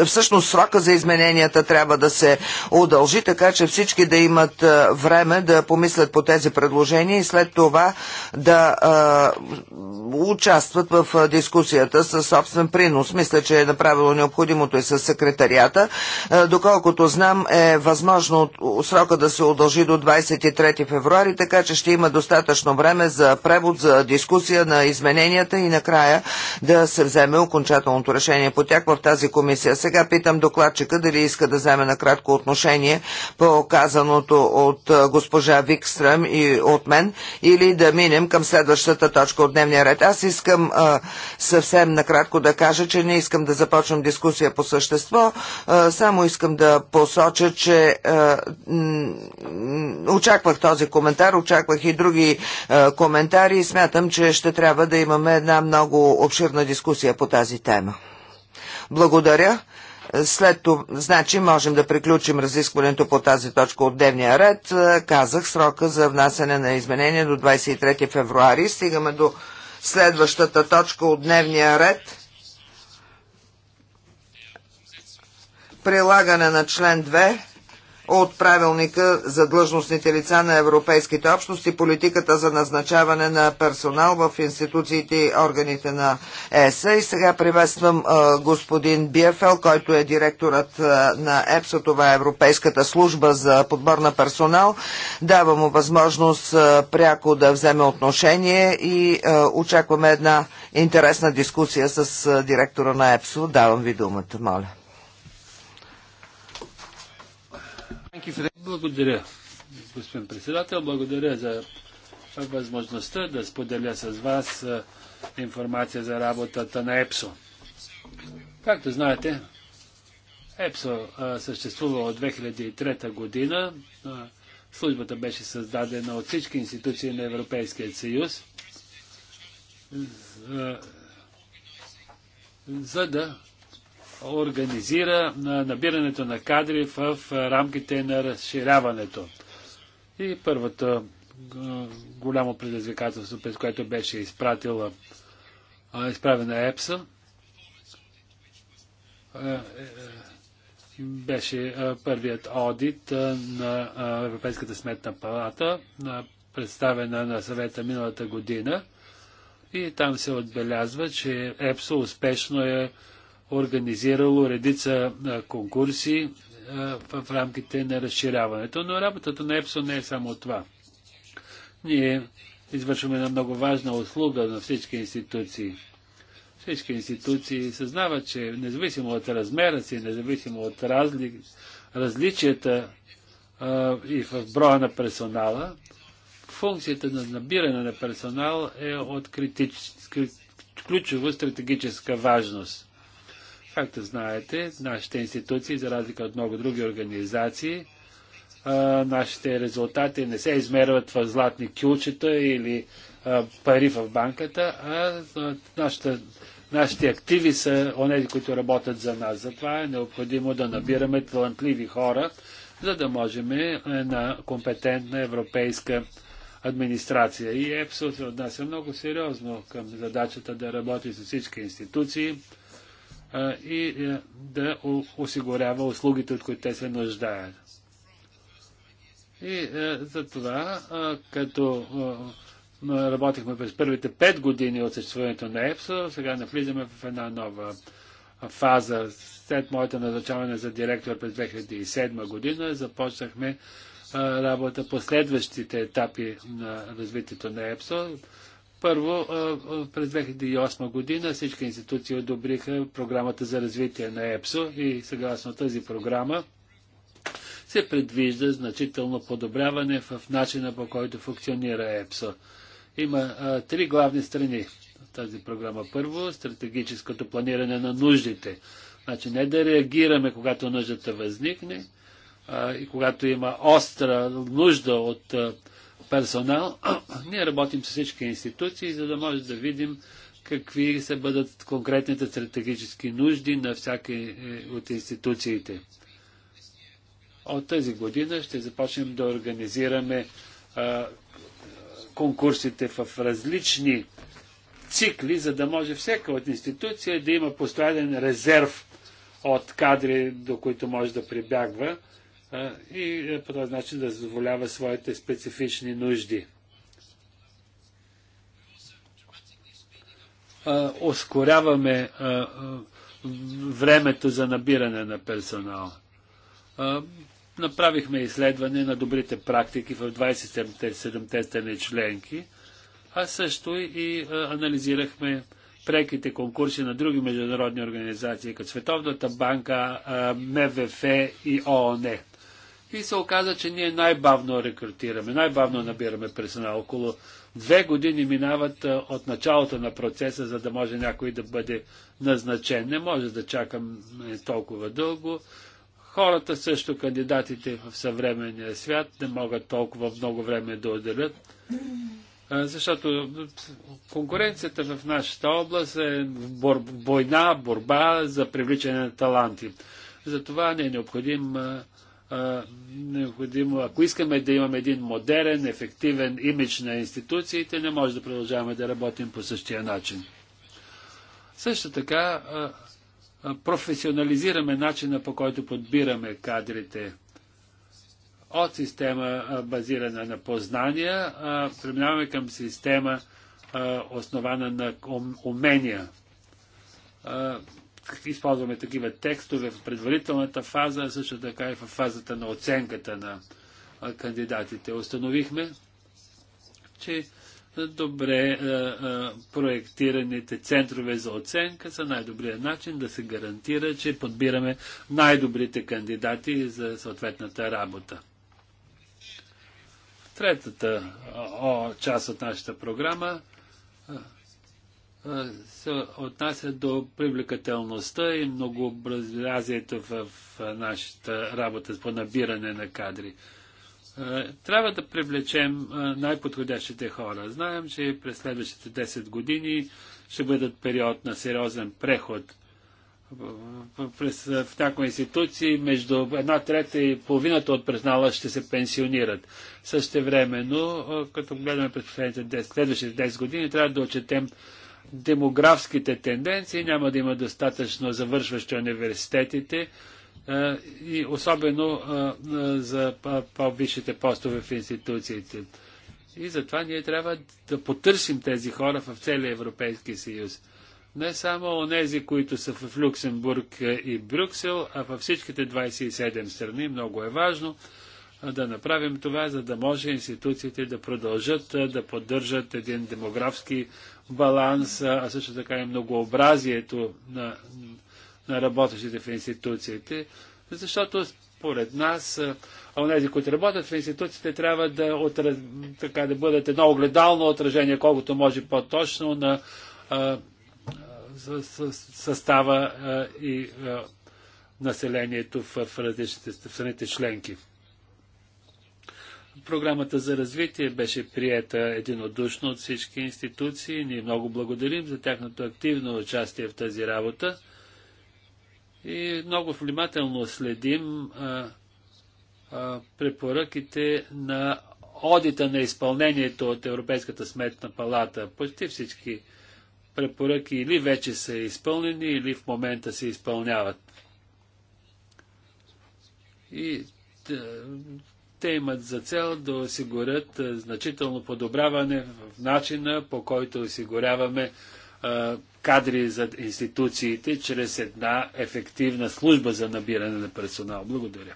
S1: всъщност срока за измененията трябва да се удължи, така че всички да имат време да помислят по тези предложения и след това да участват в дискусията със собствен принос. Мисля, че е направило необходимото и с секретарията. Доколкото знам, е възможно срока да се удължи до 23 февруари, така че ще има достатъчно време за превод, за дискусия на измененията и накрая да се вземе окончателното решение по тях в тази тази комисия. Сега питам докладчика дали иска да вземе на кратко отношение по казаното от госпожа Викстрам и от мен или да минем към следващата точка от дневния ред. Аз искам а, съвсем накратко да кажа, че не искам да започвам дискусия по същество, а, само искам да посоча, че а, очаквах този коментар, очаквах и други а, коментари и смятам, че ще трябва да имаме една много обширна дискусия по тази тема. Благодаря. След това, значи, можем да приключим разискването по тази точка от дневния ред. Е, казах срока за внасяне на изменения до 23 февруари. Стигаме до следващата точка от дневния ред. Прилагане на член 2 от правилника за длъжностните лица на европейските общности, политиката за назначаване на персонал в институциите и органите на ЕСА. И сега приветствам господин Биефел, който е директорът на ЕПСО, това е Европейската служба за подбор на персонал. Дава му възможност пряко да вземе отношение и очакваме една интересна дискусия с директора на ЕПСО. Давам ви думата, моля.
S2: Благодаря, господин председател. Благодаря за възможността да споделя с вас информация за работата на ЕПСО. Както знаете, ЕПСО съществува от 2003 година. Службата беше създадена от всички институции на Европейския съюз, за да организира набирането на кадри в рамките на разширяването. И първата голямо предизвикателство, през което беше изпратила, изправена ЕПСА, е, е, беше първият одит на Европейската сметна палата, представена на съвета миналата година. И там се отбелязва, че ЕПСО успешно е организирало редица конкурси в рамките на разширяването. Но работата на ЕПСО не е само това. Ние извършваме една много важна услуга на всички институции. Всички институции съзнават, че независимо от размера си, независимо от разли... различията а, и в броя на персонала, функцията на набиране на персонал е от критич... ключова стратегическа важност. Както знаете, нашите институции, за разлика от много други организации, нашите резултати не се измерват в златни кюлчета или пари в банката, а, нашата, нашите активи са онези, които работят за нас. Затова е необходимо да набираме талантливи хора, за да можем една компетентна европейска администрация. И ЕПСО се отнася много сериозно към задачата да работи с всички институции, и е, да осигурява услугите, от които те се нуждаят. И е, за това, е, като работихме през първите пет години от съществуването на ЕПСО, сега навлизаме в една нова фаза. След моето назначаване за директор през 2007 година започнахме работа по следващите етапи на развитието на ЕПСО. Първо, през 2008 година всички институции одобриха програмата за развитие на ЕПСО и съгласно тази програма се предвижда значително подобряване в начина по който функционира ЕПСО. Има а, три главни страни тази програма. Първо, стратегическото планиране на нуждите. Значи не да реагираме, когато нуждата възникне а, и когато има остра нужда от а, персонал, *clears throat* ние работим с всички институции, за да може да видим какви се бъдат конкретните стратегически нужди на всяка е, от институциите. От тази година ще започнем да организираме а, конкурсите в различни цикли, за да може всяка от институция да има постоянен резерв от кадри, до които може да прибягва, и е, по този начин да задоволява своите специфични нужди. Ускоряваме времето за набиране на персонал. Направихме изследване на добрите практики в 27-те стени членки, а също и анализирахме преките конкурси на други международни организации, като Световната банка, МВФ и ООН. Е и се оказа, че ние най-бавно рекрутираме, най-бавно набираме персонал. Около две години минават от началото на процеса, за да може някой да бъде назначен. Не може да чакам е, толкова дълго. Хората също, кандидатите в съвременния свят, не могат толкова много време да отделят, защото конкуренцията в нашата област е бор, бойна, борба за привличане на таланти. Затова не е необходим необходимо, ако искаме да имаме един модерен, ефективен имидж на институциите, не може да продължаваме да работим по същия начин. Също така, професионализираме начина по който подбираме кадрите. От система базирана на познания, преминаваме към система основана на умения използваме такива текстове в предварителната фаза, а също така и в фазата на оценката на кандидатите. Установихме, че добре проектираните центрове за оценка са най-добрият начин да се гарантира, че подбираме най-добрите кандидати за съответната работа. Третата о, част от нашата програма се отнася до привлекателността и многообразието в нашата работа по набиране на кадри. Трябва да привлечем най-подходящите хора. Знаем, че през следващите 10 години ще бъдат период на сериозен преход в някои институции между една трета и половината от персонала ще се пенсионират. но като гледаме през последните 10, следващите 10 години, трябва да отчетем демографските тенденции, няма да има достатъчно завършващи университетите и особено за по-висшите постове в институциите. И затова ние трябва да потърсим тези хора в целия Европейски съюз. Не само онези, които са в Люксембург и Брюксел, а във всичките 27 страни, много е важно да направим това, за да може институциите да продължат да поддържат един демографски баланс, а също така и многообразието на, на работещите в институциите, защото според нас онези, които работят в институциите, трябва да, отраз... така, да бъдат едно огледално отражение, колкото може по-точно на а, с, с, състава а, и а, населението в, в различните в страните членки. Програмата за развитие беше приета единодушно от всички институции. Ние много благодарим за тяхното активно участие в тази работа и много внимателно следим а, а, препоръките на одита на изпълнението от Европейската сметна палата. Почти всички препоръки или вече са изпълнени, или в момента се изпълняват. И те имат за цел да осигурят значително подобряване в начина по който осигуряваме кадри за институциите чрез една ефективна служба за набиране на персонал. Благодаря.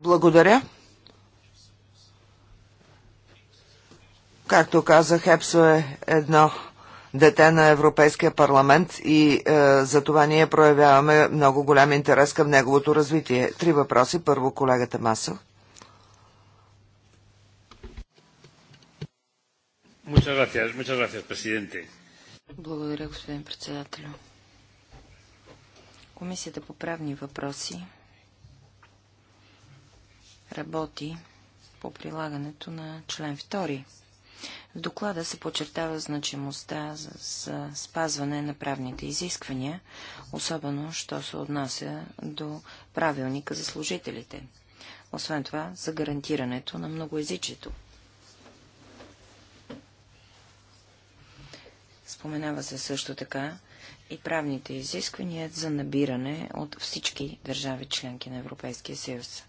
S1: Благодаря. Както казах, ЕПСО е едно дете на Европейския парламент и е, за това ние проявяваме много голям интерес към неговото развитие. Три въпроси. Първо колегата Масов.
S3: Благодаря, господин председател. Комисията по правни въпроси работи по прилагането на член 2 в доклада се подчертава значимостта за, за спазване на правните изисквания, особено, що се отнася до правилника за служителите. Освен това, за гарантирането на многоязичието. Споменава се също така и правните изисквания за набиране от всички държави членки на Европейския съюз.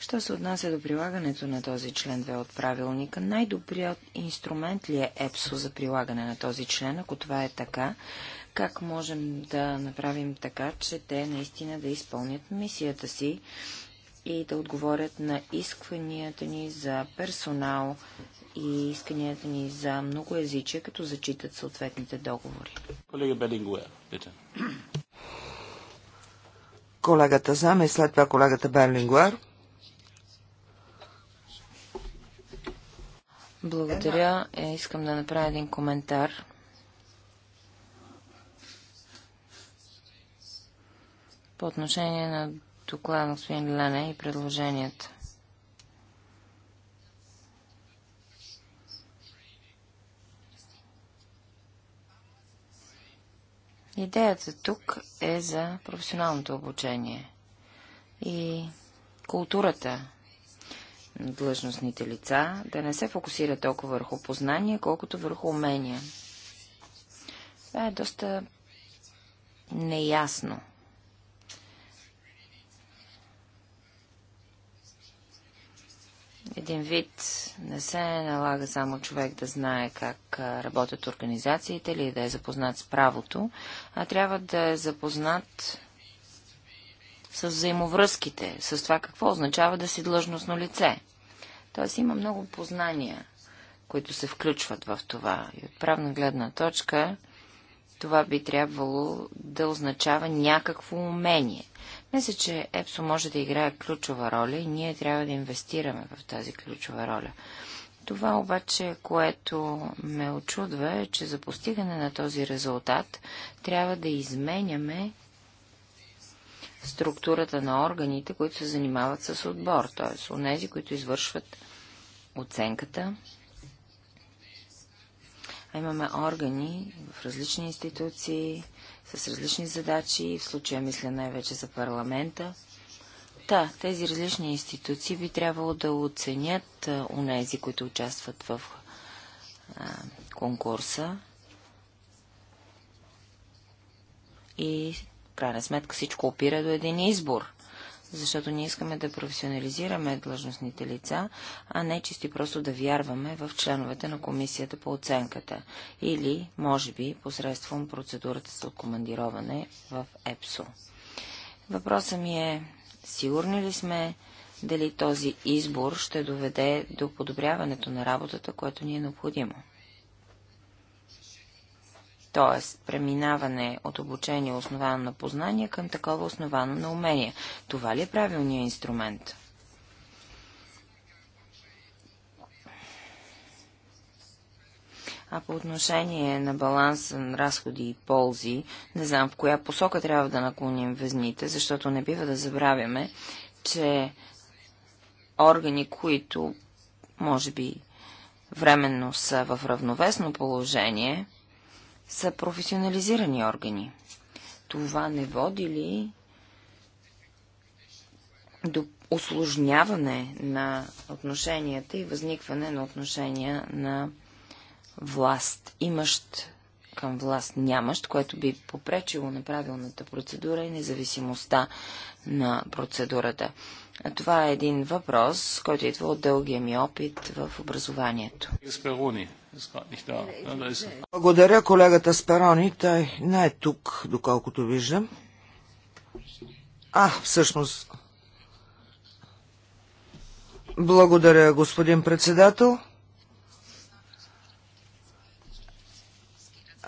S3: Що се отнася до прилагането на този член 2 от правилника, най-добрият инструмент ли е ЕПСО за прилагане на този член? Ако това е така, как можем да направим така, че те наистина да изпълнят мисията си и да отговорят на исканията ни за персонал и исканията ни за много многоязичие, като зачитат съответните договори.
S2: Колега Белингуер, питам.
S1: Колегата Заме и след това колегата Берлингуер.
S3: Благодаря. Е, искам да направя един коментар. По отношение на доклада на господин Лене и предложенията. Идеята тук е за професионалното обучение и културата длъжностните лица да не се фокусира толкова върху познание, колкото върху умения. Това е доста неясно. един вид не се налага само човек да знае как работят организациите или да е запознат с правото, а трябва да е запознат с взаимовръзките, с това какво означава да си длъжностно лице. Тоест има много познания, които се включват в това. И от правна гледна точка това би трябвало да означава някакво умение. Мисля, че ЕПСО може да играе ключова роля и ние трябва да инвестираме в тази ключова роля. Това обаче, което ме очудва е, че за постигане на този резултат трябва да изменяме структурата на органите, които се занимават с отбор, т.е. у нези, които извършват оценката. А имаме органи в различни институции, с различни задачи, в случая мисля най-вече за парламента. Да, тези различни институции би трябвало да оценят нези, които участват в а, конкурса. И, в крайна сметка, всичко опира до един избор – защото ние искаме да професионализираме длъжностните лица, а не чисти просто да вярваме в членовете на комисията по оценката или, може би, посредством процедурата за командироване в ЕПСО. Въпросът ми е, сигурни ли сме дали този избор ще доведе до подобряването на работата, което ни е необходимо? т.е. преминаване от обучение основано на познание към такова основано на умение. Това ли е правилният инструмент? А по отношение на баланс на разходи и ползи, не знам в коя посока трябва да наклоним везните, защото не бива да забравяме, че органи, които може би временно са в равновесно положение, са професионализирани органи. Това не води ли до осложняване на отношенията и възникване на отношения на власт, имащ към власт нямащ, което би попречило на правилната процедура и независимостта на процедурата. Това е един въпрос, който идва от дългия ми опит в образованието.
S2: Е
S1: Благодаря колегата Сперони, той не е тук, доколкото виждам. А, всъщност. Благодаря, господин председател.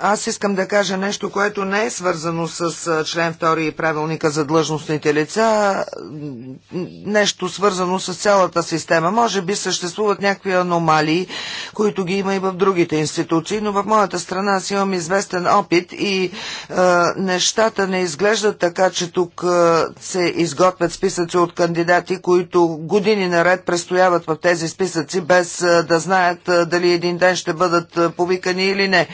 S1: Аз искам да кажа нещо, което не е свързано с член 2 и правилника за длъжностните лица, нещо свързано с цялата система. Може би съществуват някакви аномалии, които ги има и в другите институции, но в моята страна аз имам известен опит и е, нещата не изглеждат така, че тук е, се изготвят списъци от кандидати, които години наред престояват в тези списъци, без е, да знаят е, дали един ден ще бъдат е, повикани или не.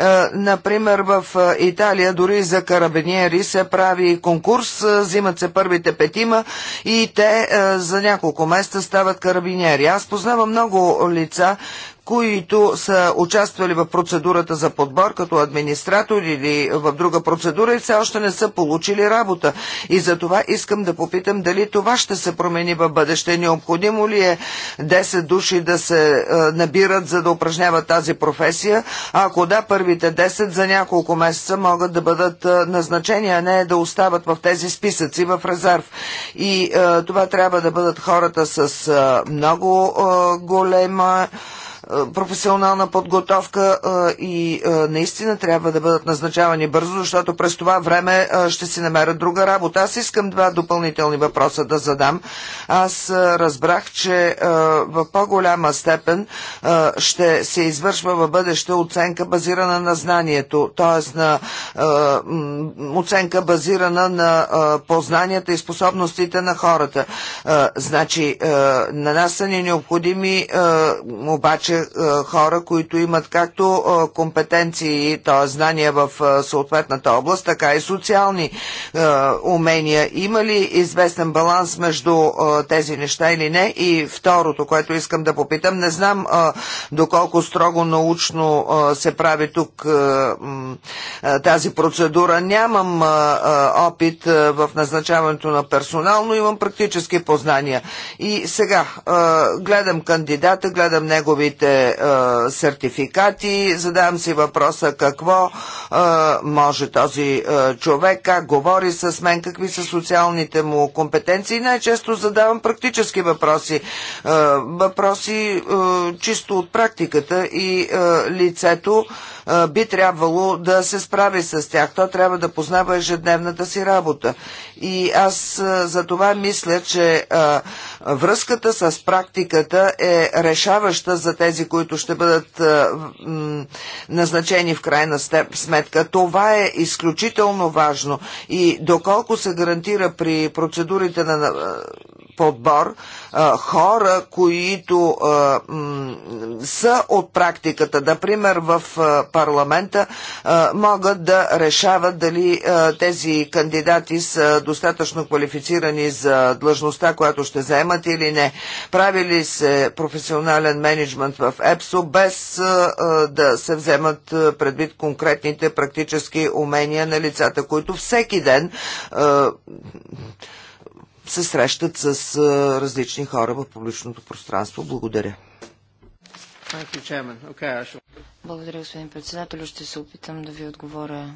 S1: Е, Например, в Италия дори за карабиниери се прави конкурс, взимат се първите петима и те за няколко месеца стават карабиниери. Аз познавам много лица, които са участвали в процедурата за подбор като администратор или в друга процедура и все още не са получили работа. И за това искам да попитам дали това ще се промени в бъдеще. Необходимо ли е 10 души да се е, набират, за да упражняват тази професия? А ако да, първите 10 за няколко месеца могат да бъдат е, назначени, а не да остават в тези списъци в резерв. И е, това трябва да бъдат хората с много голема професионална подготовка и наистина трябва да бъдат назначавани бързо, защото през това време ще си намерят друга работа. Аз искам два допълнителни въпроса да задам. Аз разбрах, че в по-голяма степен ще се извършва в бъдеще оценка базирана на знанието, т.е. на оценка базирана на познанията и способностите на хората. Значи, на нас са ни необходими обаче обаче е, хора, които имат както е, компетенции, т.е. знания в е, съответната област, така и социални умения. Има ли известен баланс между тези неща или не? И второто, което искам да попитам, не знам доколко строго научно се прави тук тази процедура. Нямам опит в назначаването на персонал, но имам практически познания. И сега гледам кандидата, гледам неговите техните е, сертификати. Задавам си въпроса какво е, може този е, човек, как говори с мен, какви са социалните му компетенции. Най-често задавам практически въпроси. Е, въпроси е, чисто от практиката и е, лицето е, би трябвало да се справи с тях. То трябва да познава ежедневната си работа. И аз за това мисля, че връзката с практиката е решаваща за тези, които ще бъдат назначени в крайна сметка. Това е изключително важно. И доколко се гарантира при процедурите на подбор хора, които са от практиката, например в парламента, могат да решават дали тези кандидати са достатъчно квалифицирани за длъжността, която ще заемат или не. Правили се професионален менеджмент в ЕПСО, без да се вземат предвид конкретните практически умения на лицата, които всеки ден се срещат с различни хора в публичното пространство. Благодаря.
S3: Благодаря, господин председател. Ще се опитам да ви отговоря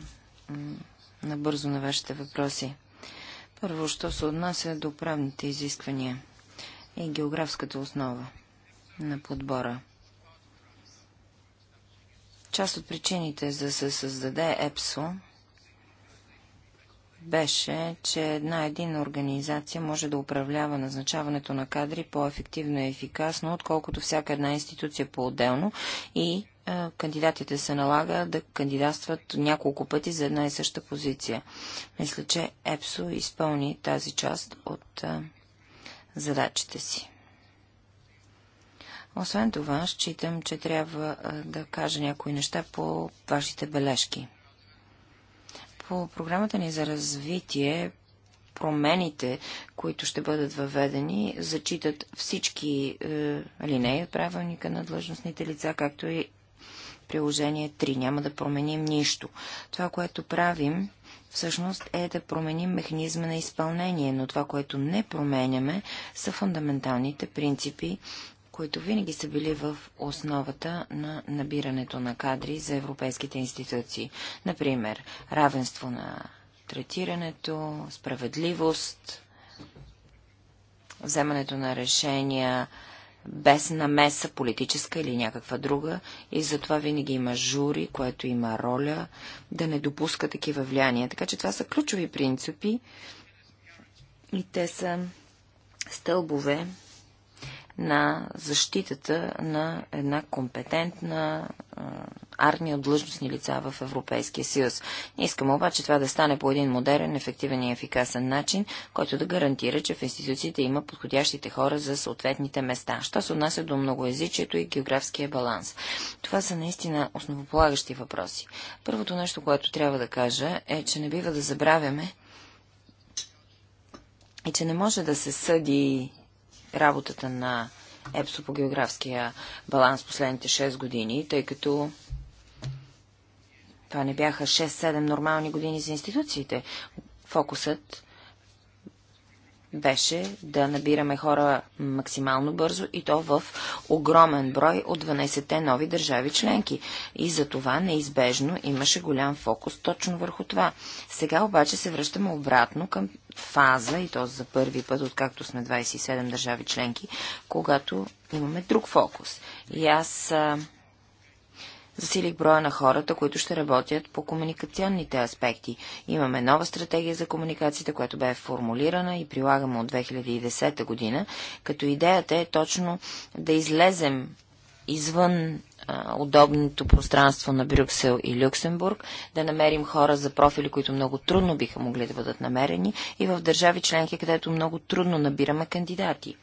S3: набързо на вашите въпроси. Първо, що се отнася до правните изисквания и географската основа на подбора. Част от причините за да се създаде ЕПСО беше, че една единна организация може да управлява назначаването на кадри по-ефективно и ефикасно, отколкото всяка една институция по-отделно и кандидатите се налага да кандидатстват няколко пъти за една и съща позиция. Мисля, че ЕПСО изпълни тази част от задачите си. Освен това, считам, че трябва да кажа някои неща по вашите бележки по програмата ни за развитие промените, които ще бъдат въведени, зачитат всички е, от правилника на длъжностните лица, както и приложение 3. Няма да променим нищо. Това, което правим, всъщност е да променим механизма на изпълнение, но това, което не променяме, са фундаменталните принципи които винаги са били в основата на набирането на кадри за европейските институции. Например, равенство на третирането, справедливост, вземането на решения без намеса политическа или някаква друга и затова винаги има жури, което има роля да не допуска такива влияния. Така че това са ключови принципи и те са стълбове на защитата на една компетентна армия от длъжностни лица в Европейския съюз. Не Искам обаче това да стане по един модерен, ефективен и ефикасен начин, който да гарантира, че в институциите има подходящите хора за съответните места. Що се отнася до многоязичието и географския баланс? Това са наистина основополагащи въпроси. Първото нещо, което трябва да кажа е, че не бива да забравяме и че не може да се съди работата на ЕПСО по географския баланс последните 6 години, тъй като това не бяха 6-7 нормални години за институциите. Фокусът беше да набираме хора максимално бързо и то в огромен брой от 12-те нови държави членки. И за това неизбежно имаше голям фокус точно върху това. Сега обаче се връщаме обратно към фаза, и то за първи път, откакто сме 27 държави членки, когато имаме друг фокус. И аз Засилих броя на хората, които ще работят по комуникационните аспекти. Имаме нова стратегия за комуникацията, която бе формулирана и прилагаме от 2010 година, като идеята е точно да излезем извън удобното пространство на Брюксел и Люксембург, да намерим хора за профили, които много трудно биха могли да бъдат намерени и в държави членки, където много трудно набираме кандидати.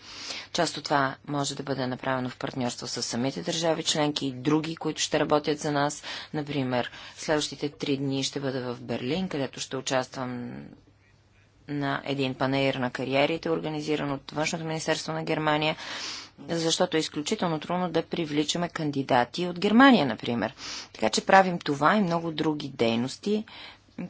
S3: Част от това може да бъде направено в партньорство с самите държави членки и други, които ще работят за нас. Например, следващите три дни ще бъда в Берлин, където ще участвам на един панеир на кариерите, организиран от Външното министерство на Германия защото е изключително трудно да привличаме кандидати от Германия, например. Така че правим това и много други дейности,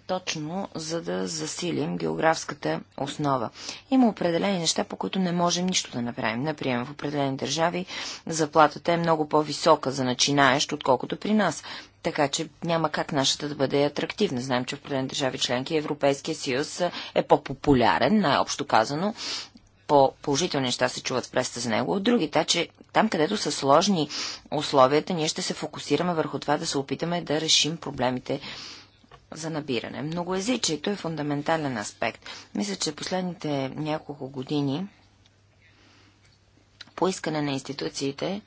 S3: точно за да засилим географската основа. Има определени неща, по които не можем нищо да направим. Например, в определени държави заплатата е много по-висока за начинаещ, отколкото при нас. Така че няма как нашата да бъде атрактивна. Знаем, че в определени държави членки Европейския съюз е по-популярен, най-общо казано, по-положителни неща се чуват в преста за него от други. Та, че там, където са сложни условията, ние ще се фокусираме върху това да се опитаме да решим проблемите за набиране. Многоязичието е фундаментален аспект. Мисля, че последните няколко години по искане на институциите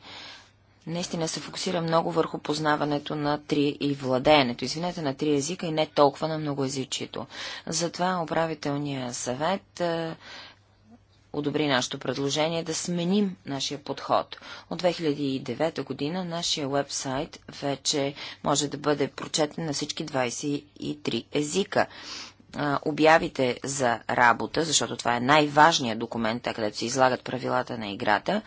S3: наистина се фокусира много върху познаването на три и владеенето, извинете, на три езика и не толкова на многоязичието. Затова управителният съвет одобри нашето предложение да сменим нашия подход. От 2009 година нашия вебсайт вече може да бъде прочетен на всички 23 езика обявите за работа, защото това е най-важният документ, където се излагат правилата на играта,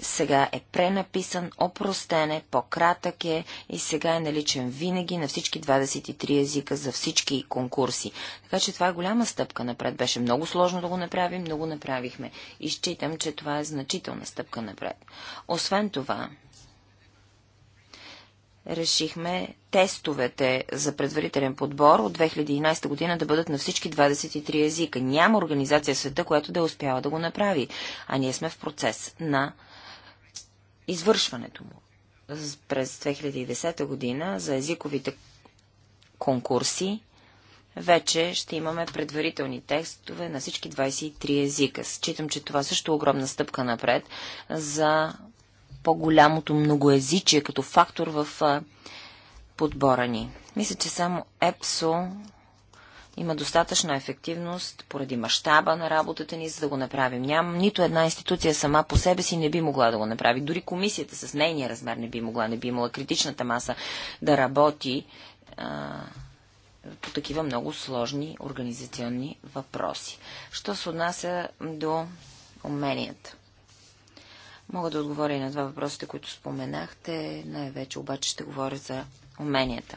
S3: сега е пренаписан, опростен е, по-кратък е и сега е наличен винаги на всички 23 езика за всички конкурси. Така че това е голяма стъпка напред. Беше много сложно да го направим, но го направихме. И считам, че това е значителна стъпка напред. Освен това, решихме тестовете за предварителен подбор от 2011 година да бъдат на всички 23 езика. Няма организация в света, която да е успяла да го направи, а ние сме в процес на извършването му. През 2010 година за езиковите конкурси вече ще имаме предварителни текстове на всички 23 езика. Считам, че това също е огромна стъпка напред за по-голямото многоязичие като фактор в подбора ни. Мисля, че само ЕПСО има достатъчна ефективност поради мащаба на работата ни, за да го направим. Няма нито една институция сама по себе си не би могла да го направи. Дори комисията с нейния размер не би могла, не би имала критичната маса да работи а, по такива много сложни организационни въпроси. Що се отнася до уменията? Мога да отговоря и на два въпросите, които споменахте. Най-вече обаче ще говоря за уменията.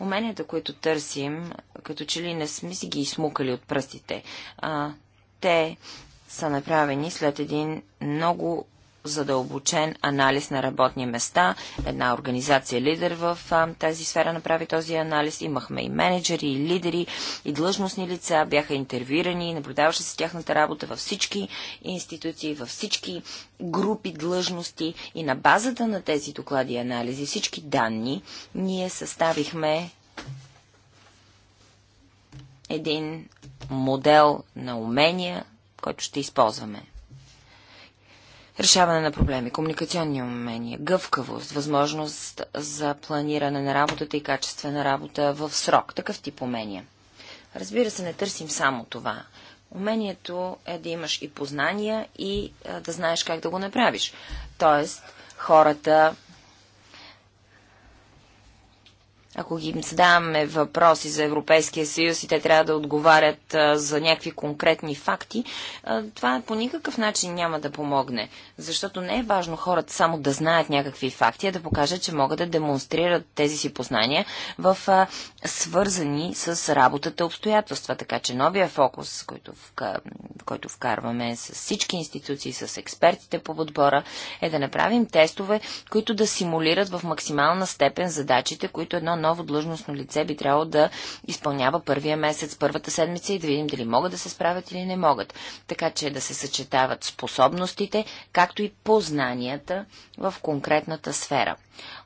S3: Уменията, които търсим, като че ли не сме си ги измукали от пръстите. А, те са направени след един много задълбочен анализ на работни места. Една организация лидер в а, тази сфера направи този анализ. Имахме и менеджери, и лидери, и длъжностни лица. Бяха интервюирани, наблюдаваше се тяхната работа във всички институции, във всички групи длъжности. И на базата на тези доклади и анализи, всички данни, ние съставихме един модел на умения, който ще използваме. Решаване на проблеми, комуникационни умения, гъвкавост, възможност за планиране на работата и качествена работа в срок, такъв тип умения. Разбира се, не търсим само това. Умението е да имаш и познания, и да знаеш как да го направиш. Тоест, хората ако ги задаваме въпроси за Европейския съюз и те трябва да отговарят а, за някакви конкретни факти, а, това по никакъв начин няма да помогне. Защото не е важно хората само да знаят някакви факти, а да покажат, че могат да демонстрират тези си познания в а, свързани с работата обстоятелства. Така че новия фокус, който, който вкарваме с всички институции, с експертите по подбора, е да направим тестове, които да симулират в максимална степен задачите, които едно ново длъжностно лице би трябвало да изпълнява първия месец, първата седмица и да видим дали могат да се справят или не могат. Така че да се съчетават способностите, както и познанията в конкретната сфера.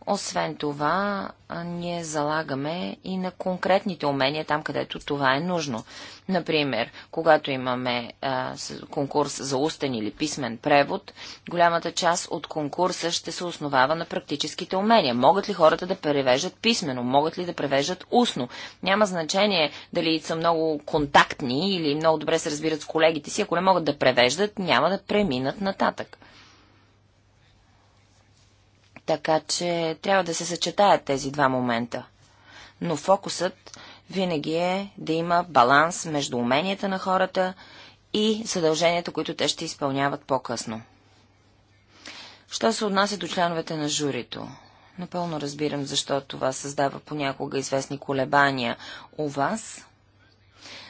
S3: Освен това, ние залагаме и на конкретните умения там, където това е нужно. Например, когато имаме а, конкурс за устен или писмен превод, голямата част от конкурса ще се основава на практическите умения. Могат ли хората да превеждат писменно? Могат ли да превеждат устно? Няма значение дали са много контактни или много добре се разбират с колегите си. Ако не могат да превеждат, няма да преминат нататък. Така че трябва да се съчетаят тези два момента. Но фокусът винаги е да има баланс между уменията на хората и задълженията, които те ще изпълняват по-късно. Що се отнася до членовете на журито? Напълно разбирам, защо това създава понякога известни колебания у вас.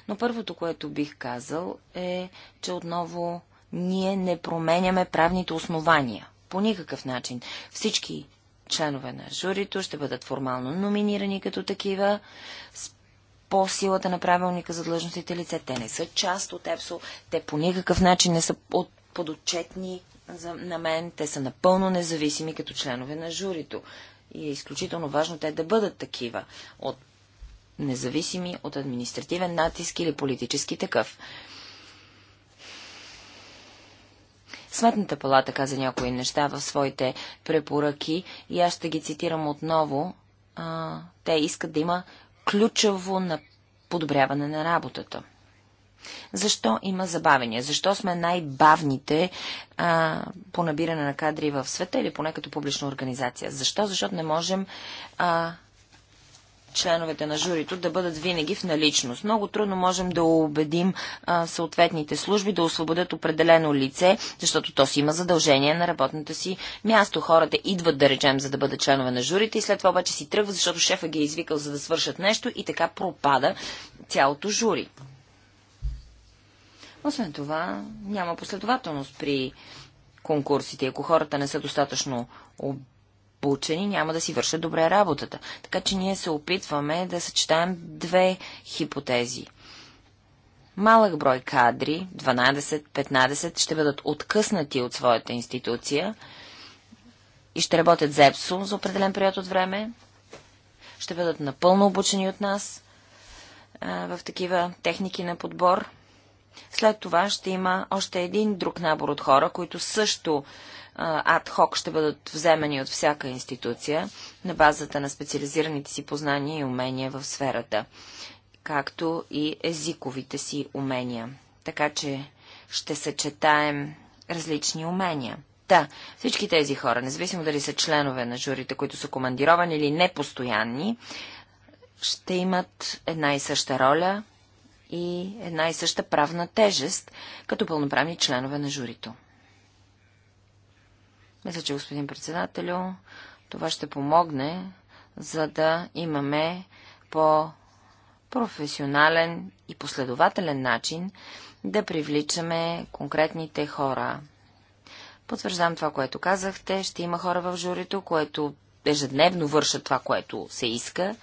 S3: Но първото, което бих казал е, че отново ние не променяме правните основания – по никакъв начин. Всички членове на журито ще бъдат формално номинирани като такива по силата на правилника за длъжностите лице. Те не са част от ЕПСО, те по никакъв начин не са от, подотчетни за, на мен, те са напълно независими като членове на журито. И е изключително важно те да бъдат такива, от, независими от административен натиск или политически такъв. Сметната палата каза някои неща в своите препоръки и аз ще ги цитирам отново. А, те искат да има ключово на подобряване на работата. Защо има забавения? Защо сме най-бавните по набиране на кадри в света или поне като публична организация? Защо? Защото не можем а, членовете на журито да бъдат винаги в наличност. Много трудно можем да убедим а, съответните служби да освободят определено лице, защото то си има задължение на работното си място. Хората идват, да речем, за да бъдат членове на журите и след това обаче си тръгва, защото шефа ги е извикал за да свършат нещо и така пропада цялото жури. Освен това, няма последователност при конкурсите. Ако хората не са достатъчно обидени, поучени, няма да си вършат добре работата. Така че ние се опитваме да съчетаем две хипотези. Малък брой кадри, 12-15, ще бъдат откъснати от своята институция и ще работят за ЕПСУ за определен период от време. Ще бъдат напълно обучени от нас а, в такива техники на подбор. След това ще има още един друг набор от хора, които също адхок ще бъдат вземани от всяка институция на базата на специализираните си познания и умения в сферата, както и езиковите си умения. Така че ще съчетаем различни умения. Да, всички тези хора, независимо дали са членове на журите, които са командировани или непостоянни, ще имат една и съща роля и една и съща правна тежест, като пълноправни членове на журито. Мисля, че господин председателю, това ще помогне, за да имаме по професионален и последователен начин да привличаме конкретните хора. Потвърждам това, което казахте. Ще има хора в журито, което ежедневно вършат това, което се иска.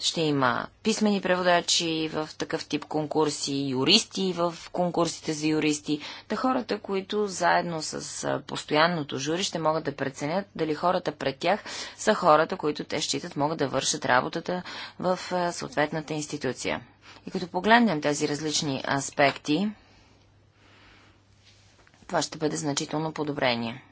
S3: Ще има писмени преводачи в такъв тип конкурси, юристи в конкурсите за юристи. Та хората, които заедно с постоянното жури ще могат да преценят дали хората пред тях са хората, които те считат могат да вършат работата в съответната институция. И като погледнем тези различни аспекти, това ще бъде значително подобрение.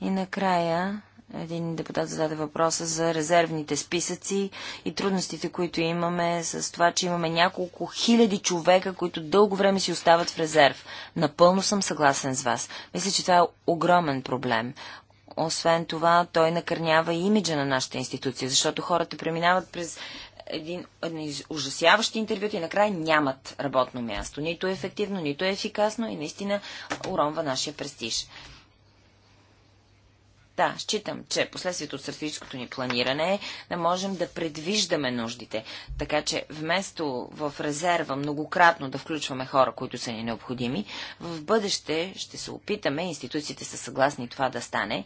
S3: И накрая един депутат зададе въпроса за резервните списъци и трудностите, които имаме с това, че имаме няколко хиляди човека, които дълго време си остават в резерв. Напълно съм съгласен с вас. Мисля, че това е огромен проблем. Освен това, той накърнява и имиджа на нашата институция, защото хората преминават през един, един ужасяващи интервю и накрая нямат работно място. Нито е ефективно, нито е ефикасно и наистина уронва нашия престиж. Да, считам, че последствието от стратегическото ни планиране е да можем да предвиждаме нуждите. Така че вместо в резерва многократно да включваме хора, които са ни необходими, в бъдеще ще се опитаме, институциите са съгласни това да стане,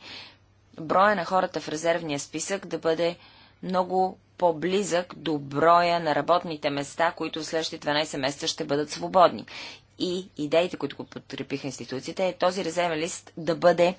S3: броя на хората в резервния списък да бъде много по-близък до броя на работните места, които в следващите 12 месеца ще бъдат свободни. И идеите, които го подкрепиха институциите, е този резервен лист да бъде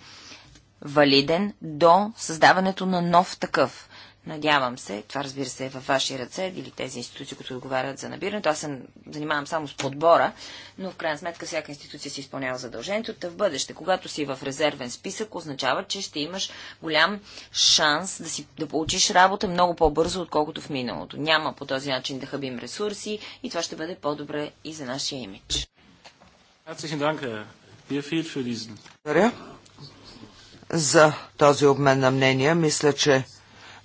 S3: валиден до създаването на нов такъв. Надявам се, това разбира се е във ваши ръце или тези институции, които отговарят за набирането. Аз се занимавам само с подбора, но в крайна сметка всяка институция си изпълнява задължението. Та в бъдеще, когато си в резервен списък, означава, че ще имаш голям шанс да, си, да получиш работа много по-бързо, отколкото в миналото. Няма по този начин да хъбим ресурси и това ще бъде по-добре и за
S2: нашия имидж. Благодаря
S1: за този обмен на мнения. Мисля, че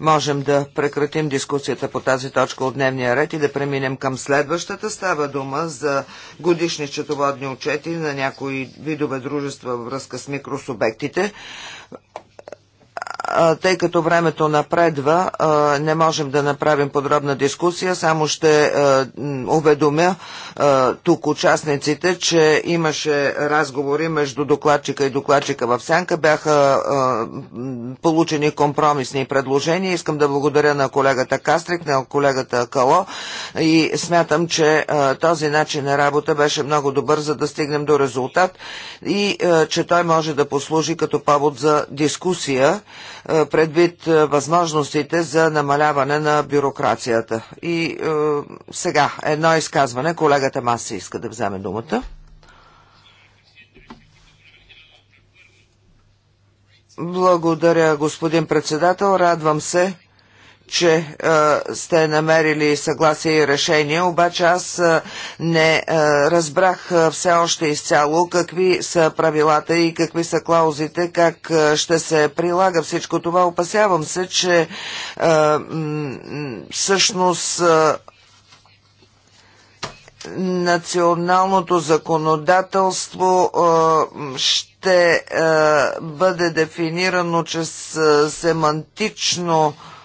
S1: можем да прекратим дискусията по тази точка от дневния ред и да преминем към следващата. Става дума за годишни счетоводни отчети на някои видове дружества във връзка с микросубектите тъй като времето напредва, не можем да направим подробна дискусия, само ще уведомя тук участниците, че имаше разговори между докладчика и докладчика в Сянка, бяха получени компромисни предложения. Искам да благодаря на колегата Кастрик, на колегата Кало и смятам, че този начин на работа беше много добър, за да стигнем до резултат и че той може да послужи като повод за дискусия е, предвид е, възможностите за намаляване на бюрокрацията. И е, сега едно изказване. Колегата Маси иска да вземе думата. Благодаря, господин председател. Радвам се, че а, е, сте намерили съгласие и решение, обаче аз а, е, не а, е, разбрах а, все още изцяло какви са правилата и какви са клаузите, как а, ще се прилага всичко това. Опасявам се, че м- всъщност А, националното законодателство а, ще е, бъде дефинирано чрез семантично е,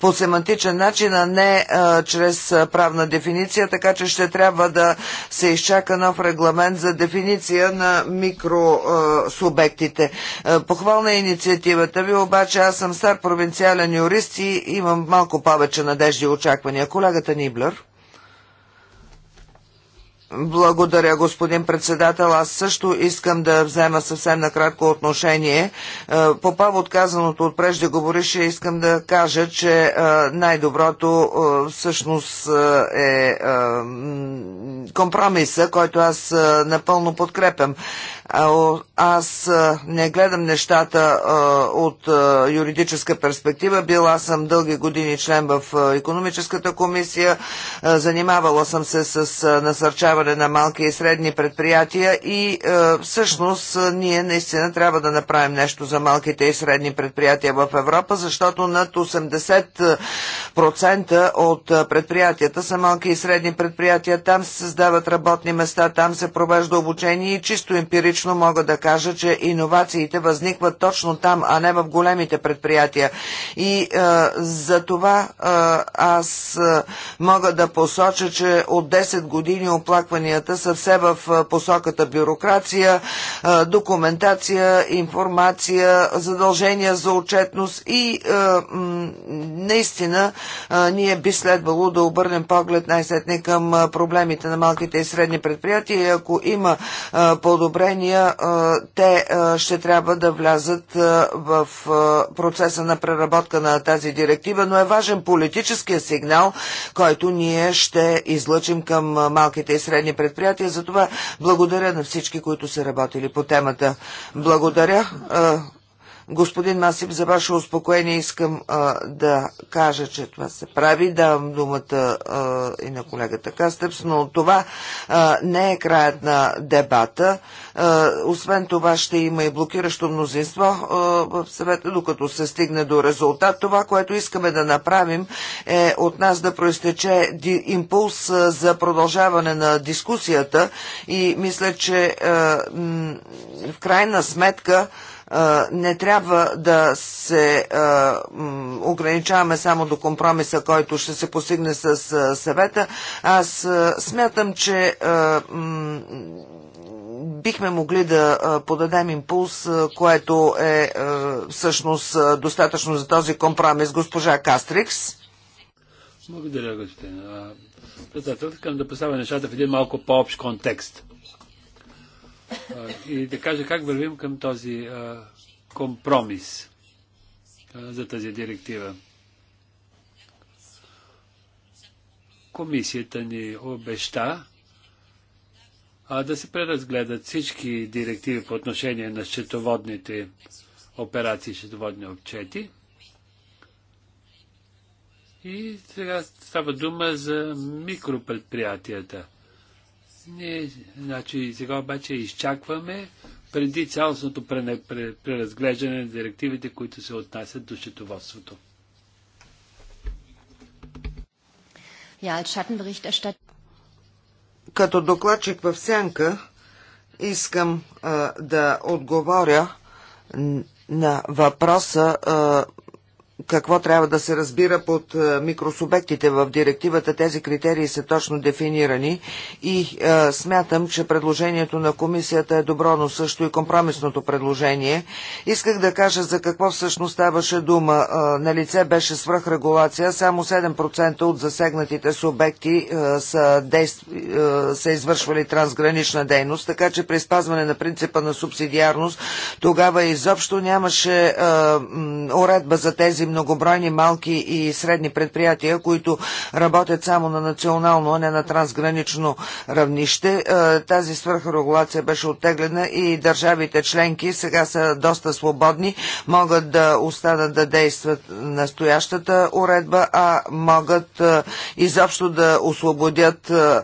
S1: по семантичен начин, а не а, чрез правна дефиниция, така че ще трябва да се изчака нов регламент за дефиниция на микросубектите. Похвална е инициативата ви, обаче аз съм стар провинциален юрист и имам малко повече надежди и очаквания. Колегата Ниблер. Благодаря, господин председател. Аз също искам да взема съвсем накратко отношение. Е, по повод казаното от преждеговорише искам да кажа, че е, най-доброто е, всъщност е компромиса, който аз напълно подкрепям. Аз не гледам нещата от юридическа перспектива. Била съм дълги години член в економическата комисия. Занимавала съм се с насърчаване на малки и средни предприятия и всъщност ние наистина трябва да направим нещо за малките и средни предприятия в Европа, защото над 80% от предприятията са малки и средни предприятия. Там се създават работни места, там се провежда обучение и чисто емпирично лично мога да кажа, че иновациите възникват точно там, а не в големите предприятия. И а, е, за това а, е, аз а, е, мога да посоча, че от 10 години оплакванията са все в посоката бюрокрация, а, документация, информация, задължения за отчетност и а, наистина а, ние би следвало да обърнем поглед най-сетне към проблемите на малките и средни предприятия и ако има подобрение Германия те ще трябва да влязат в процеса на преработка на тази директива, но е важен политическия сигнал, който ние ще излъчим към малките и средни предприятия. Затова благодаря на всички, които са работили по темата. Благодаря. Господин Масип, за ваше успокоение искам а, да кажа, че това се прави. Давам думата а, и на колегата Кастепс, но това а, не е краят на дебата. А, освен това ще има и блокиращо мнозинство а, в съвета, докато се стигне до резултат. Това, което искаме да направим е от нас да проистече импулс а, за продължаване на дискусията и мисля, че а, в крайна сметка не трябва да се ограничаваме само до компромиса, който ще се постигне с съвета. Аз смятам, че бихме могли да подадем импулс, което е всъщност достатъчно за този компромис. Госпожа Кастрикс.
S2: Благодаря, господин председател. Искам да поставя нещата в един малко по-общ контекст и да кажа как вървим към този компромис за тази директива. Комисията ни обеща а, да се преразгледат всички директиви по отношение на счетоводните операции, счетоводни отчети. И сега става дума за микропредприятията – ние, значи, сега обаче изчакваме преди цялостното преразглеждане на директивите, които се отнасят до счетоводството. Като докладчик
S1: в сянка искам а, да отговоря на въпроса а, какво трябва да се разбира под е, микросубектите в директивата. Тези критерии са точно дефинирани и е, смятам, че предложението на комисията е добро, но също и компромисното предложение. Исках да кажа за какво всъщност ставаше дума. Е, на лице беше свръхрегулация. Само 7% от засегнатите субекти е, са, действ... е, са извършвали трансгранична дейност, така че при спазване на принципа на субсидиарност тогава изобщо нямаше е, уредба за тези многобройни малки и средни предприятия, които работят само на национално, а не на трансгранично равнище. Е, тази свърхрегулация беше оттеглена и държавите членки сега са доста свободни, могат да останат да действат настоящата уредба, а могат е, изобщо да освободят е,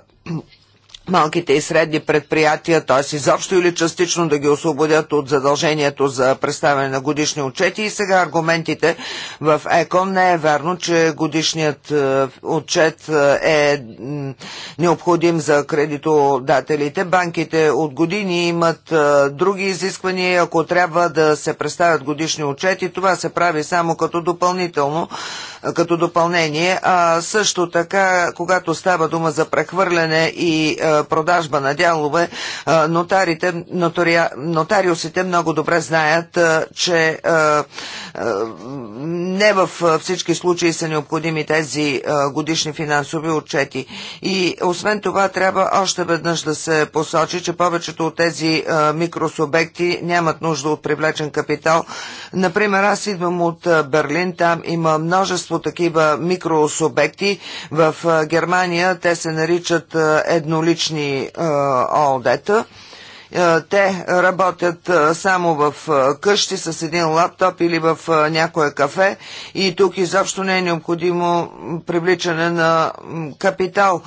S1: малките и средни предприятия, т.е. изобщо или частично да ги освободят от задължението за представяне на годишни отчети. И сега аргументите в ЕКОН не е верно, че годишният е, отчет е, е необходим за кредитодателите. Банките от години имат е, други изисквания. Ако трябва да се представят годишни отчети, това се прави само като допълнително, като допълнение. А също така, когато става дума за прехвърляне и продажба на дялове, нотарите, нотари, нотариусите много добре знаят, че не във всички случаи са необходими тези годишни финансови отчети. И освен това трябва още веднъж да се посочи, че повечето от тези микросубекти нямат нужда от привлечен капитал. Например, аз идвам от Берлин, там има множество такива микросубекти. В Германия те се наричат еднолични различни е, ООД-та. Е, те работят е, само в къщи с един лаптоп или в някое кафе и тук изобщо не е необходимо привличане на капитал,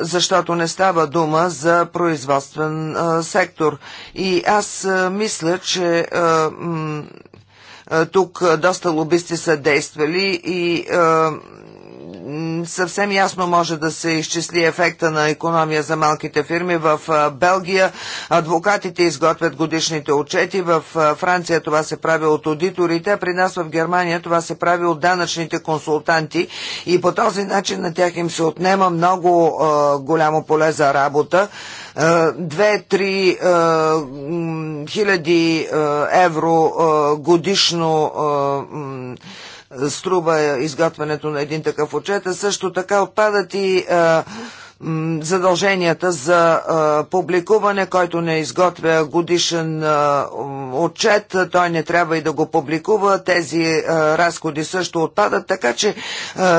S1: защото не става дума за производствен сектор. И аз мисля, че тук доста лобисти са действали и съвсем ясно може да се изчисли ефекта на економия за малките фирми. В Белгия адвокатите изготвят годишните отчети, в Франция това се прави от аудиторите, а при нас в Германия това се прави от данъчните консултанти и по този начин на тях им се отнема много голямо поле за работа. 2-3 хиляди евро годишно струва е изготвянето на един такъв отчет, а също така отпадат и а, задълженията за а, публикуване, който не изготвя годишен а, отчет, той не трябва и да го публикува, тези а, разходи също отпадат, така че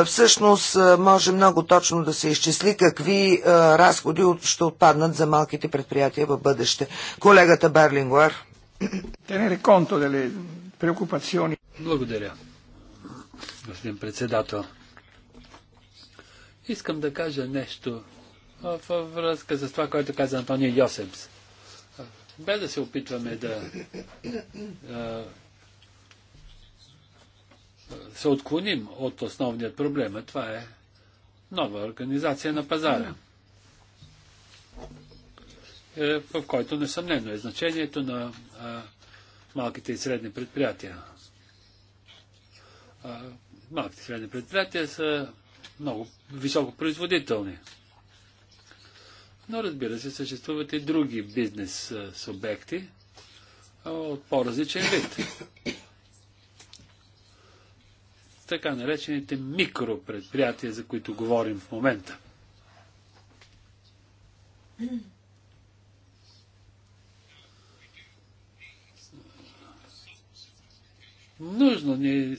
S1: всъщност може много точно да се изчисли какви разходи ще отпаднат за малките предприятия в бъдеще. Колегата Берлингуар.
S2: Благодаря господин председател. Искам да кажа нещо във връзка с това, което каза Антония Йосепс. Бе да се опитваме да а, се отклоним от основният проблем. А това е нова организация на пазара, е, в който несъмнено е значението на а, малките и средни предприятия малките средни предприятия са много високопроизводителни. Но разбира се, съществуват и други бизнес субекти от по-различен вид. Така наречените микропредприятия, за които говорим в момента. Нужно ни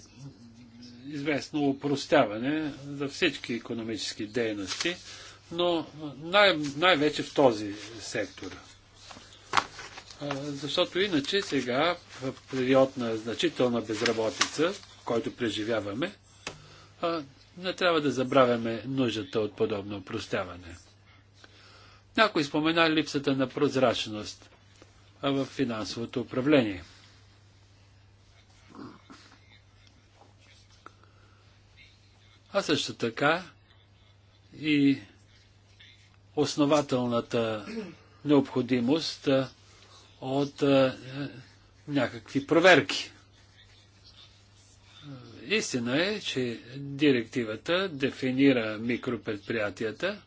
S2: известно упростяване за всички економически дейности, но най- най-вече в този сектор. Защото иначе сега, в период на значителна безработица, който преживяваме, не трябва да забравяме нуждата от подобно упростяване. Някой спомена липсата на прозрачност в финансовото управление – а също така и основателната необходимост от някакви проверки. Истина е, че директивата дефинира микропредприятията,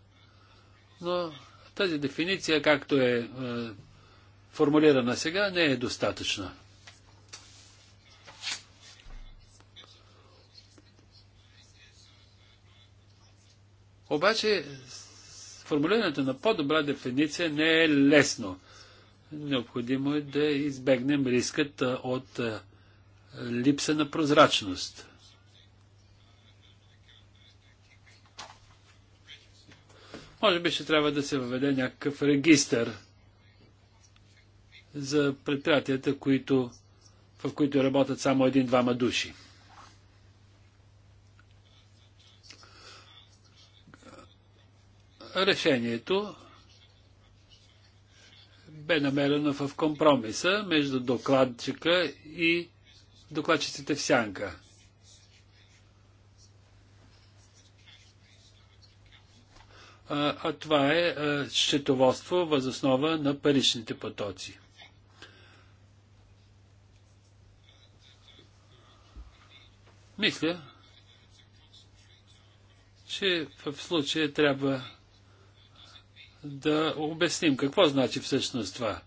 S2: но тази дефиниция, както е формулирана сега, не е достатъчна. Обаче формулирането на по-добра дефиниция не е лесно. Необходимо е да избегнем рискът от липса на прозрачност. Може би ще трябва да се въведе някакъв регистър за предприятията, които, в които работят само един-двама души. решението бе намерено в компромиса между докладчика и докладчиците в сянка. А, а това е а, счетоводство възоснова на паричните потоци. Мисля, че в случая трябва да обясним какво значи всъщност това.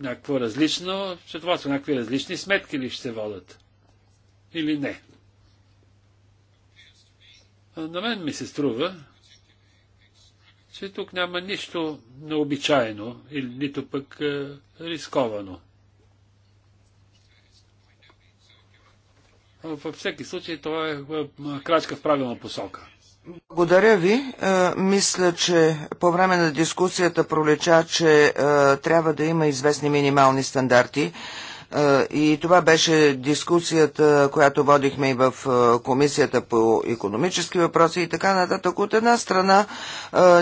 S2: Някакво различно това са някакви различни сметки ли ще се водят? Или не? На мен ми се струва, че тук няма нищо необичайно или нито пък е, рисковано. Във всеки случай това е крачка в правилна посока.
S1: Благодаря ви. Е, мисля, че по време на дискусията пролеча, че е, трябва да има известни минимални стандарти. И това беше дискусията, която водихме и в Комисията по економически въпроси и така нататък. От една страна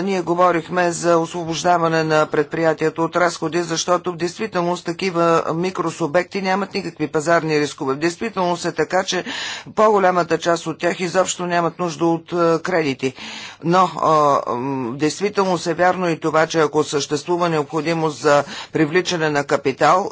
S1: ние говорихме за освобождаване на предприятието от разходи, защото в действителност такива микросубекти нямат никакви пазарни рискове. В действителност е така, че по-голямата част от тях изобщо нямат нужда от кредити. Но действително се вярно и това, че ако съществува необходимост за привличане на капитал,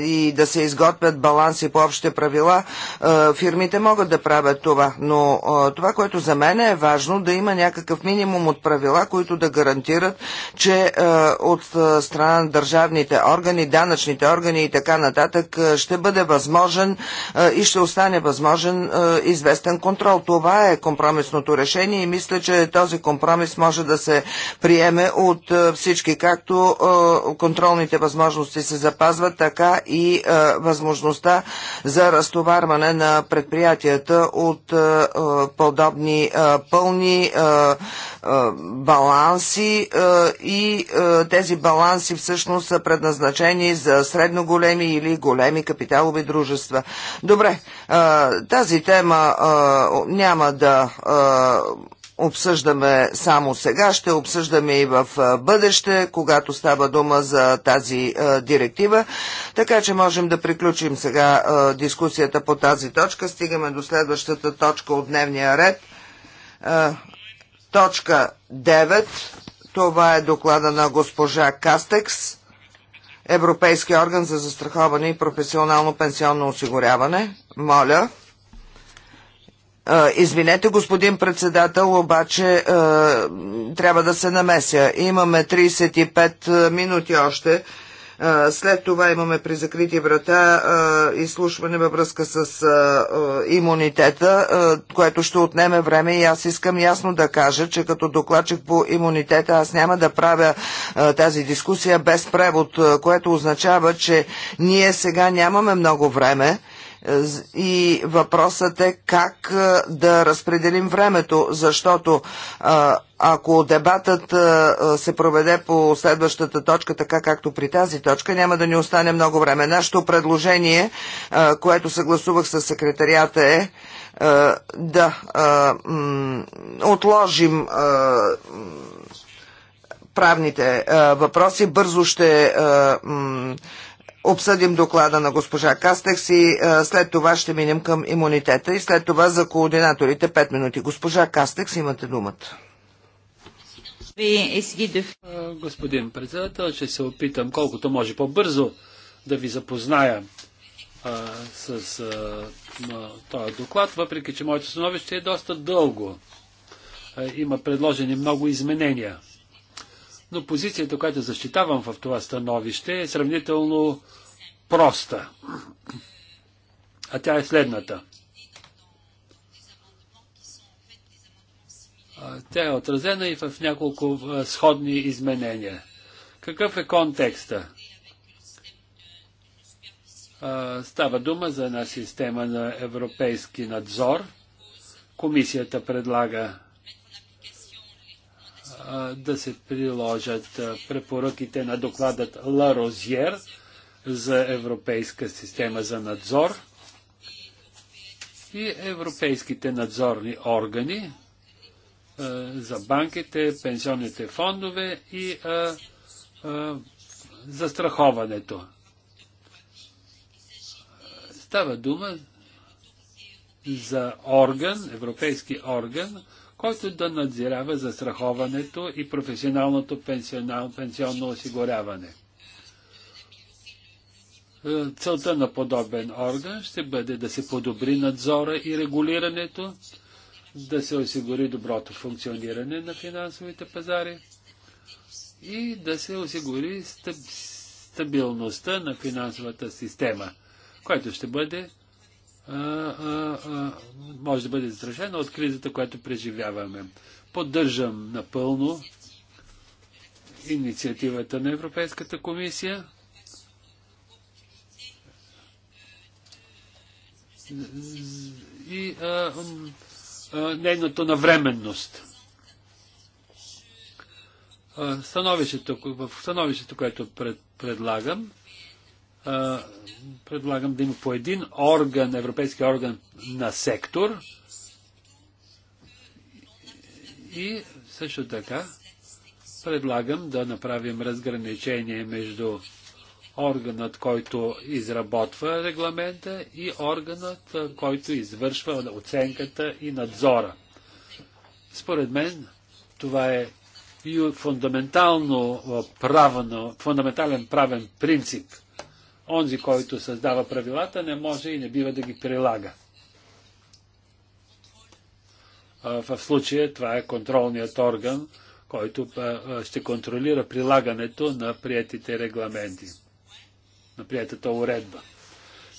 S1: и да се изготвят баланси по общите правила, е, фирмите могат да правят това. Но е, това, което за мен е важно, да има някакъв минимум от правила, които да гарантират, че е, от страна на държавните органи, данъчните органи и така нататък ще бъде възможен и ще остане възможен известен контрол. Това е компромисното решение и мисля, че този компромис може да се приеме от всички, както контролните възможности се запазват, така така и а, е, възможността за разтоварване на предприятията от а, е, е, подобни а, пълни а, а, баланси а, и а, тези баланси всъщност са предназначени за средно големи или големи капиталови дружества. Добре, а, тази тема а, няма да А, обсъждаме само сега, ще обсъждаме и в бъдеще, когато става дума за тази директива. Така че можем да приключим сега дискусията по тази точка. Стигаме до следващата точка от дневния ред. точка 9. Това е доклада на госпожа Кастекс. Европейски орган за застраховане и професионално пенсионно осигуряване. Моля. Извинете, господин председател, обаче трябва да се намеся. Имаме 35 минути още. След това имаме при закрити врата изслушване във връзка с имунитета, което ще отнеме време и аз искам ясно да кажа, че като докладчик по имунитета аз няма да правя тази дискусия без превод, което означава, че ние сега нямаме много време. И въпросът е как да разпределим времето, защото ако дебатът се проведе по следващата точка, така както при тази точка, няма да ни остане много време. Нашето предложение, което съгласувах с секретарията е да отложим правните въпроси. Бързо ще обсъдим доклада на госпожа Кастекс и е, след това ще минем към имунитета и след това за координаторите 5 минути. Госпожа Кастекс, имате думата.
S2: Е, господин председател, ще се опитам колкото може по-бързо да ви запозная а, е, с а, този доклад, въпреки че моето становище е доста дълго. А, има предложени много изменения но позицията, която защитавам в това становище е сравнително проста. А тя е следната. Тя е отразена и в няколко сходни изменения. Какъв е контекста? Става дума за една система на европейски надзор. Комисията предлага да се приложат препоръките на докладът Ла Розьер за Европейска система за надзор и европейските надзорни органи за банките, пенсионните фондове и застраховането. Става дума за орган, европейски орган, който да надзирава застраховането и професионалното пенсионно осигуряване. Е, целта на подобен орган ще бъде да се подобри надзора и регулирането, да се осигури доброто функциониране на финансовите пазари и да се осигури стабилността на финансовата система, което ще бъде може да бъде застрашена от кризата, която преживяваме. Поддържам напълно инициативата на Европейската комисия. и а, а, нейното навременност. А, становището, в становището, което пред, предлагам, предлагам да има по един орган, европейски орган на сектор и също така предлагам да направим разграничение между органът, който изработва регламента и органът, който извършва оценката и надзора. Според мен това е и фундаментално правно, фундаментален правен принцип онзи, който създава правилата, не може и не бива да ги прилага. В случая това е контролният орган, който ще контролира прилагането на приятите регламенти, на приятата уредба.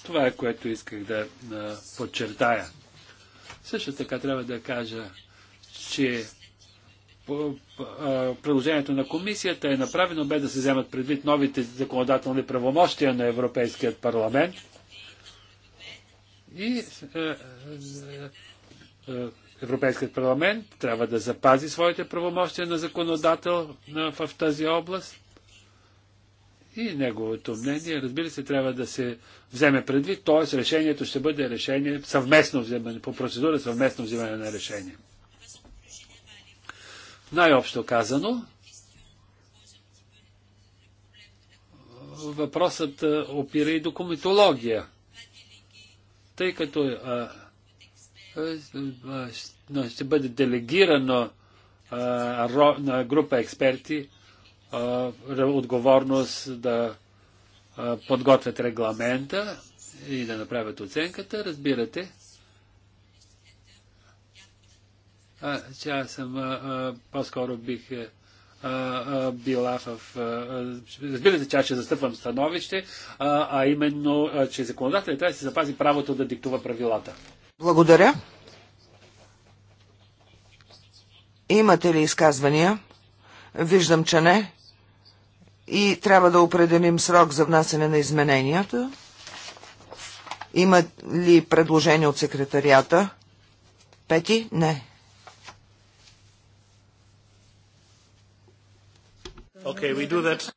S2: Това е което исках да подчертая. Също така трябва да кажа, че приложението на комисията е направено бе да се вземат предвид новите законодателни правомощия на Европейският парламент и е, е, е, Европейският парламент трябва да запази своите правомощия на законодател в тази област и неговото мнение, разбира се, трябва да се вземе предвид, т.е. решението ще бъде решение съвместно вземане, по процедура съвместно вземане на решение. Най-общо казано, въпросът е, опира и до тъй като а, е, а, е, ще бъде делегирано а, на група експерти а, отговорност да подготвят регламента и да направят оценката, разбирате, че съм по-скоро бих е, била в... Разбира се, че аз ще застъпвам становище, а именно, че законодателят трябва да се запази правото да диктува правилата.
S1: Благодаря. Имате ли изказвания? Виждам, че не. И трябва да определим срок за внасене на измененията. Има ли предложение от секретарията? Пети? Не.
S2: Okay, we do that.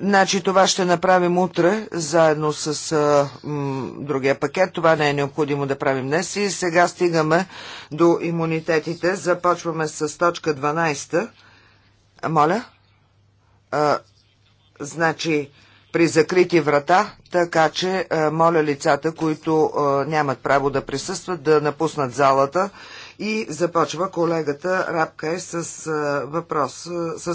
S1: Значи това ще направим утре, заедно с а, м, другия пакет. Това не е необходимо да правим днес. И сега стигаме до имунитетите. Започваме с точка 12. Моля. А, значи при закрити врата, така че а, моля лицата, които а, нямат право да присъстват, да напуснат залата. И започва колегата Рапкай е с а, въпрос. С